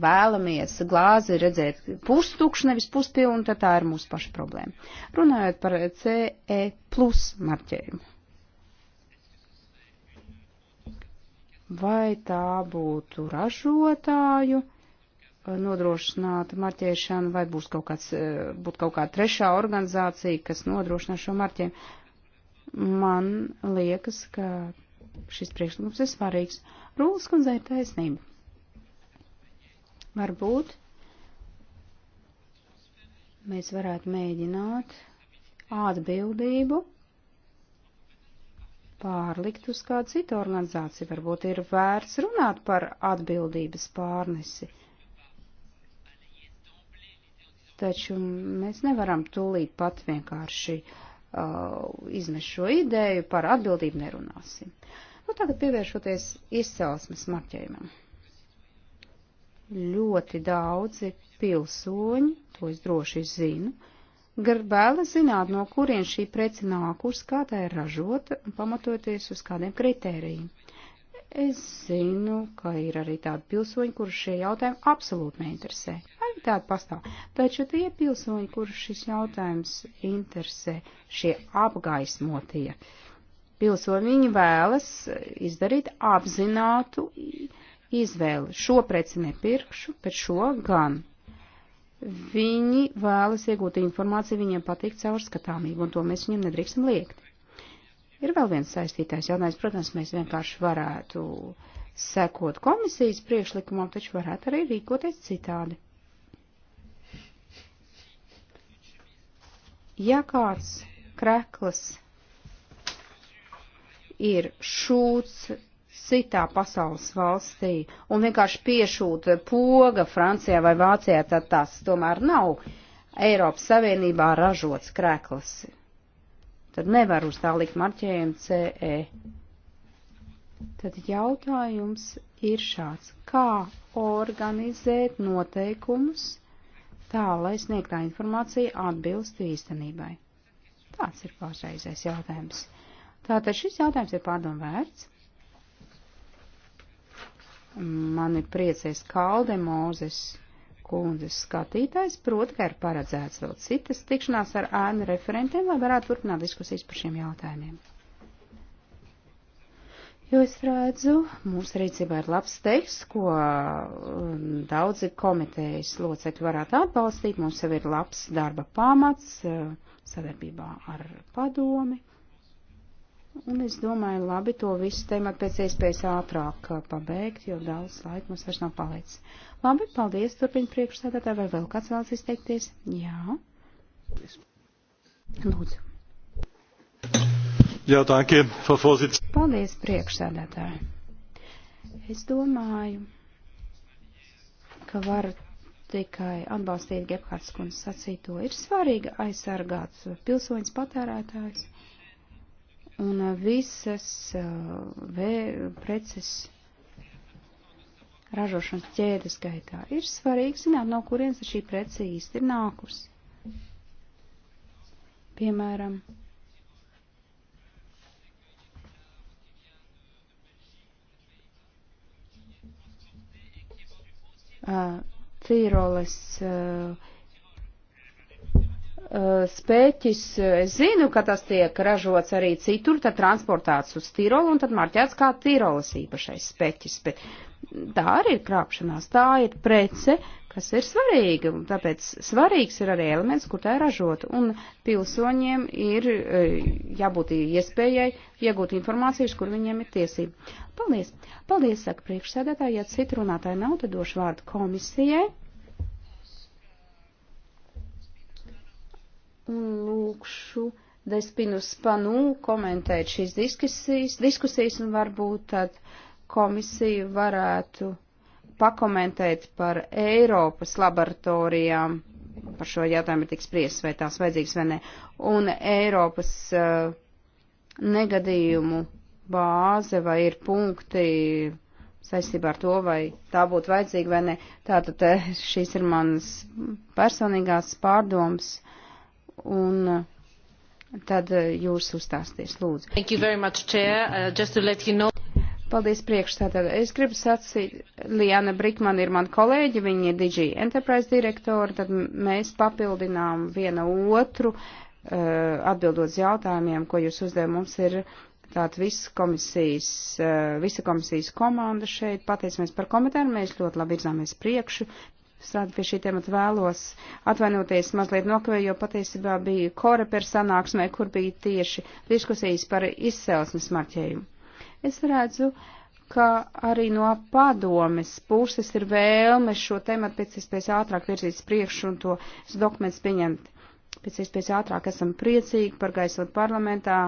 vēlamies glāzi redzēt pustukšu, nevis puspilnu, tad tā ir mūsu paša problēma. Runājot par CE plus marķējumu. vai tā būtu ražotāju eh, nodrošināta marķēšana, vai būs kaut, kāds, eh, būt kaut kāda trešā organizācija, kas nodrošina šo marķējumu. Man liekas, ka šis priekšlikums ir svarīgs. Rūlas kundze ir taisnība. Varbūt mēs varētu mēģināt atbildību pārlikt uz kādu citu organizāciju. Varbūt ir vērts runāt par atbildības pārnesi. Taču mēs nevaram tūlīt pat vienkārši uh, izmest šo ideju, par atbildību nerunāsim. Nu, tagad pievēršoties izcelsmes marķējumam. Ļoti daudzi pilsoņi, to es droši zinu, uh, Gribēla zināt, no kurien šī preci nākus, kā tā ir ražota un pamatoties uz kādiem kritērijiem. Es zinu, ka ir arī tādi pilsoņi, kurus šie jautājumi absolūti neinteresē. Arī tādi pastāv. Taču tie pilsoņi, kurus šis jautājums interesē, šie apgaismotie pilsoņi, viņi vēlas izdarīt apzinātu izvēli. Šo preci nepirkšu, bet šo gan Viņi vēlas iegūt informāciju, viņiem patīk caurskatāmību, un to mēs viņiem nedrīkstam liekt. Ir vēl viens saistītais jautājums, protams, mēs vienkārši varētu sekot komisijas priekšlikumam, taču varētu arī rīkoties citādi. Ja kāds krekls ir šūts citā pasaules valstī un vienkārši piešūt poga Francijā vai Vācijā, tad tas tomēr nav Eiropas Savienībā ražots krēklis. Tad nevar uz tā likt marķējumu CE. Tad jautājums ir šāds. Kā organizēt noteikumus tā, lai sniegtā informācija atbilstu īstenībai? Tāds ir pašreizais jautājums. Tātad šis jautājums ir pārdomvērts mani priecēs Kalde Mūzes kundzes skatītājs, proti, ka ir paredzēts vēl citas tikšanās ar ēnu referentiem, lai varētu turpināt diskusijas par šiem jautājumiem. Jo es redzu, mūsu rīcībā ir labs teiks, ko um, daudzi komitejas locekļi varētu atbalstīt. Mums jau ir labs darba pamats uh, sadarbībā ar padomi Un es domāju, labi to visu tematu pēc iespējas ātrāk uh, pabeigt, jo daudz laika mums vairs nav palicis. Labi, paldies, turpina priekšstādātāji, vai vēl kāds vēlas izteikties? Jā. Lūdzu. Jā, dankie, Frau Vorsitz. Paldies, priekšstādātāji. Es domāju, ka var tikai atbalstīt Gebhards kundzes sacīto. Ir svarīgi aizsargāt pilsoņus patērētājus un visas vē, preces ražošanas ķēdes gaitā. Ir svarīgi zināt, no kurienes šī prece īsti ir nākusi. Piemēram, Tīroles uh, Eh, spēķis, eh, es zinu, ka tas tiek ražots arī citur, tad transportēts uz Tirolu un tad marķēts kā Tirolas īpašais spēķis, bet tā arī ir krāpšanās, tā ir prece, kas ir svarīga, un tāpēc svarīgs ir arī elements, kur tā ir ražota, un pilsoņiem ir eh, jābūt iespējai iegūt informācijas, kur viņiem ir tiesība. Paldies! Paldies, saka priekšsēdētāji, ja citu runātāju nav, tad došu vārdu komisijai. un lūkšu Despinus Panu komentēt šīs diskusijas, diskusijas un varbūt tad komisija varētu pakomentēt par Eiropas laboratorijām, par šo jautājumu tiks priesas, vai tās vajadzīgas vai nē, un Eiropas uh, negadījumu bāze vai ir punkti saistībā ar to, vai tā būtu vajadzīga vai nē. Tātad eh, šīs ir manas personīgās pārdomas. Uh, un eh, tad eh, jūs uzstāsties, lūdzu. Thank you very much, Chair. Uh, just to let you know. Paldies priekšstādā. Es gribu sacīt, Liana Brikman ir man kolēģi, viņa ir DG Enterprise direktora, tad mēs papildinām viena otru, uh, atbildot uz jautājumiem, ko jūs uzdev. Mums ir tātad viss komisijas, uh, visa komisijas komanda šeit. Pateicamies par komentāru, mēs ļoti labi virzāmies priekšu strādāt pie šī temata vēlos atvainoties mazliet nokavēju, jo patiesībā bija kora per sanāksmē, kur bija tieši diskusijas par izcelsmes marķējumu. Es redzu, ka arī no padomes puses ir vēlme šo tematu pēc iespējas ātrāk virzīt priekšu un to dokumentus pieņemt pēc iespējas ātrāk esam priecīgi par gaisot parlamentā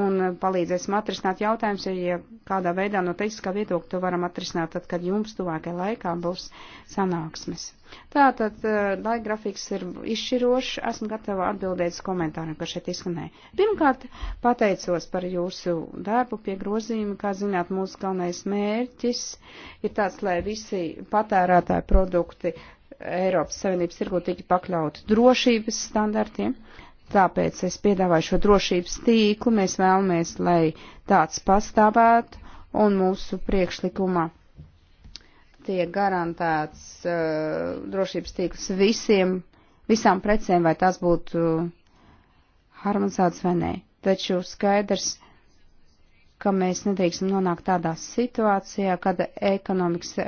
un palīdzēsim atrisināt jautājumus, ja kādā veidā no tehniskā viedokļa to varam atrisināt, tad, kad jums tuvākajā laikā būs sanāksmes. Tātad eh, laika grafiks ir izšķirošs, esmu gatava atbildēt uz komentāriem, kas šeit izskanēja. Pirmkārt, pateicos par jūsu darbu pie grozījuma, kā zināt, mūsu galvenais mērķis ir tāds, lai visi patērētāju produkti Eiropas Savienības tirgu tika pakļauti drošības standartiem, tāpēc es piedāvāju šo drošības tīklu, mēs vēlamies, lai tāds pastāvētu, un mūsu priekšlikumā tiek garantēts uh, drošības tīkls visiem, visām precēm, vai tās būtu harmonizētas vai nē. Taču skaidrs, ka mēs nedrīkstam nonākt tādā situācijā, kad ekonomikas e,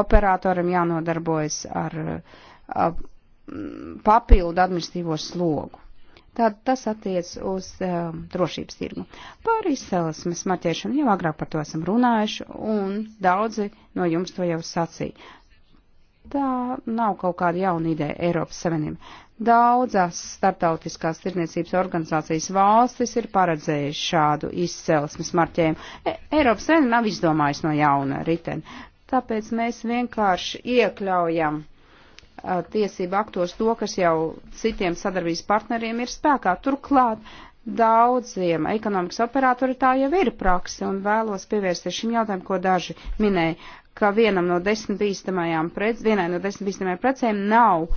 operatoram jānodarbojas ar, ar papildu administrīvo slogu. Tātad tas attiec uz um, drošības tirgu. Par izcelsmes marķēšanu jau agrāk par to esam runājuši, un daudzi no jums to jau sacīja. Tā nav kaut kāda jauna ideja Eiropas Savienība. Daudzas startautiskās tirniecības organizācijas valstis ir paredzējuši šādu izcelsmes marķējumu. E Eiropas Savienība nav izdomājusi no jauna riteni. Tāpēc mēs vienkārši iekļaujam a, tiesību aktos to, kas jau citiem sadarbības partneriem ir spēkā. Turklāt daudziem ekonomikas operatori tā jau ir praksa un vēlos pievērsties šim jautājumam, ko daži minēja ka vienam no desmit bīstamajām prec, vienai no desmit bīstamajām precēm nav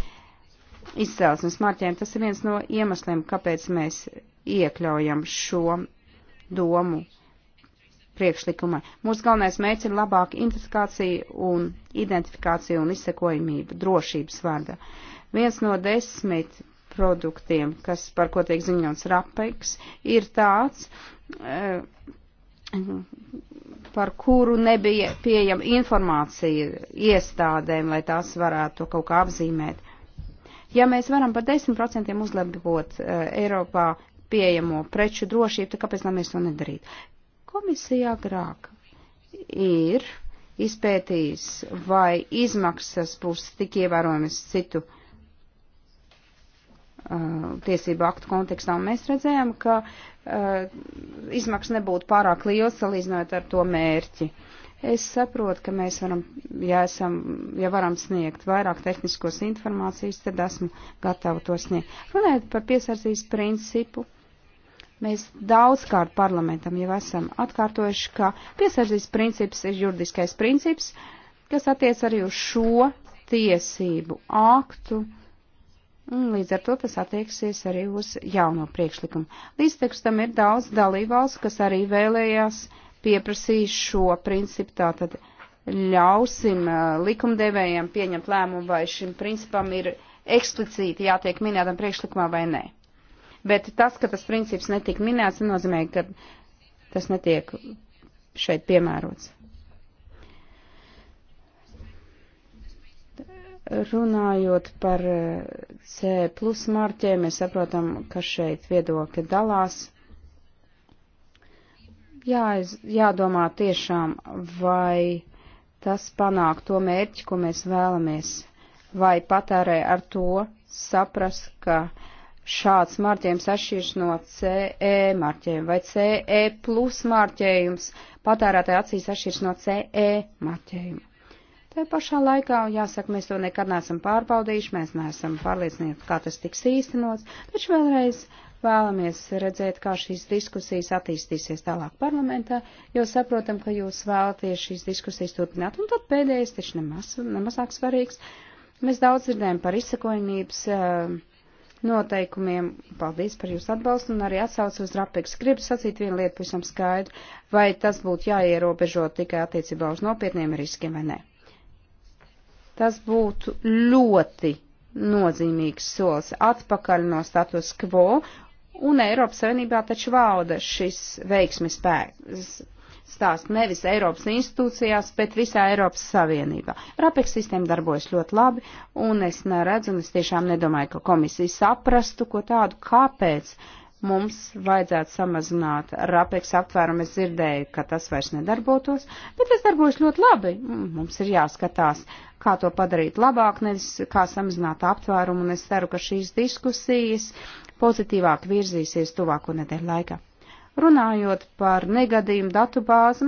izcelsmes marķējuma. Tas ir viens no iemesliem, kāpēc mēs iekļaujam šo domu priekšlikumā. Mūsu galvenais mērķis ir labāka identifikācija un identifikācija un izsekojamība drošības vārda. Viens no desmit produktiem, kas par ko tiek ziņots rapeks, ir tāds, eh, par kuru nebija pieejama informācija iestādēm, lai tās varētu kaut kā apzīmēt. Ja mēs varam par 10% uzlabot uh, Eiropā pieejamo preču drošību, tad kāpēc lai mēs to nedarītu? Komisija agrāk ir izpētījis, vai izmaksas būs tik ievērojamas citu uh, Uh, tiesību aktu kontekstā, un mēs redzējām, ka uh, izmaksas nebūtu pārāk liels salīdzinot ar to mērķi. Es saprotu, ka mēs varam, ja, esam, ja varam sniegt vairāk tehniskos informācijas, tad esmu gatava to sniegt. Runājot par piesardzības principu, mēs daudzkārt parlamentam jau esam atkārtojuši, ka piesardzības princips ir juridiskais princips, kas attiec arī uz šo tiesību aktu. Uh, Un līdz ar to tas attieksies arī uz jauno priekšlikumu. Līdz tekstam ir daudz dalībvalsts, kas arī vēlējās pieprasīt šo principu. Tātad ļausim uh, likumdevējiem pieņemt lēmumu, vai šim principam ir eksplicīti jātiek minētam priekšlikumā vai nē. Bet tas, ka tas princips netiek minēts, nenozīmē, ka tas netiek šeit piemērots. Runājot par eh, C plus marķēm, mēs saprotam, ka šeit viedokļi dalās. Jā, jādomā tiešām, vai tas panāk to mērķi, ko mēs vēlamies, vai patērē ar to saprast, ka šāds marķējums atšķirs no CE marķējuma, vai CE plus marķējums patērētāja acīs atšķirs no CE marķējuma. Te pašā laikā, jāsaka, mēs to nekad neesam pārbaudījuši, mēs neesam pārliecināti, kā tas tiks īstenots, taču vēlreiz vēlamies redzēt, kā šīs diskusijas attīstīsies tālāk parlamentā, jo saprotam, ka jūs vēlaties šīs diskusijas turpināt, un tad pēdējais, taču nemaz, nemazāk svarīgs, mēs daudz dzirdējam par izsakojumības eh, noteikumiem. Paldies par jūsu atbalstu un arī atsaucu uz rapiks. Gribu sacīt vienu lietu pavisam skaidru, vai tas būtu jāierobežo tikai attiecībā uz nopietniem riskiem vai nē. Tas būtu ļoti nozīmīgs solis atpakaļ no status quo, un Eiropas Savienībā taču valda šis veiksmes spēks. Stāst nevis Eiropas institūcijās, bet visā Eiropas Savienībā. RAPEX sistēma darbojas ļoti labi, un es neredzu, un es tiešām nedomāju, ka komisija saprastu, ko tādu, kāpēc mums vajadzētu samazināt rapeks aptvērumu. Es dzirdēju, ka tas vairs nedarbotos, bet tas darbojas ļoti labi. Mums ir jāskatās kā to padarīt labāk, nevis kā samazināt aptvērumu, un es ceru, ka šīs diskusijas pozitīvāk virzīsies tuvāko nedēļu laikā. Runājot par negadījumu datu bāzi,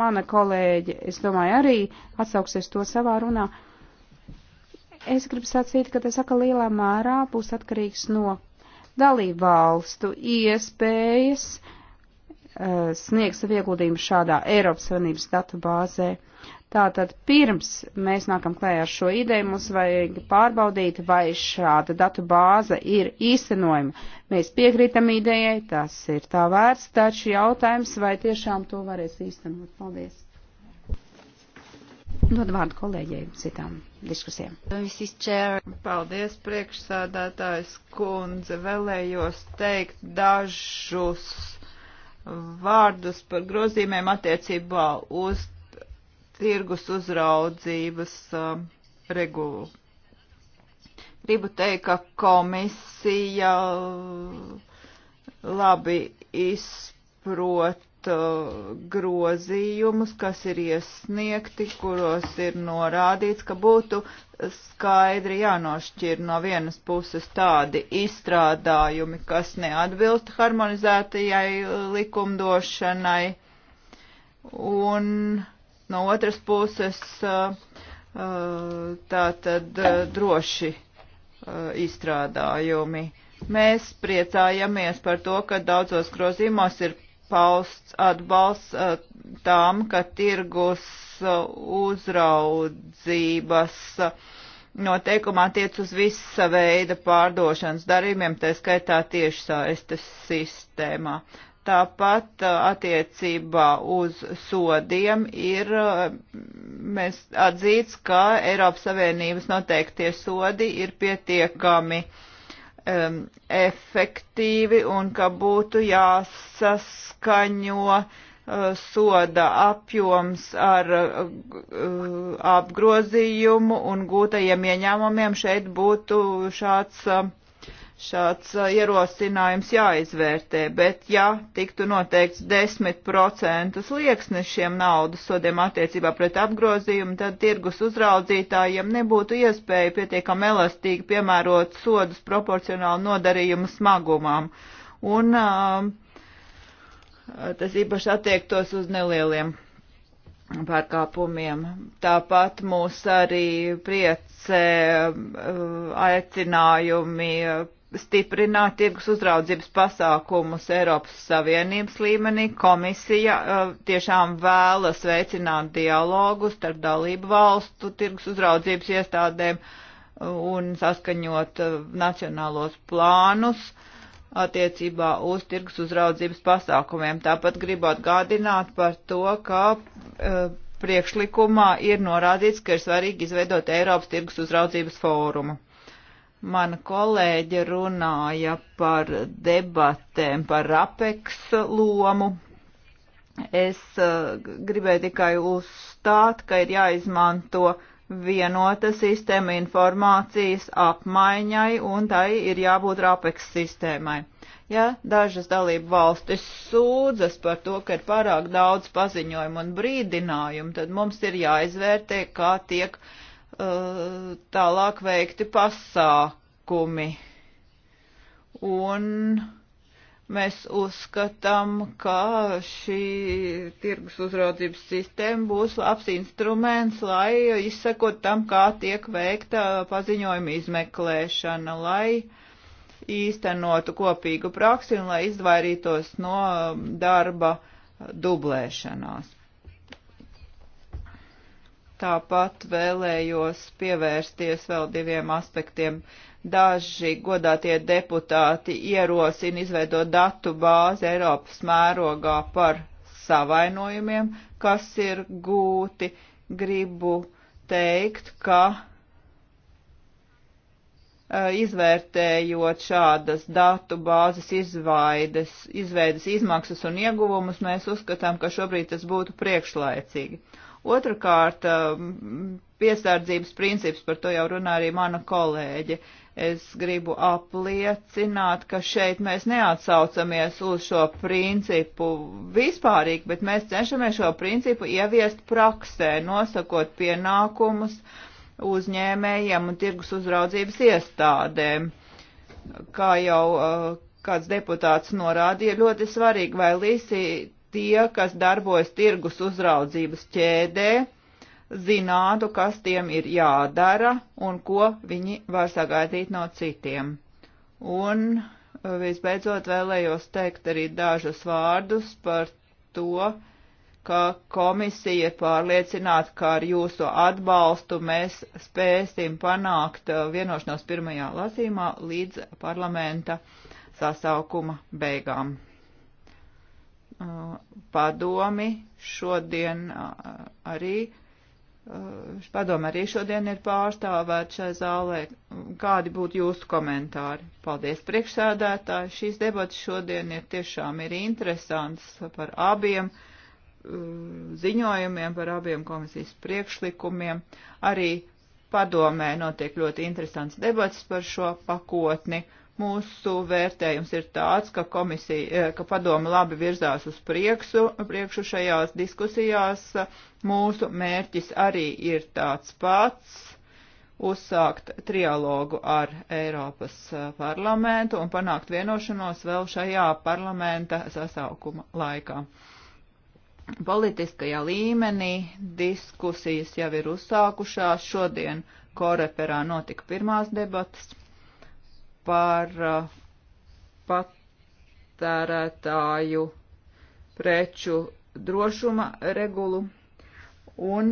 mana kolēģe, es domāju, arī atsauksies to savā runā. Es gribu sacīt, ka tas atkal lielā mērā būs atkarīgs no dalību valstu iespējas uh, eh, sniegs savu ieguldījumu šādā Eiropas Savienības datu bāzē. Tātad pirms mēs nākam klējā ar šo ideju, mums vajag pārbaudīt, vai šāda datu bāze ir īstenojama. Mēs piekrītam idejai, tas ir tā vērts, taču jautājums, vai tiešām to varēs īstenot. Paldies. Dod vārdu kolēģiem citām diskusijām. Paldies, priekšsādātājs kundze. Vēlējos teikt dažus vārdus par grozījumiem attiecībā uz tirgus uzraudzības uh, regulu. Gribu teikt, ka komisija uh, labi izprot uh, grozījumus, kas ir iesniegti, kuros ir norādīts, ka būtu skaidri jānošķir no vienas puses tādi izstrādājumi, kas neatbilst harmonizētajai likumdošanai un uh, no otras puses tātad droši izstrādājumi. Mēs priecājamies par to, ka daudzos grozījumos ir pausts atbalsts tām, ka tirgus uzraudzības noteikuma attiec uz visa veida pārdošanas darījumiem, tā skaitā tiešsaistes sistēmā. Tāpat uh, attiecībā uz sodiem ir uh, mēs atzīts, ka Eiropas Savienības noteiktie sodi ir pietiekami um, efektīvi un ka būtu jāsaskaņo uh, soda apjoms ar uh, apgrozījumu un gūtajiem ieņēmumiem šeit būtu šāds uh, šāds ierosinājums jāizvērtē, bet ja tiktu noteikts 10% lieksnis šiem naudas sodiem attiecībā pret apgrozījumu, tad tirgus uzraudzītājiem nebūtu iespēja pietiekam elastīgi piemērot sodus proporcionāli nodarījumu smagumam. Un um, tas īpaši attiektos uz nelieliem pārkāpumiem. Tāpat mūs arī priecē aicinājumi stiprināt tirgus uzraudzības pasākumus Eiropas Savienības līmenī. Komisija uh, tiešām vēlas veicināt dialogu starp dalību valstu tirgus uzraudzības iestādēm uh, un saskaņot uh, nacionālos plānus attiecībā uz tirgus uzraudzības pasākumiem. Tāpat gribu atgādināt par to, ka uh, priekšlikumā ir norādīts, ka ir svarīgi izveidot Eiropas tirgus uzraudzības fórumu. Mana kolēģe runāja par debatēm par apeks lomu. Es uh, gribēju tikai uzstāt, ka ir jāizmanto vienota sistēma informācijas apmaiņai un tai ir jābūt RAPEX sistēmai. Ja dažas dalību valstis sūdzas par to, ka ir pārāk daudz paziņojumu un brīdinājumu, tad mums ir jāizvērtē, kā tiek uh, Uh, tālāk veikti pasākumi. Un mēs uzskatām, ka šī tirgus uzraudzības sistēma būs labs instruments, lai izsekot tam, kā tiek veikta paziņojuma izmeklēšana, lai īstenotu kopīgu praksi un lai izvairītos no darba dublēšanās. Tāpat vēlējos pievērsties vēl diviem aspektiem. Daži godātie deputāti ierosina izveidot datu bāzi Eiropas mērogā par savainojumiem, kas ir gūti. Gribu teikt, ka e, izvērtējot šādas datu bāzes izvaides, izveidas izmaksas un ieguvumus, mēs uzskatām, ka šobrīd tas būtu priekšlaicīgi. Otrakārt, um, piesardzības princips, par to jau runā arī mana kolēģe. Es gribu apliecināt, ka šeit mēs neatsaucamies uz šo principu vispārīgi, bet mēs cenšamies šo principu ieviest praksē, nosakot pienākumus uzņēmējiem un tirgus uzraudzības iestādēm. Kā jau uh, kāds deputāts norādīja, ļoti svarīgi, vai līsī tie, kas darbojas tirgus uzraudzības ķēdē, zinātu, kas tiem ir jādara un ko viņi var sagaidīt no citiem. Un uh, visbeidzot vēlējos teikt arī dažus vārdus par to, ka komisija ir pārliecināta, ka ar jūsu atbalstu mēs spēsim panākt uh, vienošanos pirmajā lasīmā līdz parlamenta sasaukuma beigām. Uh, padomi šodien uh, arī. Uh, Padoma arī šodien ir pārstāvēta šai zālē. Kādi būtu jūsu komentāri? Paldies priekšsēdētāji. Šīs debatas šodien ir tiešām ir interesants par abiem ziņojumiem, par abiem komisijas priekšlikumiem. Arī padomē notiek ļoti interesants debats par šo pakotni. Mūsu vērtējums ir tāds, ka komisija, eh, ka padoma labi virzās uz priekšu, priekšu šajās diskusijās. Mūsu mērķis arī ir tāds pats uzsākt trialogu ar Eiropas eh, parlamentu un panākt vienošanos vēl šajā parlamenta sasaukuma laikā. Politiskajā līmenī diskusijas jau ir uzsākušās. Šodien Koreperā notika pirmās debatas par uh, patērētāju preču drošuma regulu, un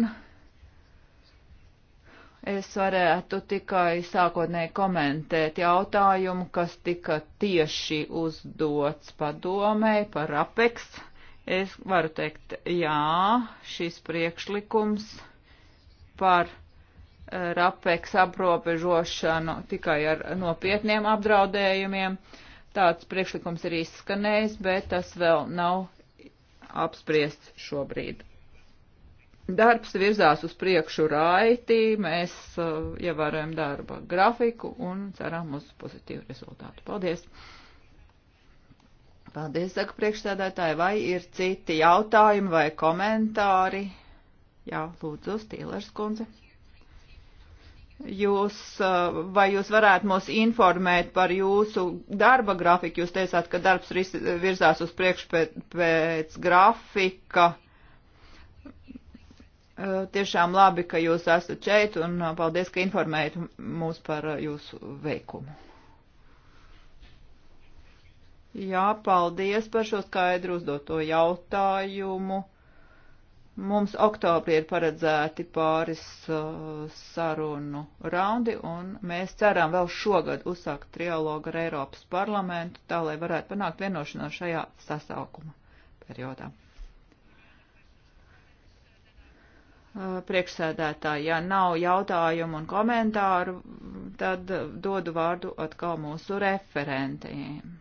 es varētu tikai sākotnēji komentēt jautājumu, kas tika tieši uzdots padomēji par apeks. Es varu teikt, jā, šis priekšlikums par rapeks aprobežošanu tikai ar nopietniem apdraudējumiem. Tāds priekšlikums ir izskanējis, bet tas vēl nav apspriests šobrīd. Darbs virzās uz priekšu raitī, mēs uh, ievērojam darba grafiku un ceram uz pozitīvu rezultātu. Paldies! Paldies, saka priekšsēdētāji, vai ir citi jautājumi vai komentāri? Jā, lūdzu, Stīlers kundze. Jūs, uh, vai jūs varētu mūs informēt par jūsu darba grafiku? Jūs teicāt, ka darbs virzās uz priekšu pēc, pēc grafika. Uh, tiešām labi, ka jūs esat šeit un uh, paldies, ka informējat mūs par jūsu veikumu. Jā, paldies par šo skaidru uzdoto jautājumu. Mums oktobrī ir paredzēti pāris uh, sarunu raundi, un mēs ceram vēl šogad uzsākt trialogu ar Eiropas parlamentu, tā lai varētu panākt vienošanos šajā sasaukuma periodā. Uh, Priekšsēdētāji, ja nav jautājumu un komentāru, tad dodu vārdu atkal mūsu referentiem.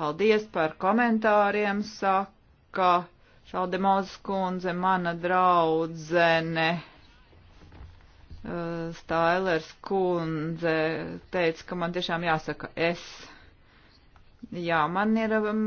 Paldies par komentāriem, saka Šaldemoz kundze, mana draudzene. Eh, Stailers kundze teica, ka man tiešām jāsaka es. Jā, man ir, um,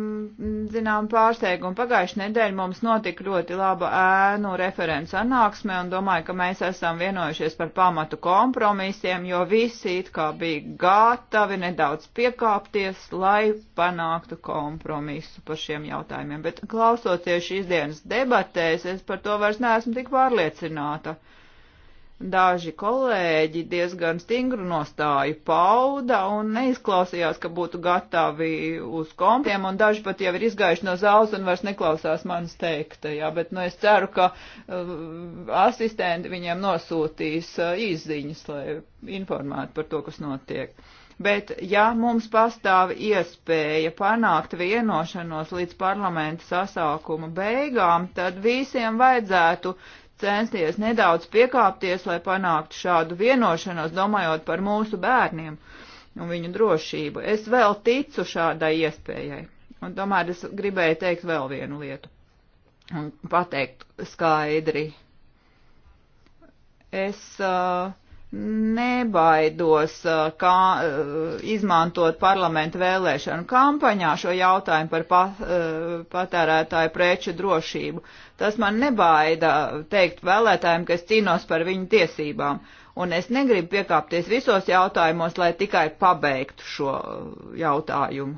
zinām, pārsteigumi. Pagājuši nedēļa mums notika ļoti laba ēnu referents sanāksme un domāju, ka mēs esam vienojušies par pamatu kompromisiem, jo visi it kā bija gatavi nedaudz piekāpties, lai panāktu kompromisu par šiem jautājumiem. Bet klausoties šīs dienas debatēs, es par to vairs neesmu tik pārliecināta. Uh, daži kolēģi diezgan stingru nostāju pauda un neizklausījās, ka būtu gatavi uz kompiem, un daži pat jau ir izgājuši no zāles un vairs neklausās manas teiktajā, bet nu, es ceru, ka uh, asistenti viņiem nosūtīs uh, izziņas, lai informētu par to, kas notiek. Bet, ja mums pastāv iespēja panākt vienošanos līdz parlamenta sasākuma beigām, tad visiem vajadzētu uh, censties nedaudz piekāpties, lai panāktu šādu vienošanos, domājot par mūsu bērniem un viņu drošību. Es vēl ticu šādai iespējai. Un tomēr es gribēju teikt vēl vienu lietu un pateikt skaidri. Es uh, nebaidos uh, kā, uh, izmantot parlamentu vēlēšanu kampaņā šo jautājumu par pa, uh, patērētāju preču drošību. Tas man nebaida teikt vēlētājiem, ka es cīnos par viņu tiesībām. Un es negribu piekāpties visos jautājumos, lai tikai pabeigtu šo jautājumu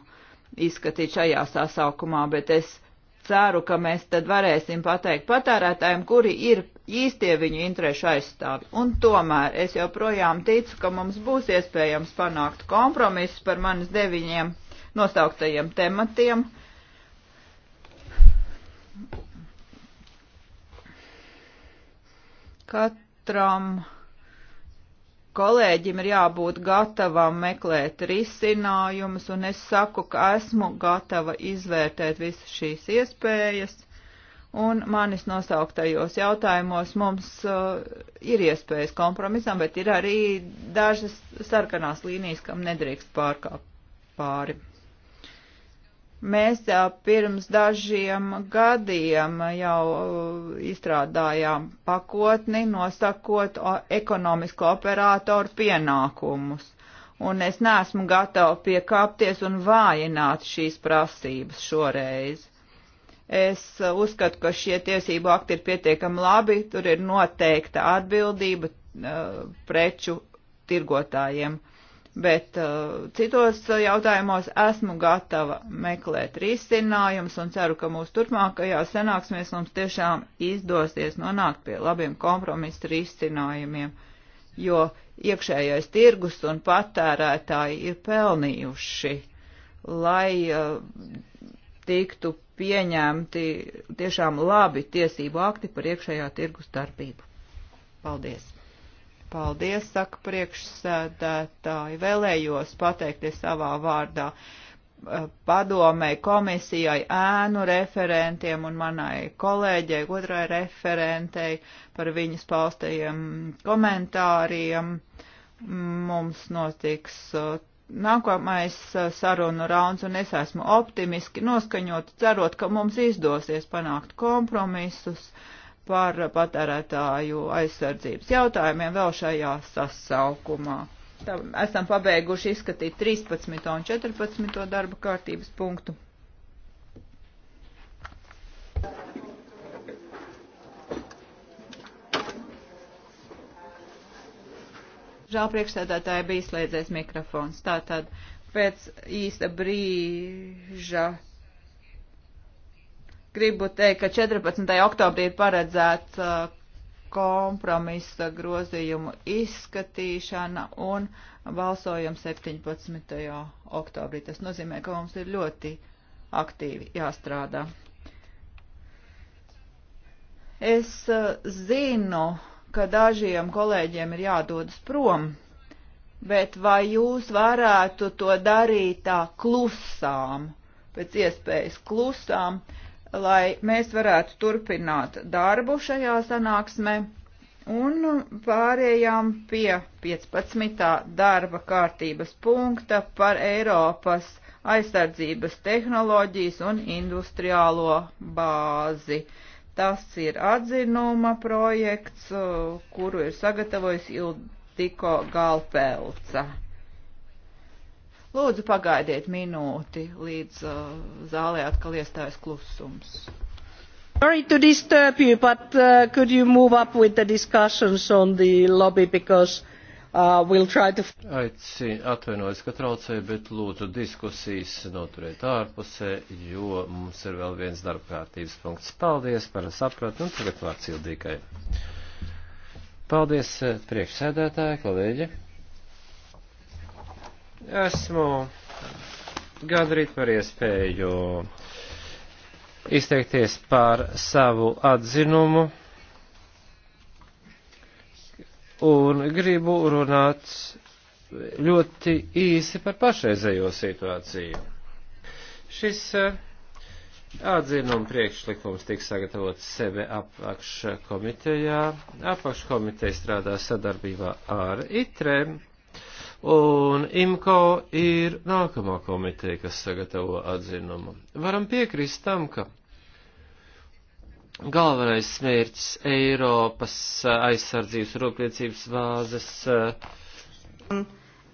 izskatīt šajā sasaukumā, bet es ceru, ka mēs tad varēsim pateikt patērētājiem, kuri ir īstie viņu interešu aizstāvi. Un tomēr es joprojām ticu, ka mums būs iespējams panākt kompromisu par manis deviņiem nosauktajiem tematiem. Katram kolēģim ir jābūt gatavam meklēt risinājumus, un es saku, ka esmu gatava izvērtēt visas šīs iespējas, un manis nosauktajos jautājumos mums uh, ir iespējas kompromisam, bet ir arī dažas sarkanās līnijas, kam nedrīkst pārkāpt pāri. Mēs pirms dažiem gadiem jau izstrādājām pakotni, nosakot ekonomisko operātoru pienākumus. Un es neesmu gatava piekāpties un vājināt šīs prasības šoreiz. Es uzskatu, ka šie tiesību akti ir pietiekami labi, tur ir noteikta atbildība preču tirgotājiem. Uh, bet uh, citos jautājumos esmu gatava meklēt risinājumus un ceru, ka mūsu turpmākajās sanāksmēs mums tiešām izdosies nonākt pie labiem kompromisa risinājumiem, jo iekšējais tirgus un patērētāji ir pelnījuši, lai uh, tiktu pieņemti tiešām labi tiesību akti par iekšējā tirgus darbību. Paldies! Paldies, saka priekšsēdētāji. Vēlējos pateikties savā vārdā eh, padomei, komisijai, ēnu referentiem un manai kolēģei, otrai referentei par viņas paustajiem komentāriem. Mums notiks eh, nākamais eh, sarunu rauns, un es esmu optimiski noskaņot, cerot, ka mums izdosies panākt kompromisus par patērētāju aizsardzības jautājumiem vēl šajā sasaukumā. Tā, esam pabeiguši izskatīt 13. un 14. darba kārtības punktu. Žēl priekšsēdētāja bija slēdzies mikrofons. Tātad pēc īsta brīža gribu teikt, ka 14. oktobrī ir paredzēts uh, kompromisa grozījumu izskatīšana un balsojums 17. oktobrī. Tas nozīmē, ka mums ir ļoti aktīvi jāstrādā. Es uh, zinu, ka dažiem kolēģiem ir jādodas prom, bet vai jūs varētu to darīt tā klusām, pēc iespējas klusām, uh, lai mēs varētu turpināt darbu šajā sanāksmē un pārējām pie 15. darba kārtības punkta par Eiropas aizsardzības tehnoloģijas un industriālo bāzi. Tas ir atzinuma projekts, kuru ir sagatavojis Ildiko Galpelca. Lūdzu, pagaidiet minūti, līdz uh, zālē atkal iestājas klusums. Sorry to disturb you, but uh, could you move up with the discussions on the lobby because uh, we'll try to... Aici, atvainojos, ka traucēju, bet lūdzu diskusijas noturēt ārpusē, jo mums ir vēl viens darbkārtības punkts. Paldies par sapratu, un tagad vārds Ildīkai. Paldies, eh, priekšsēdētāji, kolēģi. Esmu gandrīz par iespēju izteikties par savu atzinumu un gribu runāt ļoti īsi par pašreizējo situāciju. Šis eh, atzinuma priekšlikums tiks sagatavots sebe apakškomitejā. Apakškomiteja strādā sadarbībā ar ITREM Un IMCO ir nākamā komiteja, kas sagatavo atzinumu. Varam piekrist tam, ka galvenais smērķis Eiropas aizsardzības rūpniecības vāzes eh,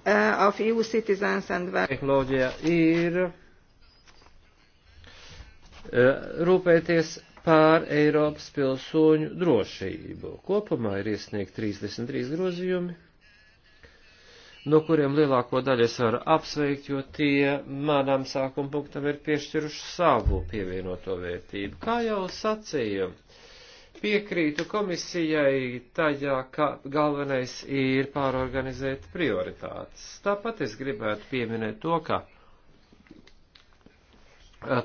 e tehnoloģijā ir eh, rūpēties pār Eiropas pilsoņu drošību. Kopumā ir iesniegt 33 grozījumi no kuriem lielāko daļu es varu apsveikt, jo tie manam sākuma punktam ir piešķiruši savu pievienoto vērtību. Kā jau sacīju, piekrītu komisijai tajā, ka galvenais ir pārorganizēt prioritātes. Tāpat es gribētu pieminēt to, ka eh,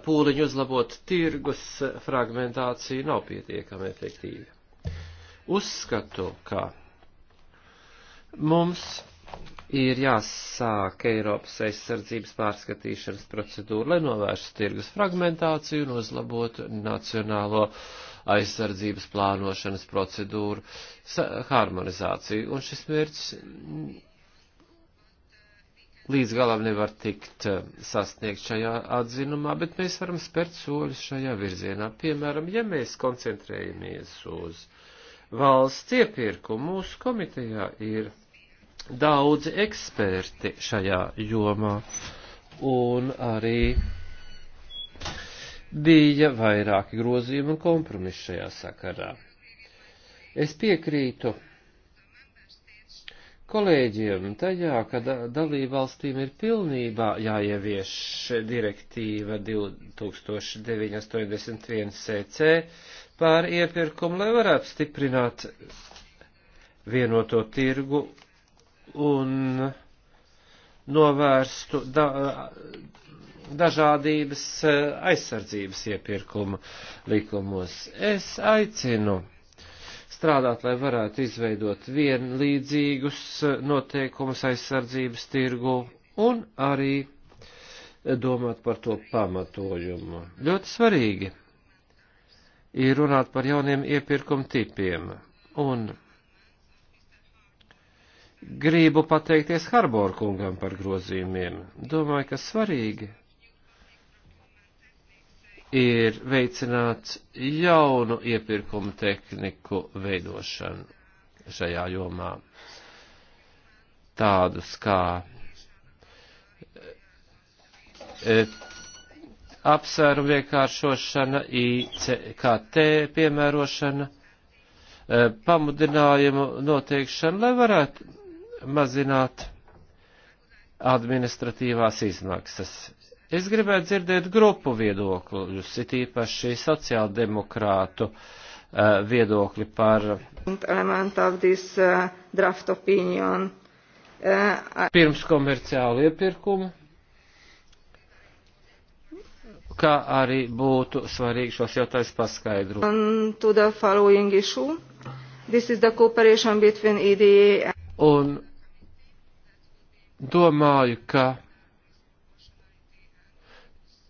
pūliņu uzlabot tirgus fragmentācija nav pietiekami efektīva. Uzskatu, ka mums ir jāsāk Eiropas aizsardzības pārskatīšanas procedūra, lai novērstu tirgus fragmentāciju un uzlabotu nacionālo aizsardzības plānošanas procedūru harmonizāciju. Un šis mērķis līdz galam nevar tikt eh, sasniegt šajā atzinumā, bet mēs varam spērt soļus šajā virzienā. Piemēram, ja mēs koncentrējamies uz valsts iepirkumu, mūsu komitejā ir daudzi eksperti šajā jomā un arī bija vairāki grozījumi un kompromisi šajā sakarā. Es piekrītu kolēģiem tajā, ka dalībvalstīm ir pilnībā jāievieš direktīva 2981 CC pār iepirkumu, lai varētu stiprināt vienoto tirgu un novērstu da, dažādības eh, aizsardzības iepirkuma likumos. Es aicinu strādāt, lai varētu izveidot vienlīdzīgus eh, noteikumus aizsardzības tirgu un arī domāt par to pamatojumu. Ļoti svarīgi ir runāt par jauniem iepirkuma tipiem un Gribu pateikties Harbor kungam par grozījumiem. Domāju, ka svarīgi ir veicināt jaunu iepirkumu tehniku veidošanu šajā jomā. Tādus kā e, apsvērumu vienkāršošana, ICKT piemērošana, e, pamudinājumu noteikšana, lai varētu mazināt administratīvās izmaksas. Es gribētu dzirdēt grupu viedokļus, it īpaši sociāldemokrātu uh, viedokļi par. Eh, eh, Pirms komerciālu iepirkumu, kā arī būtu svarīgi šos jautājumus paskaidrot. Un domāju, ka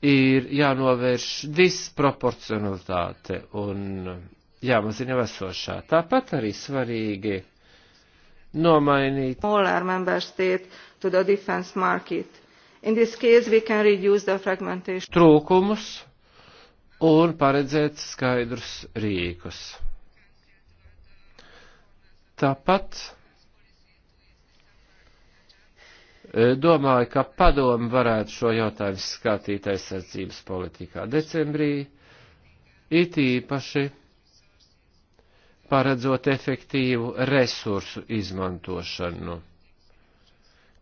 ir jānovērš disproporcionalitāte un jāmazina esošā. Tāpat arī svarīgi nomainīt. All our member state to the defense market. In this case we can reduce the fragmentation. Trūkumus un paredzēt skaidrus rīkus. Tāpat E, domāju, ka padomu varētu šo jautājumu skatīt aizsardzības politikā decembrī, it īpaši paredzot efektīvu resursu izmantošanu,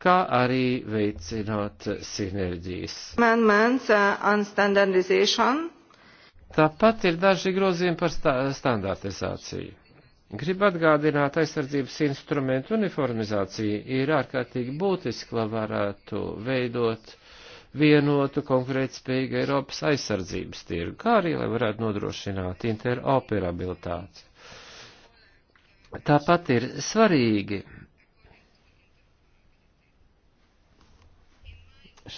kā arī veicināt sinerģijas. Man, mans, uh, Tāpat ir daži grozījumi par sta standartizāciju. Gribu atgādināt aizsardzības instrumentu uniformizāciju ir ārkārtīgi būtiski, lai varētu veidot vienotu konkurētspējīgu Eiropas aizsardzības tirgu, kā arī, lai varētu nodrošināt interoperabilitāti. Tāpat ir svarīgi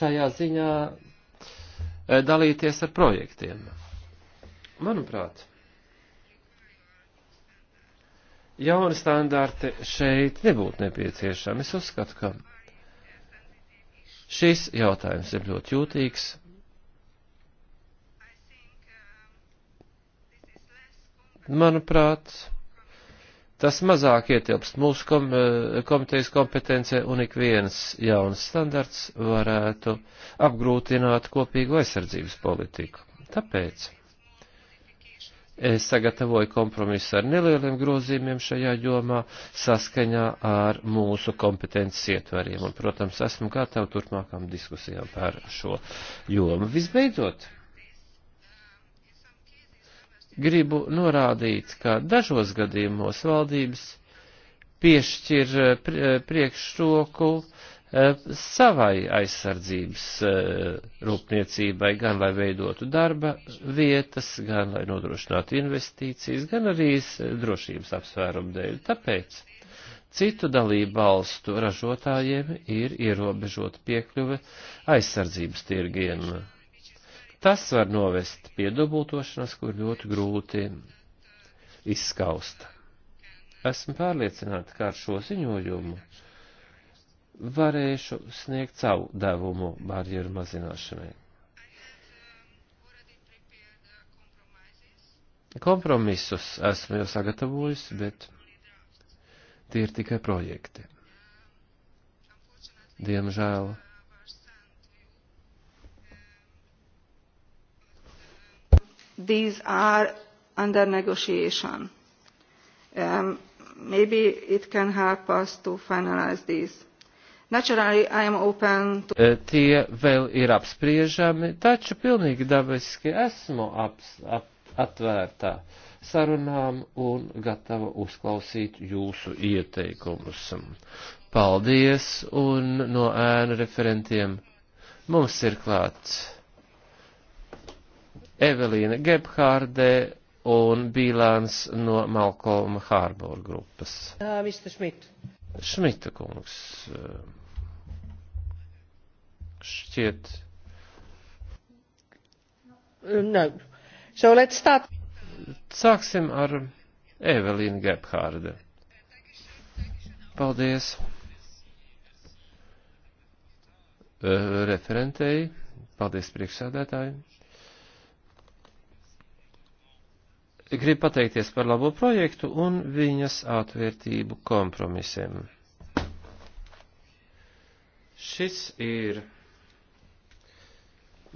šajā ziņā eh, dalīties ar projektiem. Manuprāt, jauni standarti šeit nebūtu nepieciešami. Es uzskatu, ka šis jautājums ir ļoti jūtīgs. Manuprāt, tas mazāk ietilpst mūsu kom eh, komitejas kompetencē un ik viens jauns standarts varētu apgrūtināt kopīgu aizsardzības politiku. Tāpēc sagatavoja kompromisu ar nelieliem grozījumiem šajā jomā saskaņā ar mūsu kompetences ietvariem. Un, protams, esmu gatava turpmākām diskusijām par šo jomu. Visbeidzot, gribu norādīt, ka dažos gadījumos valdības piešķir eh, eh, priekšroku Eh, savai aizsardzības eh, rūpniecībai, gan lai veidotu darba vietas, gan lai nodrošinātu investīcijas, gan arī eh, drošības apsvērumu dēļ. Tāpēc citu dalību valstu ražotājiem ir ierobežota piekļuve aizsardzības tirgiem. Tas var novest pie dubultošanas, kur ļoti grūti izskausta. Esmu pārliecināta, ka ar šo ziņojumu varēšu sniegt savu devumu barjeru mazināšanai. Kompromisus esmu jau sagatavojis, bet tie ir tikai projekti. Diemžēl. These are under negotiation. Um, maybe it can help us to finalize these. To... Eh, tie vēl ir apspriežami, taču pilnīgi dabiski esmu aps, ap, atvērtā sarunām un gatava uzklausīt jūsu ieteikumus. Paldies un no ēnu referentiem mums ir klāts Evelīna Gebhārdē un Bīlāns no Malcolm Harbor grupas. Uh, Šmita kungs. Uh, šķiet. No. So let's start. Sāksim ar Evelīnu Gebhārdu. Paldies eh, referentei, paldies priekšsēdētāji. Gribu pateikties par labo projektu un viņas atvērtību kompromisiem. Šis ir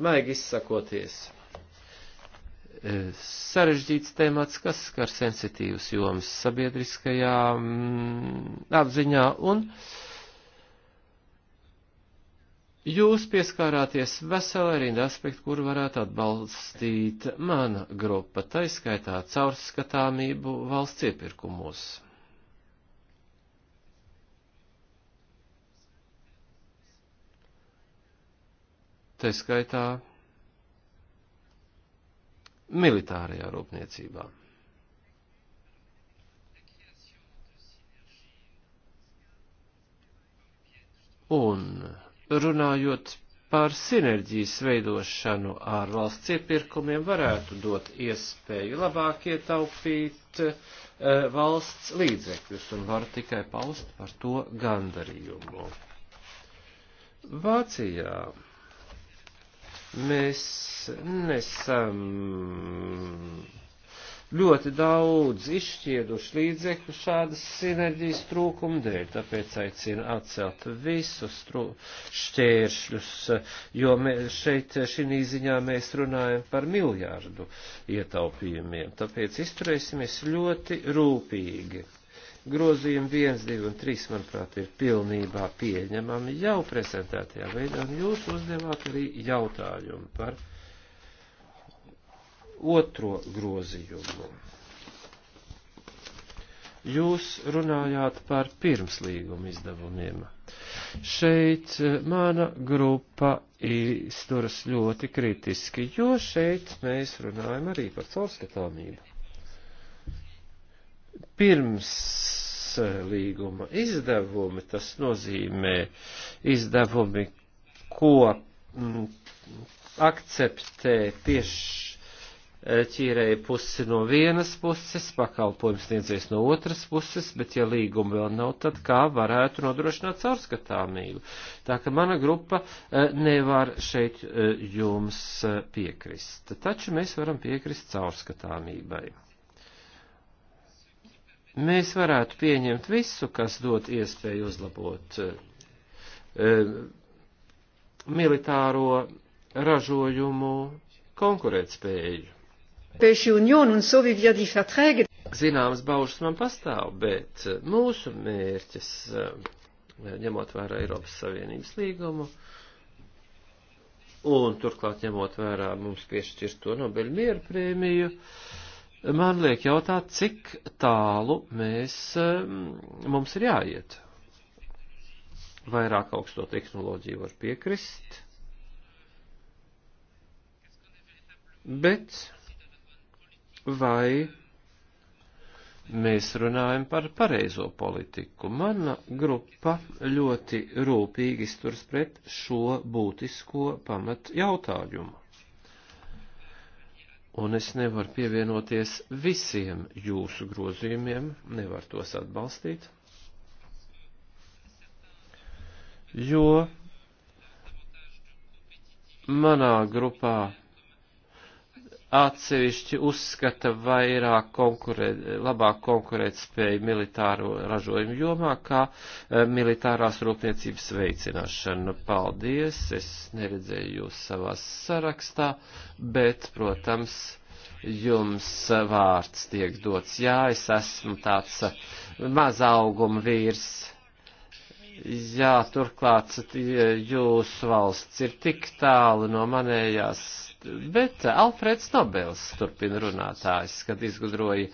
maigi izsakoties e, sarežģīts temats, kas skar sensitīvas jomas sabiedriskajā mm, apziņā, un jūs pieskārāties veselē rinda aspektu, kur varētu atbalstīt mana grupa, taiskaitā caurskatāmību valsts iepirkumos. tā skaitā militārajā rūpniecībā. Un runājot par sinerģijas veidošanu ar valsts iepirkumiem, varētu dot iespēju labāk ietaupīt e, valsts līdzekļus un varu tikai paust par to gandarījumu. Vācijā Mēs nesam ļoti daudz izšķieduši līdzekļu šādas sinerģijas trūkuma dēļ, tāpēc aicinu atcelt visus šķēršļus, jo mēs šeit šī ziņā mēs runājam par miljārdu ietaupījumiem, tāpēc izturēsimies ļoti rūpīgi grozījumi 1, 2 un 3, manuprāt, ir pilnībā pieņemami jau prezentētajā veidā, un jūs uzdevāt arī jautājumu par otro grozījumu. Jūs runājāt par pirmslīguma izdevumiem. Šeit eh, mana grupa izturas ļoti kritiski, jo šeit mēs runājam arī par caurskatāmību. Pirms līguma izdevumi, tas nozīmē izdevumi, ko m, mm, akceptē tieši eh, ķīrēja pusi no vienas puses, pakalpojums sniedzējs no otras puses, bet ja līguma vēl nav, tad kā varētu nodrošināt caurskatāmību. Tā ka mana grupa eh, nevar šeit eh, jums piekrist. Taču mēs varam piekrist caurskatāmībai mēs varētu pieņemt visu, kas dot iespēju uzlabot e, militāro ražojumu konkurētspēju. Zināmas baušas man pastāv, bet mūsu mērķis, e, ņemot vērā Eiropas Savienības līgumu, un turklāt ņemot vērā mums piešķirto Nobeļa mieru prēmiju, uh, man liek jautāt, cik tālu mēs, mums ir jāiet. Vairāk augsto tehnoloģiju var piekrist, bet vai mēs runājam par pareizo politiku? Mana grupa ļoti rūpīgi izturs pret šo būtisko pamat jautājumu un es nevaru pievienoties visiem jūsu grozījumiem, nevaru tos atbalstīt, jo manā grupā atsevišķi uzskata vairāk konkurēt, labāk konkurētspēju militāro ražojumu jomā, kā eh, militārās rūpniecības veicināšanu. Paldies, es neredzēju jūs savā sarakstā, bet, protams, jums vārds tiek dots. Jā, es esmu tāds eh, maz auguma vīrs. Jā, turklāt eh, jūsu valsts ir tik tālu no manējās Bet Alfreds Nobels turpina runātājs, kad izgudroja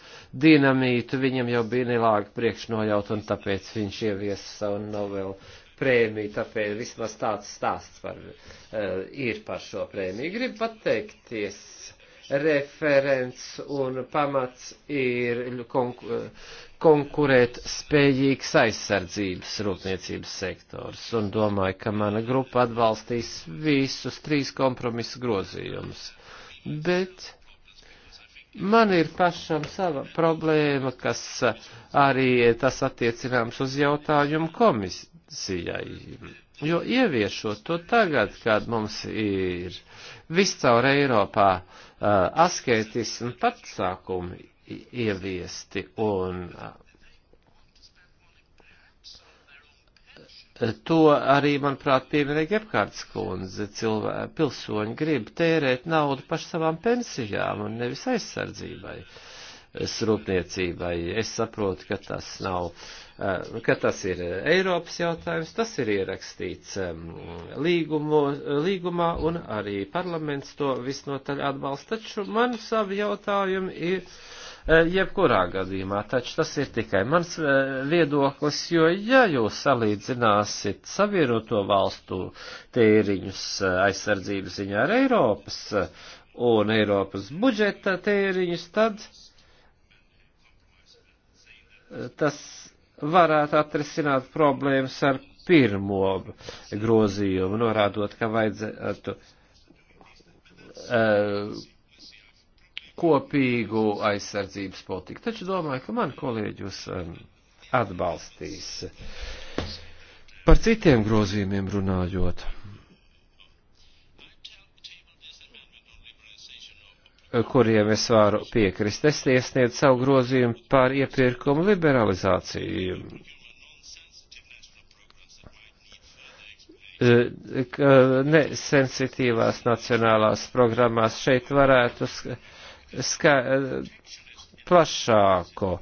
dinamītu, viņam jau bija nelāga priekšnojaut, un tāpēc viņš ievies savu Nobelu prēmiju, tāpēc vismaz tāds stāsts par, uh, ir par šo prēmiju. Gribu pateikties referents un pamats ir konkurēt spējīgs aizsardzības rūpniecības sektors. Un domāju, ka mana grupa atbalstīs visus trīs kompromisu grozījumus. Bet man ir pašam sava problēma, kas arī tas attiecināms uz jautājumu komisijai. Jo ieviešot to tagad, kad mums ir viscaur Eiropā uh, Uh, asketismu pasākumu ieviesti un uh, To arī, manuprāt, pieminēja Gepkārts kundze, cilvēki, pilsoņi grib tērēt naudu paši savām pensijām un nevis aizsardzībai, srūpniecībai. Es saprotu, ka tas nav uh, Eh, ka tas ir eh, Eiropas jautājums, tas ir ierakstīts līgumo, līgumā un arī parlaments to visnotaļ atbalsta, taču man savi jautājumi ir eh, jebkurā gadījumā, taču tas ir tikai mans viedoklis, jo ja jūs salīdzināsit savienoto valstu tēriņus aizsardzības ziņā ar Eiropas un Eiropas budžeta tēriņus, tad tas varētu atrisināt problēmas ar pirmo grozījumu, norādot, ka vajadzētu uh, kopīgu aizsardzības politiku. Taču domāju, ka man kolēģi jūs um, atbalstīs. Par citiem grozījumiem runājot. kuriem es varu piekrist. Es iesniedzu savu grozījumu par iepirkumu liberalizāciju. E, nesensitīvās nacionālās programmās šeit varētu ska e, plašāko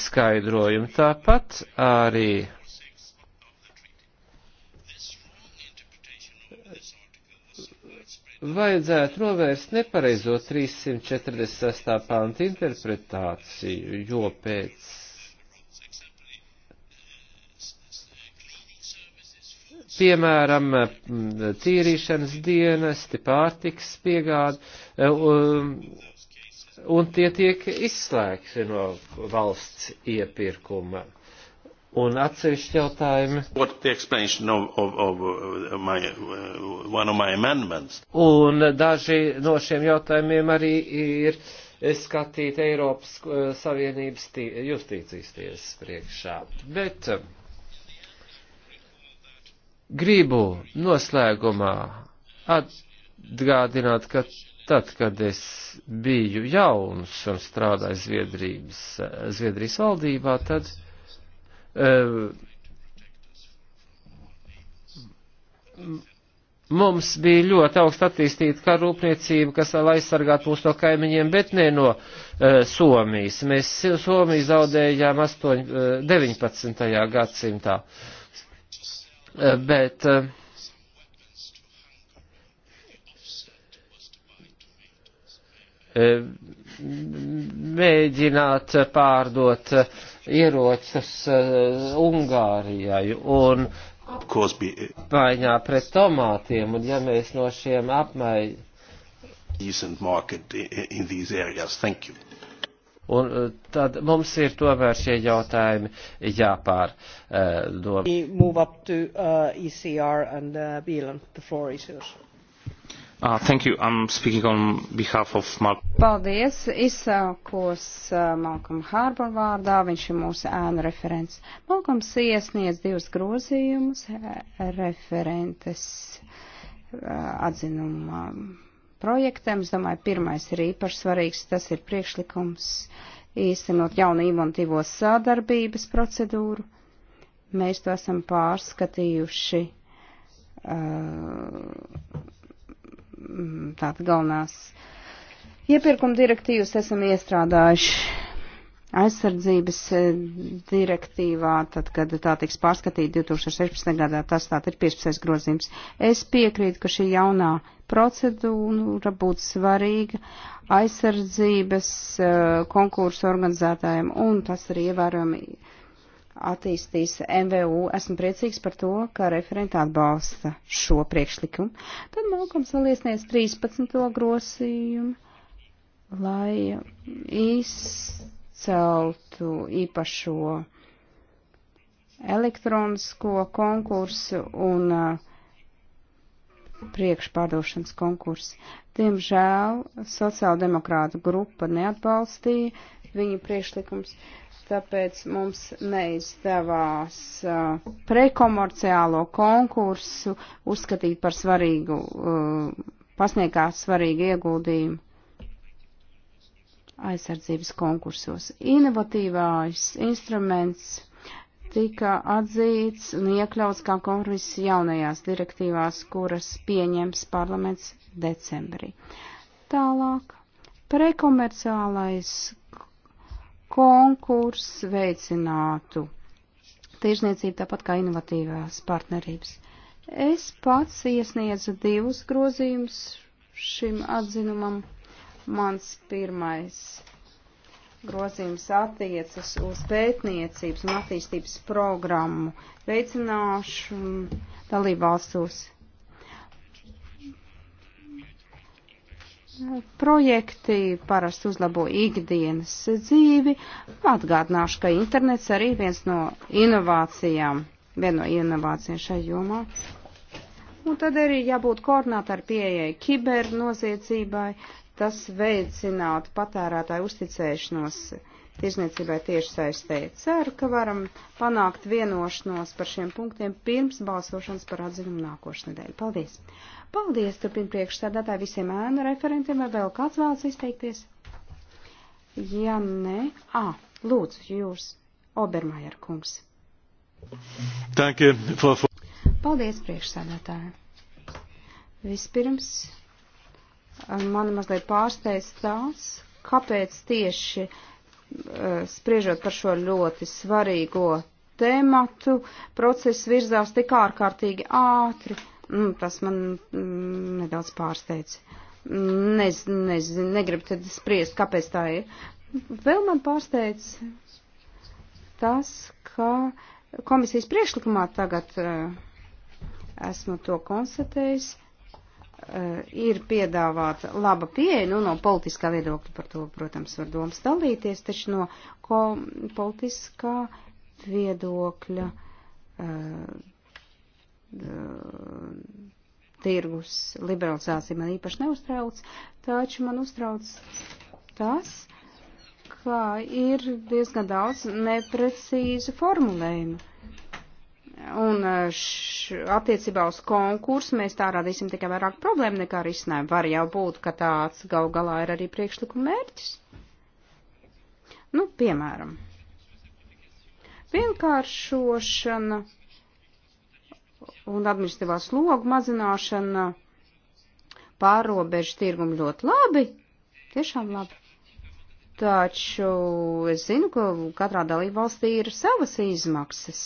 skaidrojumu. Tāpat arī vajadzētu novērst nepareizo 346. pānta interpretāciju, jo pēc piemēram tīrīšanas dienesti, pārtiks piegādi, e, un, un tie tiek izslēgti no valsts iepirkuma un atsevišķi jautājumi. Of, of uh, my, uh, un daži no šiem jautājumiem arī ir skatīt Eiropas uh, Savienības tī, justīcijas tiesas priekšā. Bet um, gribu noslēgumā atgādināt, ka tad, kad es biju jauns un strādāju Zviedrības, Zviedrijas valdībā, tad Eh, mums bija ļoti augst attīstīta karūpniecība, kas aizsargātu mūs no kaimiņiem, bet ne no uh, Somijas. Mēs Somiju zaudējām 8, uh, 19. gadsimtā. Uh, bet uh, mēģināt pārdot uh, ieročus uh, eh, Ungārijai un eh, apmaiņā pret tomātiem, un ja mēs no šiem apmaiņ. Un eh, tad mums ir tomēr šie jautājumi jāpārdomā. Uh, Uh, thank you. I'm speaking on behalf of Malcolm. Paldies. Izsākos uh, Malcolm Harbour vārdā. Viņš ir mūsu ēnu referents. Malcolms iesniedz divus grozījumus referentes uh, atzinuma projektam. Es domāju, pirmais ir īpaši svarīgs. Tas ir priekšlikums īstenot jaunu inventīvo sadarbības procedūru. Mēs to esam pārskatījuši. Uh, tātad galvenās iepirkuma direktīvas esam iestrādājuši aizsardzības e, direktīvā, tad, kad tā tiks pārskatīta 2016. gadā, tas tā ir 15. grozījums. Es piekrītu, ka šī jaunā procedūra būtu svarīga aizsardzības e, konkursu organizētājiem, un tas arī ievērojami attīstīs MVU. Esmu priecīgs par to, ka referenta atbalsta šo priekšlikumu. Tad Malkums vēl iesniedz 13. grosījumu, lai izceltu īpašo elektronisko konkursu un uh, priekšpārdošanas konkursu. Diemžēl sociāldemokrāta grupa neatbalstīja viņu priekšlikums. Uh, tāpēc mums neizdevās uh, prekomerciālo konkursu uzskatīt par svarīgu, uh, pasniegāt svarīgu ieguldījumu aizsardzības konkursos. Inovatīvais instruments tika atzīts un iekļauts kā kompromiss jaunajās direktīvās, kuras pieņems parlaments decembrī. Tālāk, prekomerciālais konkurss veicinātu tirzniecību, tāpat kā inovatīvās partnerības. Es pats iesniedzu divus grozījumus šim atzinumam. Mans pirmais grozījums attiecas uz pētniecības un attīstības programmu veicināšanu dalībvalstos. projekti parasti uzlabo ikdienas dzīvi. Atgādināšu, ka internets arī viens no inovācijām, viena no inovācijām šai jomā. Un tad arī jābūt koordinātai pieejai kibernoziedzībai, tas veicinātu patērētāju uzticēšanos tirzniecībai tieši saistē. Ceru, ka varam panākt vienošanos par šiem punktiem pirms balsošanas par atzinumu nākošu nedēļu. Paldies! Paldies, turpin priekšstādātāji visiem ēnu referentiem, vai vēl kāds vēlas izteikties? Ja nē, ā, lūdzu, jūs, Obermajer kungs. For... Paldies, priekšsādātāji. Vispirms, mani mazliet pārsteidz tās, kāpēc tieši spriežot par šo ļoti svarīgo tematu, process virzās tik ārkārtīgi ātri Mm, tas man mm, nedaudz pārsteidz. Nez, nez, negribu tad spriest, kāpēc tā ir. Vēl man pārsteidz tas, ka komisijas priekšlikumā tagad eh, esmu to konstatējis eh, ir piedāvāta laba pieeja, nu, no politiskā viedokļa par to, protams, var domas dalīties, taču no ko, politiskā viedokļa uh, tirgus liberalizācija man īpaši neuztrauc, taču man uztrauc tas, ka ir diezgan daudz neprecīzu formulējumu. Un š, attiecībā uz konkursu mēs tā radīsim tikai vairāk problēmu nekā risinājumu. Var jau būt, ka tāds gal galā ir arī priekšlikuma mērķis. Nu, piemēram, vienkāršošana un administratīvā slogu mazināšana pārobežu tirgumu ļoti labi, tiešām labi. Taču es zinu, ka katrā dalībvalstī ir savas izmaksas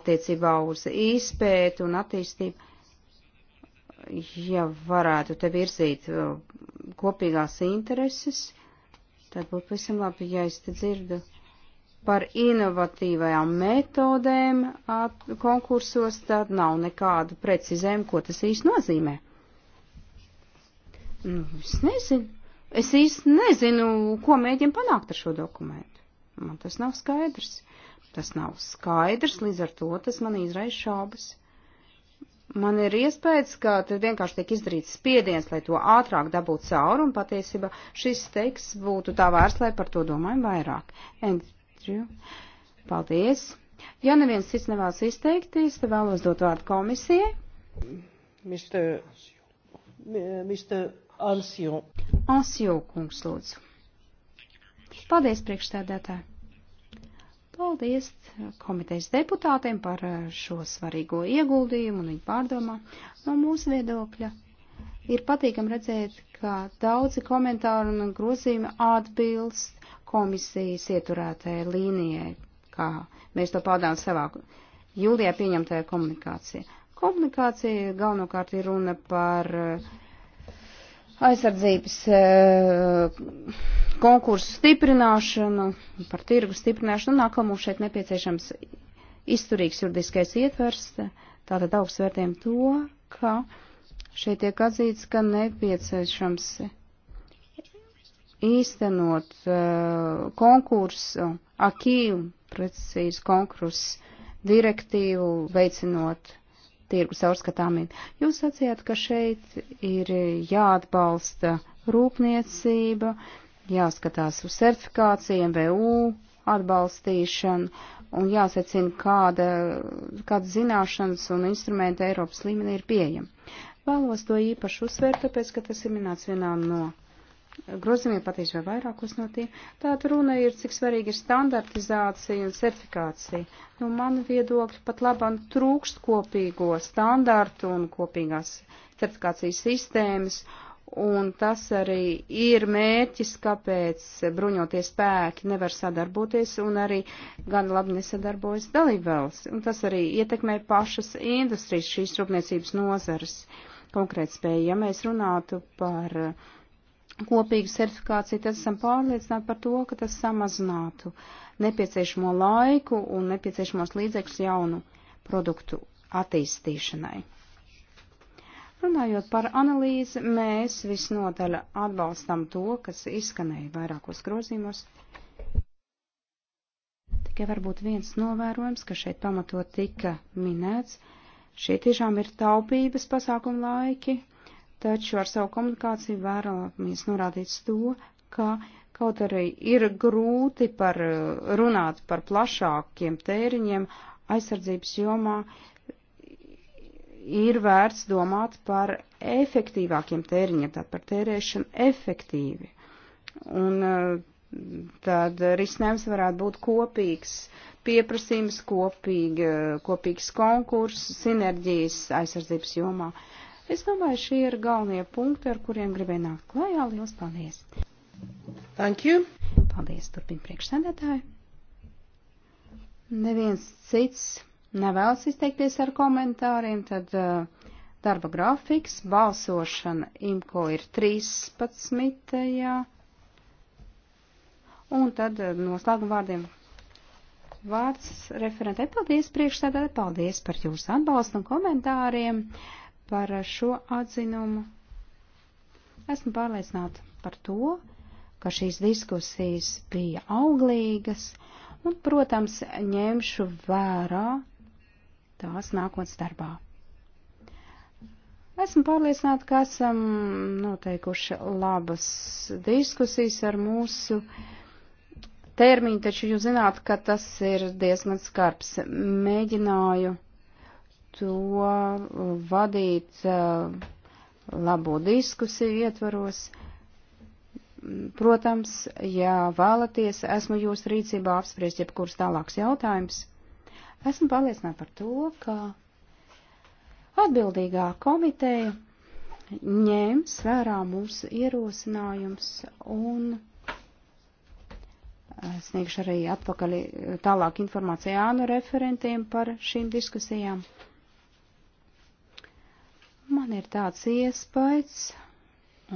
attiecībā uz izpēti un attīstību. Ja varētu te virzīt uh, kopīgās intereses, tad būtu visam labi, ja es te dzirdu par inovatīvajām metodēm konkursos, tad nav nekādu precizējumu, ko tas īsti nozīmē. Nu, es nezinu. Es īsti nezinu, ko mēģinu panākt ar šo dokumentu. Man tas nav skaidrs. Tas nav skaidrs, līdz ar to tas man izraisa šaubas. Man ir iespējas, ka tad vienkārši tiek izdarīts spiediens, lai to ātrāk dabūtu cauri, un patiesībā šis teksts būtu tā vērts, lai par to domājam vairāk. And Andrew. Paldies. Ja neviens cits nevēlas izteikties, tad vēlos dot vārdu komisijai. Mr. Mr. Ansio. Ansio kungs lūdzu. Paldies, priekšstādātāji. Paldies komitejas deputātiem par šo svarīgo ieguldījumu un viņu pārdomā. No mūsu viedokļa ir patīkam redzēt, ka daudzi komentāri un grozījumi atbilst komisijas ieturētajai līnijai, kā mēs to paudām savā jūlijā pieņemtajā komunikācijā. Komunikācija galvenokārt ir runa par eh, aizsardzības eh, konkursu stiprināšanu, par tirgu stiprināšanu. Nākam mums šeit nepieciešams izturīgs juridiskais ietvers, tātad augstvērtējam to, ka šeit tiek atzīts, ka nepieciešams īstenot uh, konkursu, akīvu, precīzi konkursu direktīvu, veicinot tirgus caurskatāmību. Jūs sacījāt, ka šeit ir jāatbalsta rūpniecība, jāskatās uz certifikācijiem, VU atbalstīšanu un jāsecina, kāda, kāda zināšanas un instrumenta Eiropas līmenī ir pieejama. Vēlos to īpaši uzsvērt, tāpēc, ka tas ir minēts vienā no grozījumi patiesībā vairākus no tiem. Tātad runa ir, cik svarīgi ir standartizācija un certifikācija. No nu, manu viedokļa pat labam trūkst kopīgo standartu un kopīgās certifikācijas sistēmas. Un tas arī ir mērķis, kāpēc bruņoties spēki nevar sadarboties un arī gan labi nesadarbojas dalībvalsts. Un tas arī ietekmē pašas industrijas, šīs rūpniecības nozares konkrētspēju. Ja mēs runātu par uh, kopīgu certifikāciju, tad esam pārliecināti par to, ka tas samazinātu nepieciešamo laiku un nepieciešamos līdzekļus jaunu produktu attīstīšanai. Runājot par analīzi, mēs visnotaļ atbalstam to, kas izskanēja vairākos grozījumos. Tikai varbūt viens novērojums, ka šeit pamatot tika minēts, šie tiešām ir taupības pasākuma laiki, taču ar savu komunikāciju vēlamies norādīt to, ka kaut arī ir grūti par, runāt par plašākiem tēriņiem aizsardzības jomā, ir vērts domāt par efektīvākiem tēriņiem, tad par tērēšanu efektīvi. Un tad risinājums varētu būt kopīgs pieprasījums, kopīga, kopīgs konkurss, sinerģijas aizsardzības jomā. Uh, Es domāju, šie ir galvenie punkti, ar kuriem gribēju nākt klajā. Lielas paldies! Thank you! Paldies, turpin priekšsēdētāji! Neviens cits nevēlas izteikties ar komentāriem, tad uh, darba grafiks, balsošana imko ir 13. Jā. Un tad uh, noslēguma vārdiem vārds referentē. Paldies priekšsēdētāji, paldies par jūsu atbalstu un komentāriem par šo atzinumu. Esmu pārliecināta par to, ka šīs diskusijas bija auglīgas un, protams, ņemšu vērā tās nākotnes darbā. Esmu pārliecināta, ka esam noteikuši labas diskusijas ar mūsu termiņu, taču jūs zināt, ka tas ir diezgan skarbs. Mēģināju to uh, vadīt uh, labo diskusiju ietvaros. Protams, ja vēlaties, esmu jūs rīcībā apspriest jebkurs tālāks jautājums. Esmu pārliecināta par to, ka atbildīgā komiteja ņēms vērā mūsu ierosinājums un uh, sniegšu arī atpakaļ tālāk informāciju ānu referentiem par šīm diskusijām. Man ir tāds iespējas,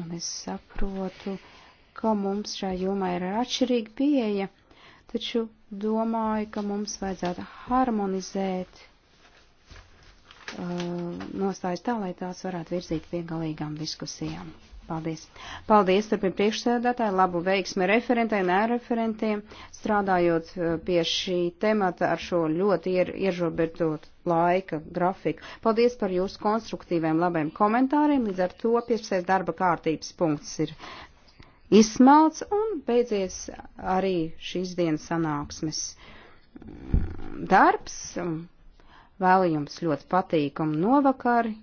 un es saprotu, ka mums šai jomai ir atšķirīga pieeja, taču domāju, ka mums vajadzētu harmonizēt uh, nostājas tā, lai tās varētu virzīt pie galīgām diskusijām. Paldies. Paldies, turpin priekšsēdētāji, labu veiksmi referentei, nereferentiem, strādājot eh, pie šī temata ar šo ļoti ier, iežobertot laika grafiku. Paldies par jūsu konstruktīviem labiem komentāriem, līdz ar to 15. darba kārtības punkts ir izsmelts un beidzies arī šīs dienas sanāksmes mm, darbs. Vēlu jums ļoti patīkamu novakari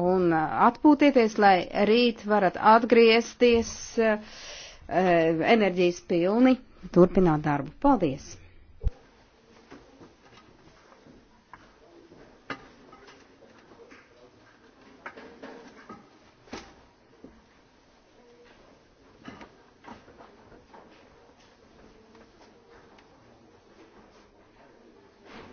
un atpūtieties, lai rīt varat atgriezties eh, enerģijas pilni, turpināt darbu. Paldies!